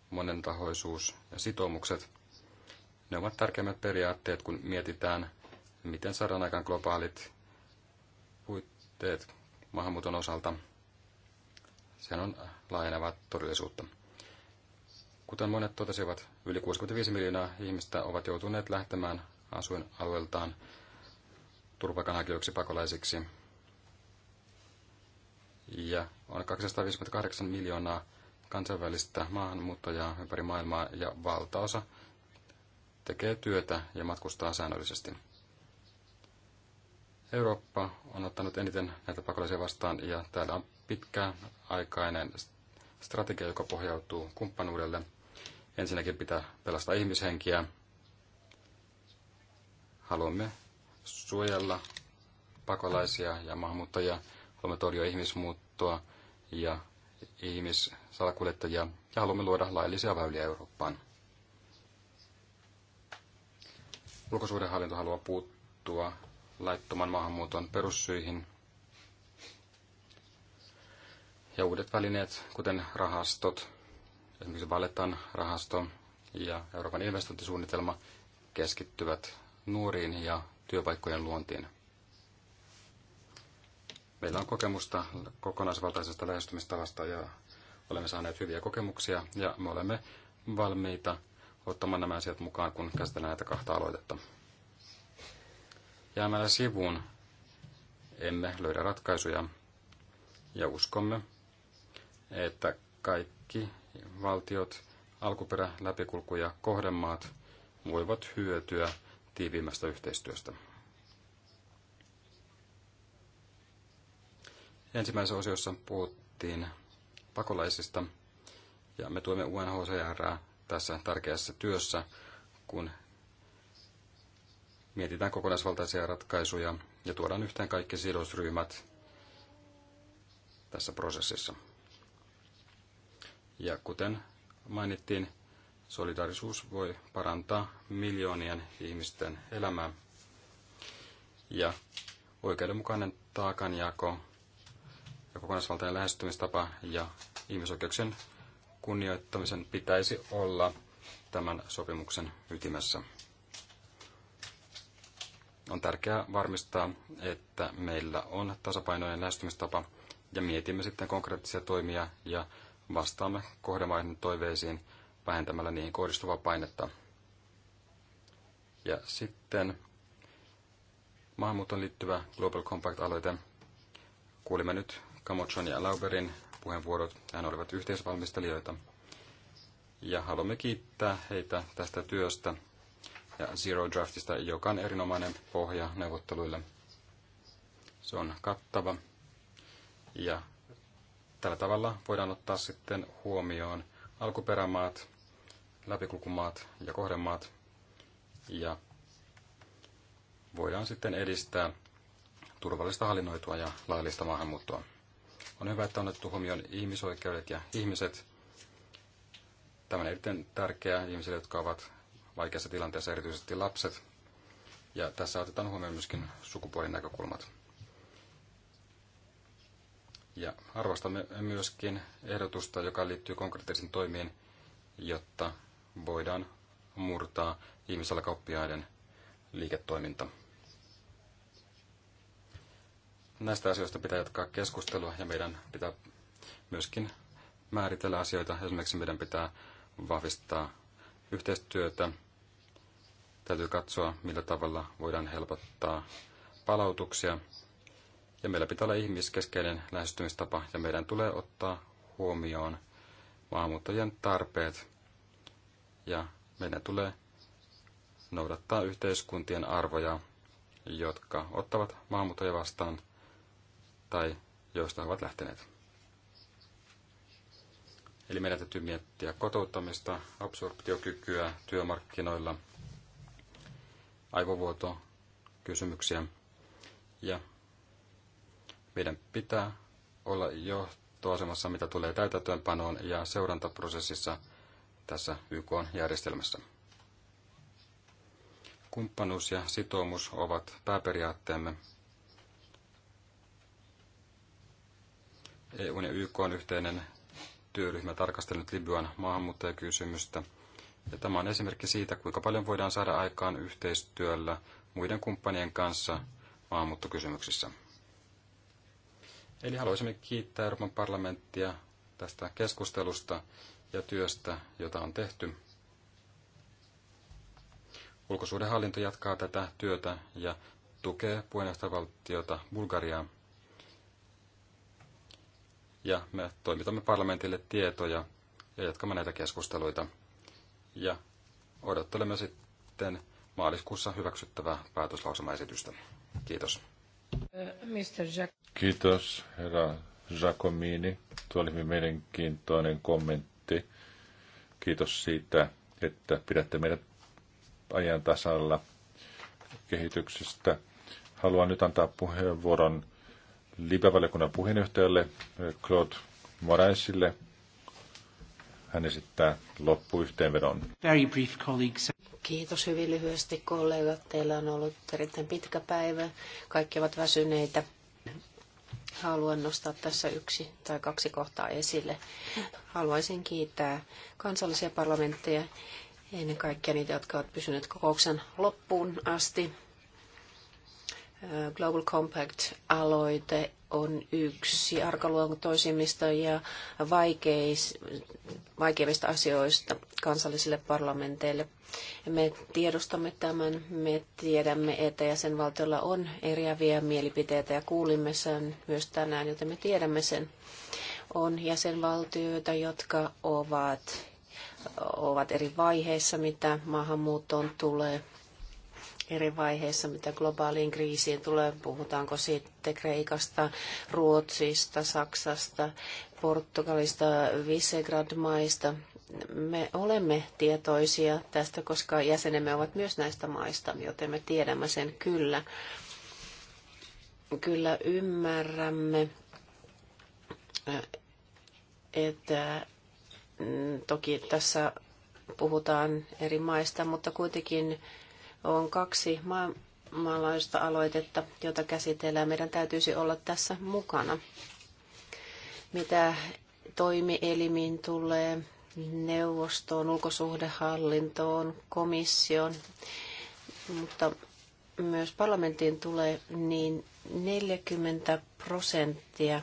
monentahoisuus ja sitoumukset. Ne ovat tärkeimmät periaatteet, kun mietitään, miten saadaan aikaan globaalit puitteet maahanmuuton osalta. Sehän on laajenevaa todellisuutta. Kuten monet totesivat, yli 65 miljoonaa ihmistä ovat joutuneet lähtemään asuinalueeltaan turvapaikanhakijoiksi pakolaisiksi. Ja on 258 miljoonaa kansainvälistä maahanmuuttajaa ympäri maailmaa ja valtaosa tekee työtä ja matkustaa säännöllisesti. Eurooppa on ottanut eniten näitä pakolaisia vastaan ja täällä on pitkäaikainen strategia, joka pohjautuu kumppanuudelle Ensinnäkin pitää pelastaa ihmishenkiä. Haluamme suojella pakolaisia ja maahanmuuttajia. Haluamme torjua ihmismuuttoa ja ihmissalakuljettajia ja haluamme luoda laillisia väyliä Eurooppaan. Ulkosuhdehallinto haluaa puuttua laittoman maahanmuuton perussyihin ja uudet välineet, kuten rahastot, esimerkiksi Valetan rahasto ja Euroopan investointisuunnitelma keskittyvät nuoriin ja työpaikkojen luontiin. Meillä on kokemusta kokonaisvaltaisesta lähestymistavasta ja olemme saaneet hyviä kokemuksia ja me olemme valmiita ottamaan nämä asiat mukaan, kun käsitellään näitä kahta aloitetta. Jäämällä sivuun emme löydä ratkaisuja ja uskomme, että kaikki valtiot, alkuperä, läpikulku ja kohdemaat voivat hyötyä tiiviimmästä yhteistyöstä. Ensimmäisessä osiossa puhuttiin pakolaisista ja me tuemme UNHCR tässä tärkeässä työssä, kun mietitään kokonaisvaltaisia ratkaisuja ja tuodaan yhteen kaikki sidosryhmät tässä prosessissa. Ja kuten mainittiin, solidaarisuus voi parantaa miljoonien ihmisten elämää. Ja oikeudenmukainen taakanjako ja kokonaisvaltainen lähestymistapa ja ihmisoikeuksien kunnioittamisen pitäisi olla tämän sopimuksen ytimessä. On tärkeää varmistaa, että meillä on tasapainoinen lähestymistapa ja mietimme sitten konkreettisia toimia ja vastaamme kohdemaiden toiveisiin vähentämällä niihin kohdistuvaa painetta. Ja sitten maahanmuuton liittyvä Global Compact-aloite. Kuulimme nyt Kamotson ja Lauberin puheenvuorot. Hän olivat yhteisvalmistelijoita. Ja haluamme kiittää heitä tästä työstä ja Zero Draftista, joka on erinomainen pohja neuvotteluille. Se on kattava ja Tällä tavalla voidaan ottaa sitten huomioon alkuperämaat, läpikulkumaat ja kohdemaat. Ja voidaan sitten edistää turvallista hallinnoitua ja laillista maahanmuuttoa. On hyvä, että on otettu huomioon ihmisoikeudet ja ihmiset. Tämä on erittäin tärkeää ihmisille, jotka ovat vaikeassa tilanteessa, erityisesti lapset. Ja tässä otetaan huomioon myöskin sukupuolin näkökulmat. Ja arvostamme myöskin ehdotusta, joka liittyy konkreettisiin toimiin, jotta voidaan murtaa ihmisalakauppiaiden liiketoiminta. Näistä asioista pitää jatkaa keskustelua ja meidän pitää myöskin määritellä asioita. Esimerkiksi meidän pitää vahvistaa yhteistyötä. Täytyy katsoa, millä tavalla voidaan helpottaa palautuksia ja meillä pitää olla ihmiskeskeinen lähestymistapa ja meidän tulee ottaa huomioon maahanmuuttajien tarpeet ja meidän tulee noudattaa yhteiskuntien arvoja, jotka ottavat maahanmuuttajia vastaan tai joista he ovat lähteneet. Eli meidän täytyy miettiä kotouttamista, absorptiokykyä työmarkkinoilla, aivovuotokysymyksiä. Ja meidän pitää olla johtoasemassa, mitä tulee täytäntöönpanoon ja seurantaprosessissa tässä YK-järjestelmässä. Kumppanuus ja sitoumus ovat pääperiaatteemme. EU ja YK on yhteinen työryhmä tarkastellut Libyan maahanmuuttajakysymystä. Ja tämä on esimerkki siitä, kuinka paljon voidaan saada aikaan yhteistyöllä muiden kumppanien kanssa maahanmuuttokysymyksissä. Eli haluaisimme kiittää Euroopan parlamenttia tästä keskustelusta ja työstä, jota on tehty. Ulkosuhdehallinto jatkaa tätä työtä ja tukee puheenjohtajavaltiota Bulgariaa. Ja me toimitamme parlamentille tietoja ja jatkamme näitä keskusteluita. Ja odottelemme sitten maaliskuussa hyväksyttävää päätöslausumaesitystä. Kiitos. Kiitos, herra Giacomini. Tuo oli hyvin mielenkiintoinen kommentti. Kiitos siitä, että pidätte meidät ajan tasalla kehityksestä. Haluan nyt antaa puheenvuoron Libe-valiokunnan puheenjohtajalle Claude Moraisille hän esittää loppuyhteenvedon. Very brief colleagues. Kiitos hyvin lyhyesti kollegat. Teillä on ollut erittäin pitkä päivä. Kaikki ovat väsyneitä. Haluan nostaa tässä yksi tai kaksi kohtaa esille. Haluaisin kiittää kansallisia parlamentteja, ennen kaikkea niitä, jotka ovat pysyneet kokouksen loppuun asti. Global Compact-aloite on yksi arkaluontoisimmista ja vaikeis, vaikeimmista asioista kansallisille parlamenteille. Me tiedostamme tämän, me tiedämme, että jäsenvaltiolla on eriäviä mielipiteitä ja kuulimme sen myös tänään, joten me tiedämme sen. On jäsenvaltioita, jotka ovat, ovat eri vaiheissa, mitä maahanmuuttoon tulee – eri vaiheissa, mitä globaaliin kriisiin tulee. Puhutaanko sitten Kreikasta, Ruotsista, Saksasta, Portugalista, Visegrad-maista. Me olemme tietoisia tästä, koska jäsenemme ovat myös näistä maista, joten me tiedämme sen kyllä. Kyllä ymmärrämme, että mm, toki tässä puhutaan eri maista, mutta kuitenkin on kaksi maailmanlaajuista aloitetta, jota käsitellään. Meidän täytyisi olla tässä mukana. Mitä toimielimiin tulee, neuvostoon, ulkosuhdehallintoon, komissioon, mutta myös parlamenttiin tulee, niin 40 prosenttia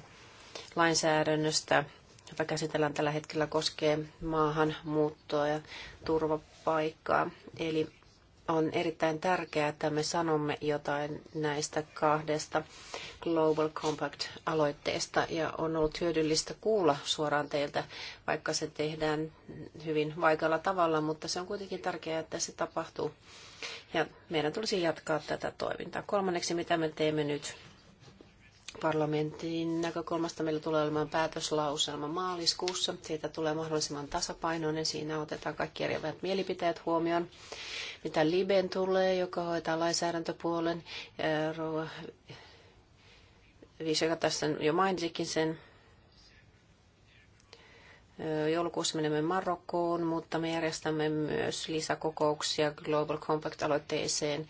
lainsäädännöstä, jota käsitellään tällä hetkellä, koskee maahanmuuttoa ja turvapaikkaa. Eli on erittäin tärkeää, että me sanomme jotain näistä kahdesta Global Compact-aloitteesta ja on ollut hyödyllistä kuulla suoraan teiltä, vaikka se tehdään hyvin vaikealla tavalla, mutta se on kuitenkin tärkeää, että se tapahtuu. Ja meidän tulisi jatkaa tätä toimintaa. Kolmanneksi, mitä me teemme nyt? Parlamentin näkökulmasta meillä tulee olemaan päätöslauselma maaliskuussa. Siitä tulee mahdollisimman tasapainoinen. Siinä otetaan kaikki eri mielipiteet huomioon mitä Liben tulee, joka hoitaa lainsäädäntöpuolen. Viisaka tässä jo mainitsikin sen. Joulukuussa menemme Marokkoon, mutta me järjestämme myös lisäkokouksia Global Compact-aloitteeseen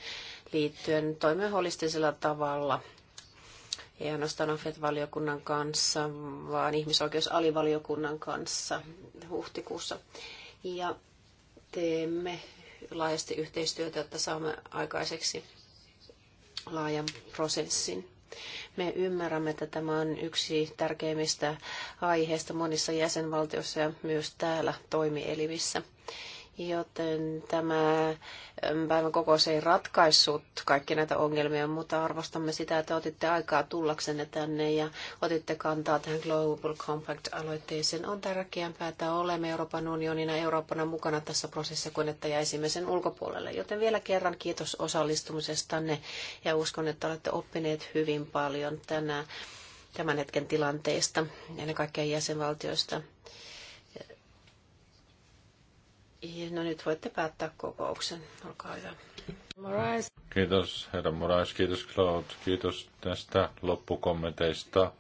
liittyen. toimia holistisella tavalla ei ainoastaan AFET-valiokunnan kanssa, vaan ihmisoikeusalivaliokunnan kanssa huhtikuussa. Ja teemme laajasti yhteistyötä, jotta saamme aikaiseksi laajan prosessin. Me ymmärrämme, että tämä on yksi tärkeimmistä aiheista monissa jäsenvaltioissa ja myös täällä toimielimissä. Joten tämä ähm, päivän kokous ei ratkaissut kaikki näitä ongelmia, mutta arvostamme sitä, että otitte aikaa tullaksenne tänne ja otitte kantaa tähän Global Compact-aloitteeseen. On tärkeämpää, että olemme Euroopan unionina Eurooppana mukana tässä prosessissa kuin että jäisimme sen ulkopuolelle. Joten vielä kerran kiitos osallistumisestanne ja uskon, että olette oppineet hyvin paljon tänään tämän hetken tilanteesta, ennen kaikkea jäsenvaltioista. No nyt voitte päättää kokouksen. Olkaa hyvä. Morais. Kiitos herra Morais, kiitos Claude, kiitos tästä loppukommenteista,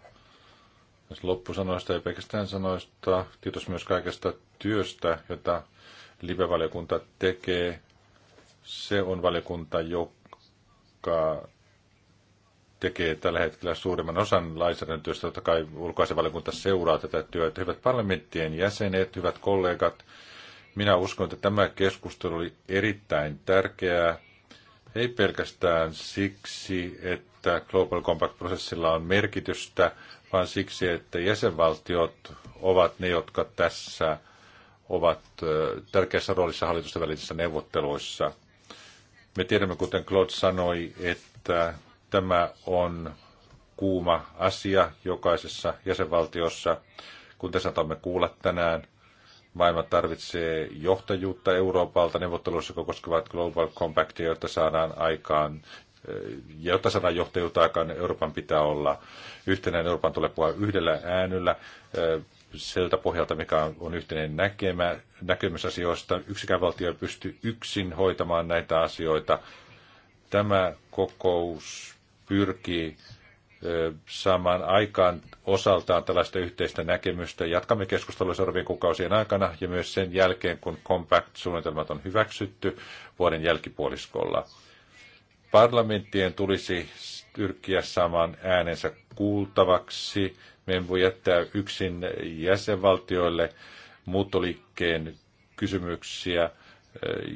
tästä loppusanoista ja pelkästään sanoista. Kiitos myös kaikesta työstä, jota live-valiokunta tekee. Se on valiokunta, joka tekee tällä hetkellä suurimman osan lainsäädäntötyöstä. Totta kai ulkoasevaliokunta seuraa tätä työtä. Hyvät parlamenttien jäsenet, hyvät kollegat, minä uskon, että tämä keskustelu oli erittäin tärkeää, ei pelkästään siksi, että Global Compact-prosessilla on merkitystä, vaan siksi, että jäsenvaltiot ovat ne, jotka tässä ovat tärkeässä roolissa hallitusten välisissä neuvotteluissa. Me tiedämme, kuten Claude sanoi, että tämä on kuuma asia jokaisessa jäsenvaltiossa, kun te saatamme kuulla tänään – Maailma tarvitsee johtajuutta Euroopalta neuvotteluissa, jotka koskevat Global Compactia, jotta saadaan aikaan eh, jotta saadaan johtajuutta aikaan, niin Euroopan pitää olla yhtenäinen. Euroopan tulee puhua yhdellä äänellä eh, sieltä pohjalta, mikä on yhteinen näkemä, näkemys asioista. Yksikään valtio ei pysty yksin hoitamaan näitä asioita. Tämä kokous pyrkii saamaan aikaan osaltaan tällaista yhteistä näkemystä. Jatkamme keskustelua seuraavien kuukausien aikana ja myös sen jälkeen, kun Compact-suunnitelmat on hyväksytty vuoden jälkipuoliskolla. Parlamenttien tulisi pyrkiä saamaan äänensä kuultavaksi. Me emme voi jättää yksin jäsenvaltioille muuttoliikkeen kysymyksiä,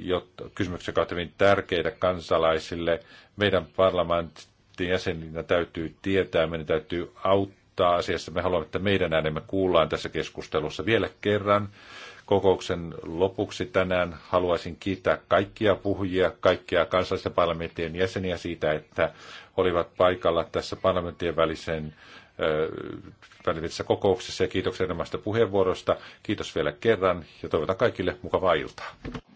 jotta, kysymyksiä ovat hyvin tärkeitä kansalaisille. Meidän parlamentti jäseninä täytyy tietää, meidän täytyy auttaa asiassa. Me haluamme, että meidän äänemme kuullaan tässä keskustelussa vielä kerran. Kokouksen lopuksi tänään haluaisin kiittää kaikkia puhujia, kaikkia kansallisten parlamenttien jäseniä siitä, että olivat paikalla tässä parlamenttien välisen välivissä kokouksessa ja kiitoksia enemmästä puheenvuorosta. Kiitos vielä kerran ja toivotan kaikille mukavaa iltaa.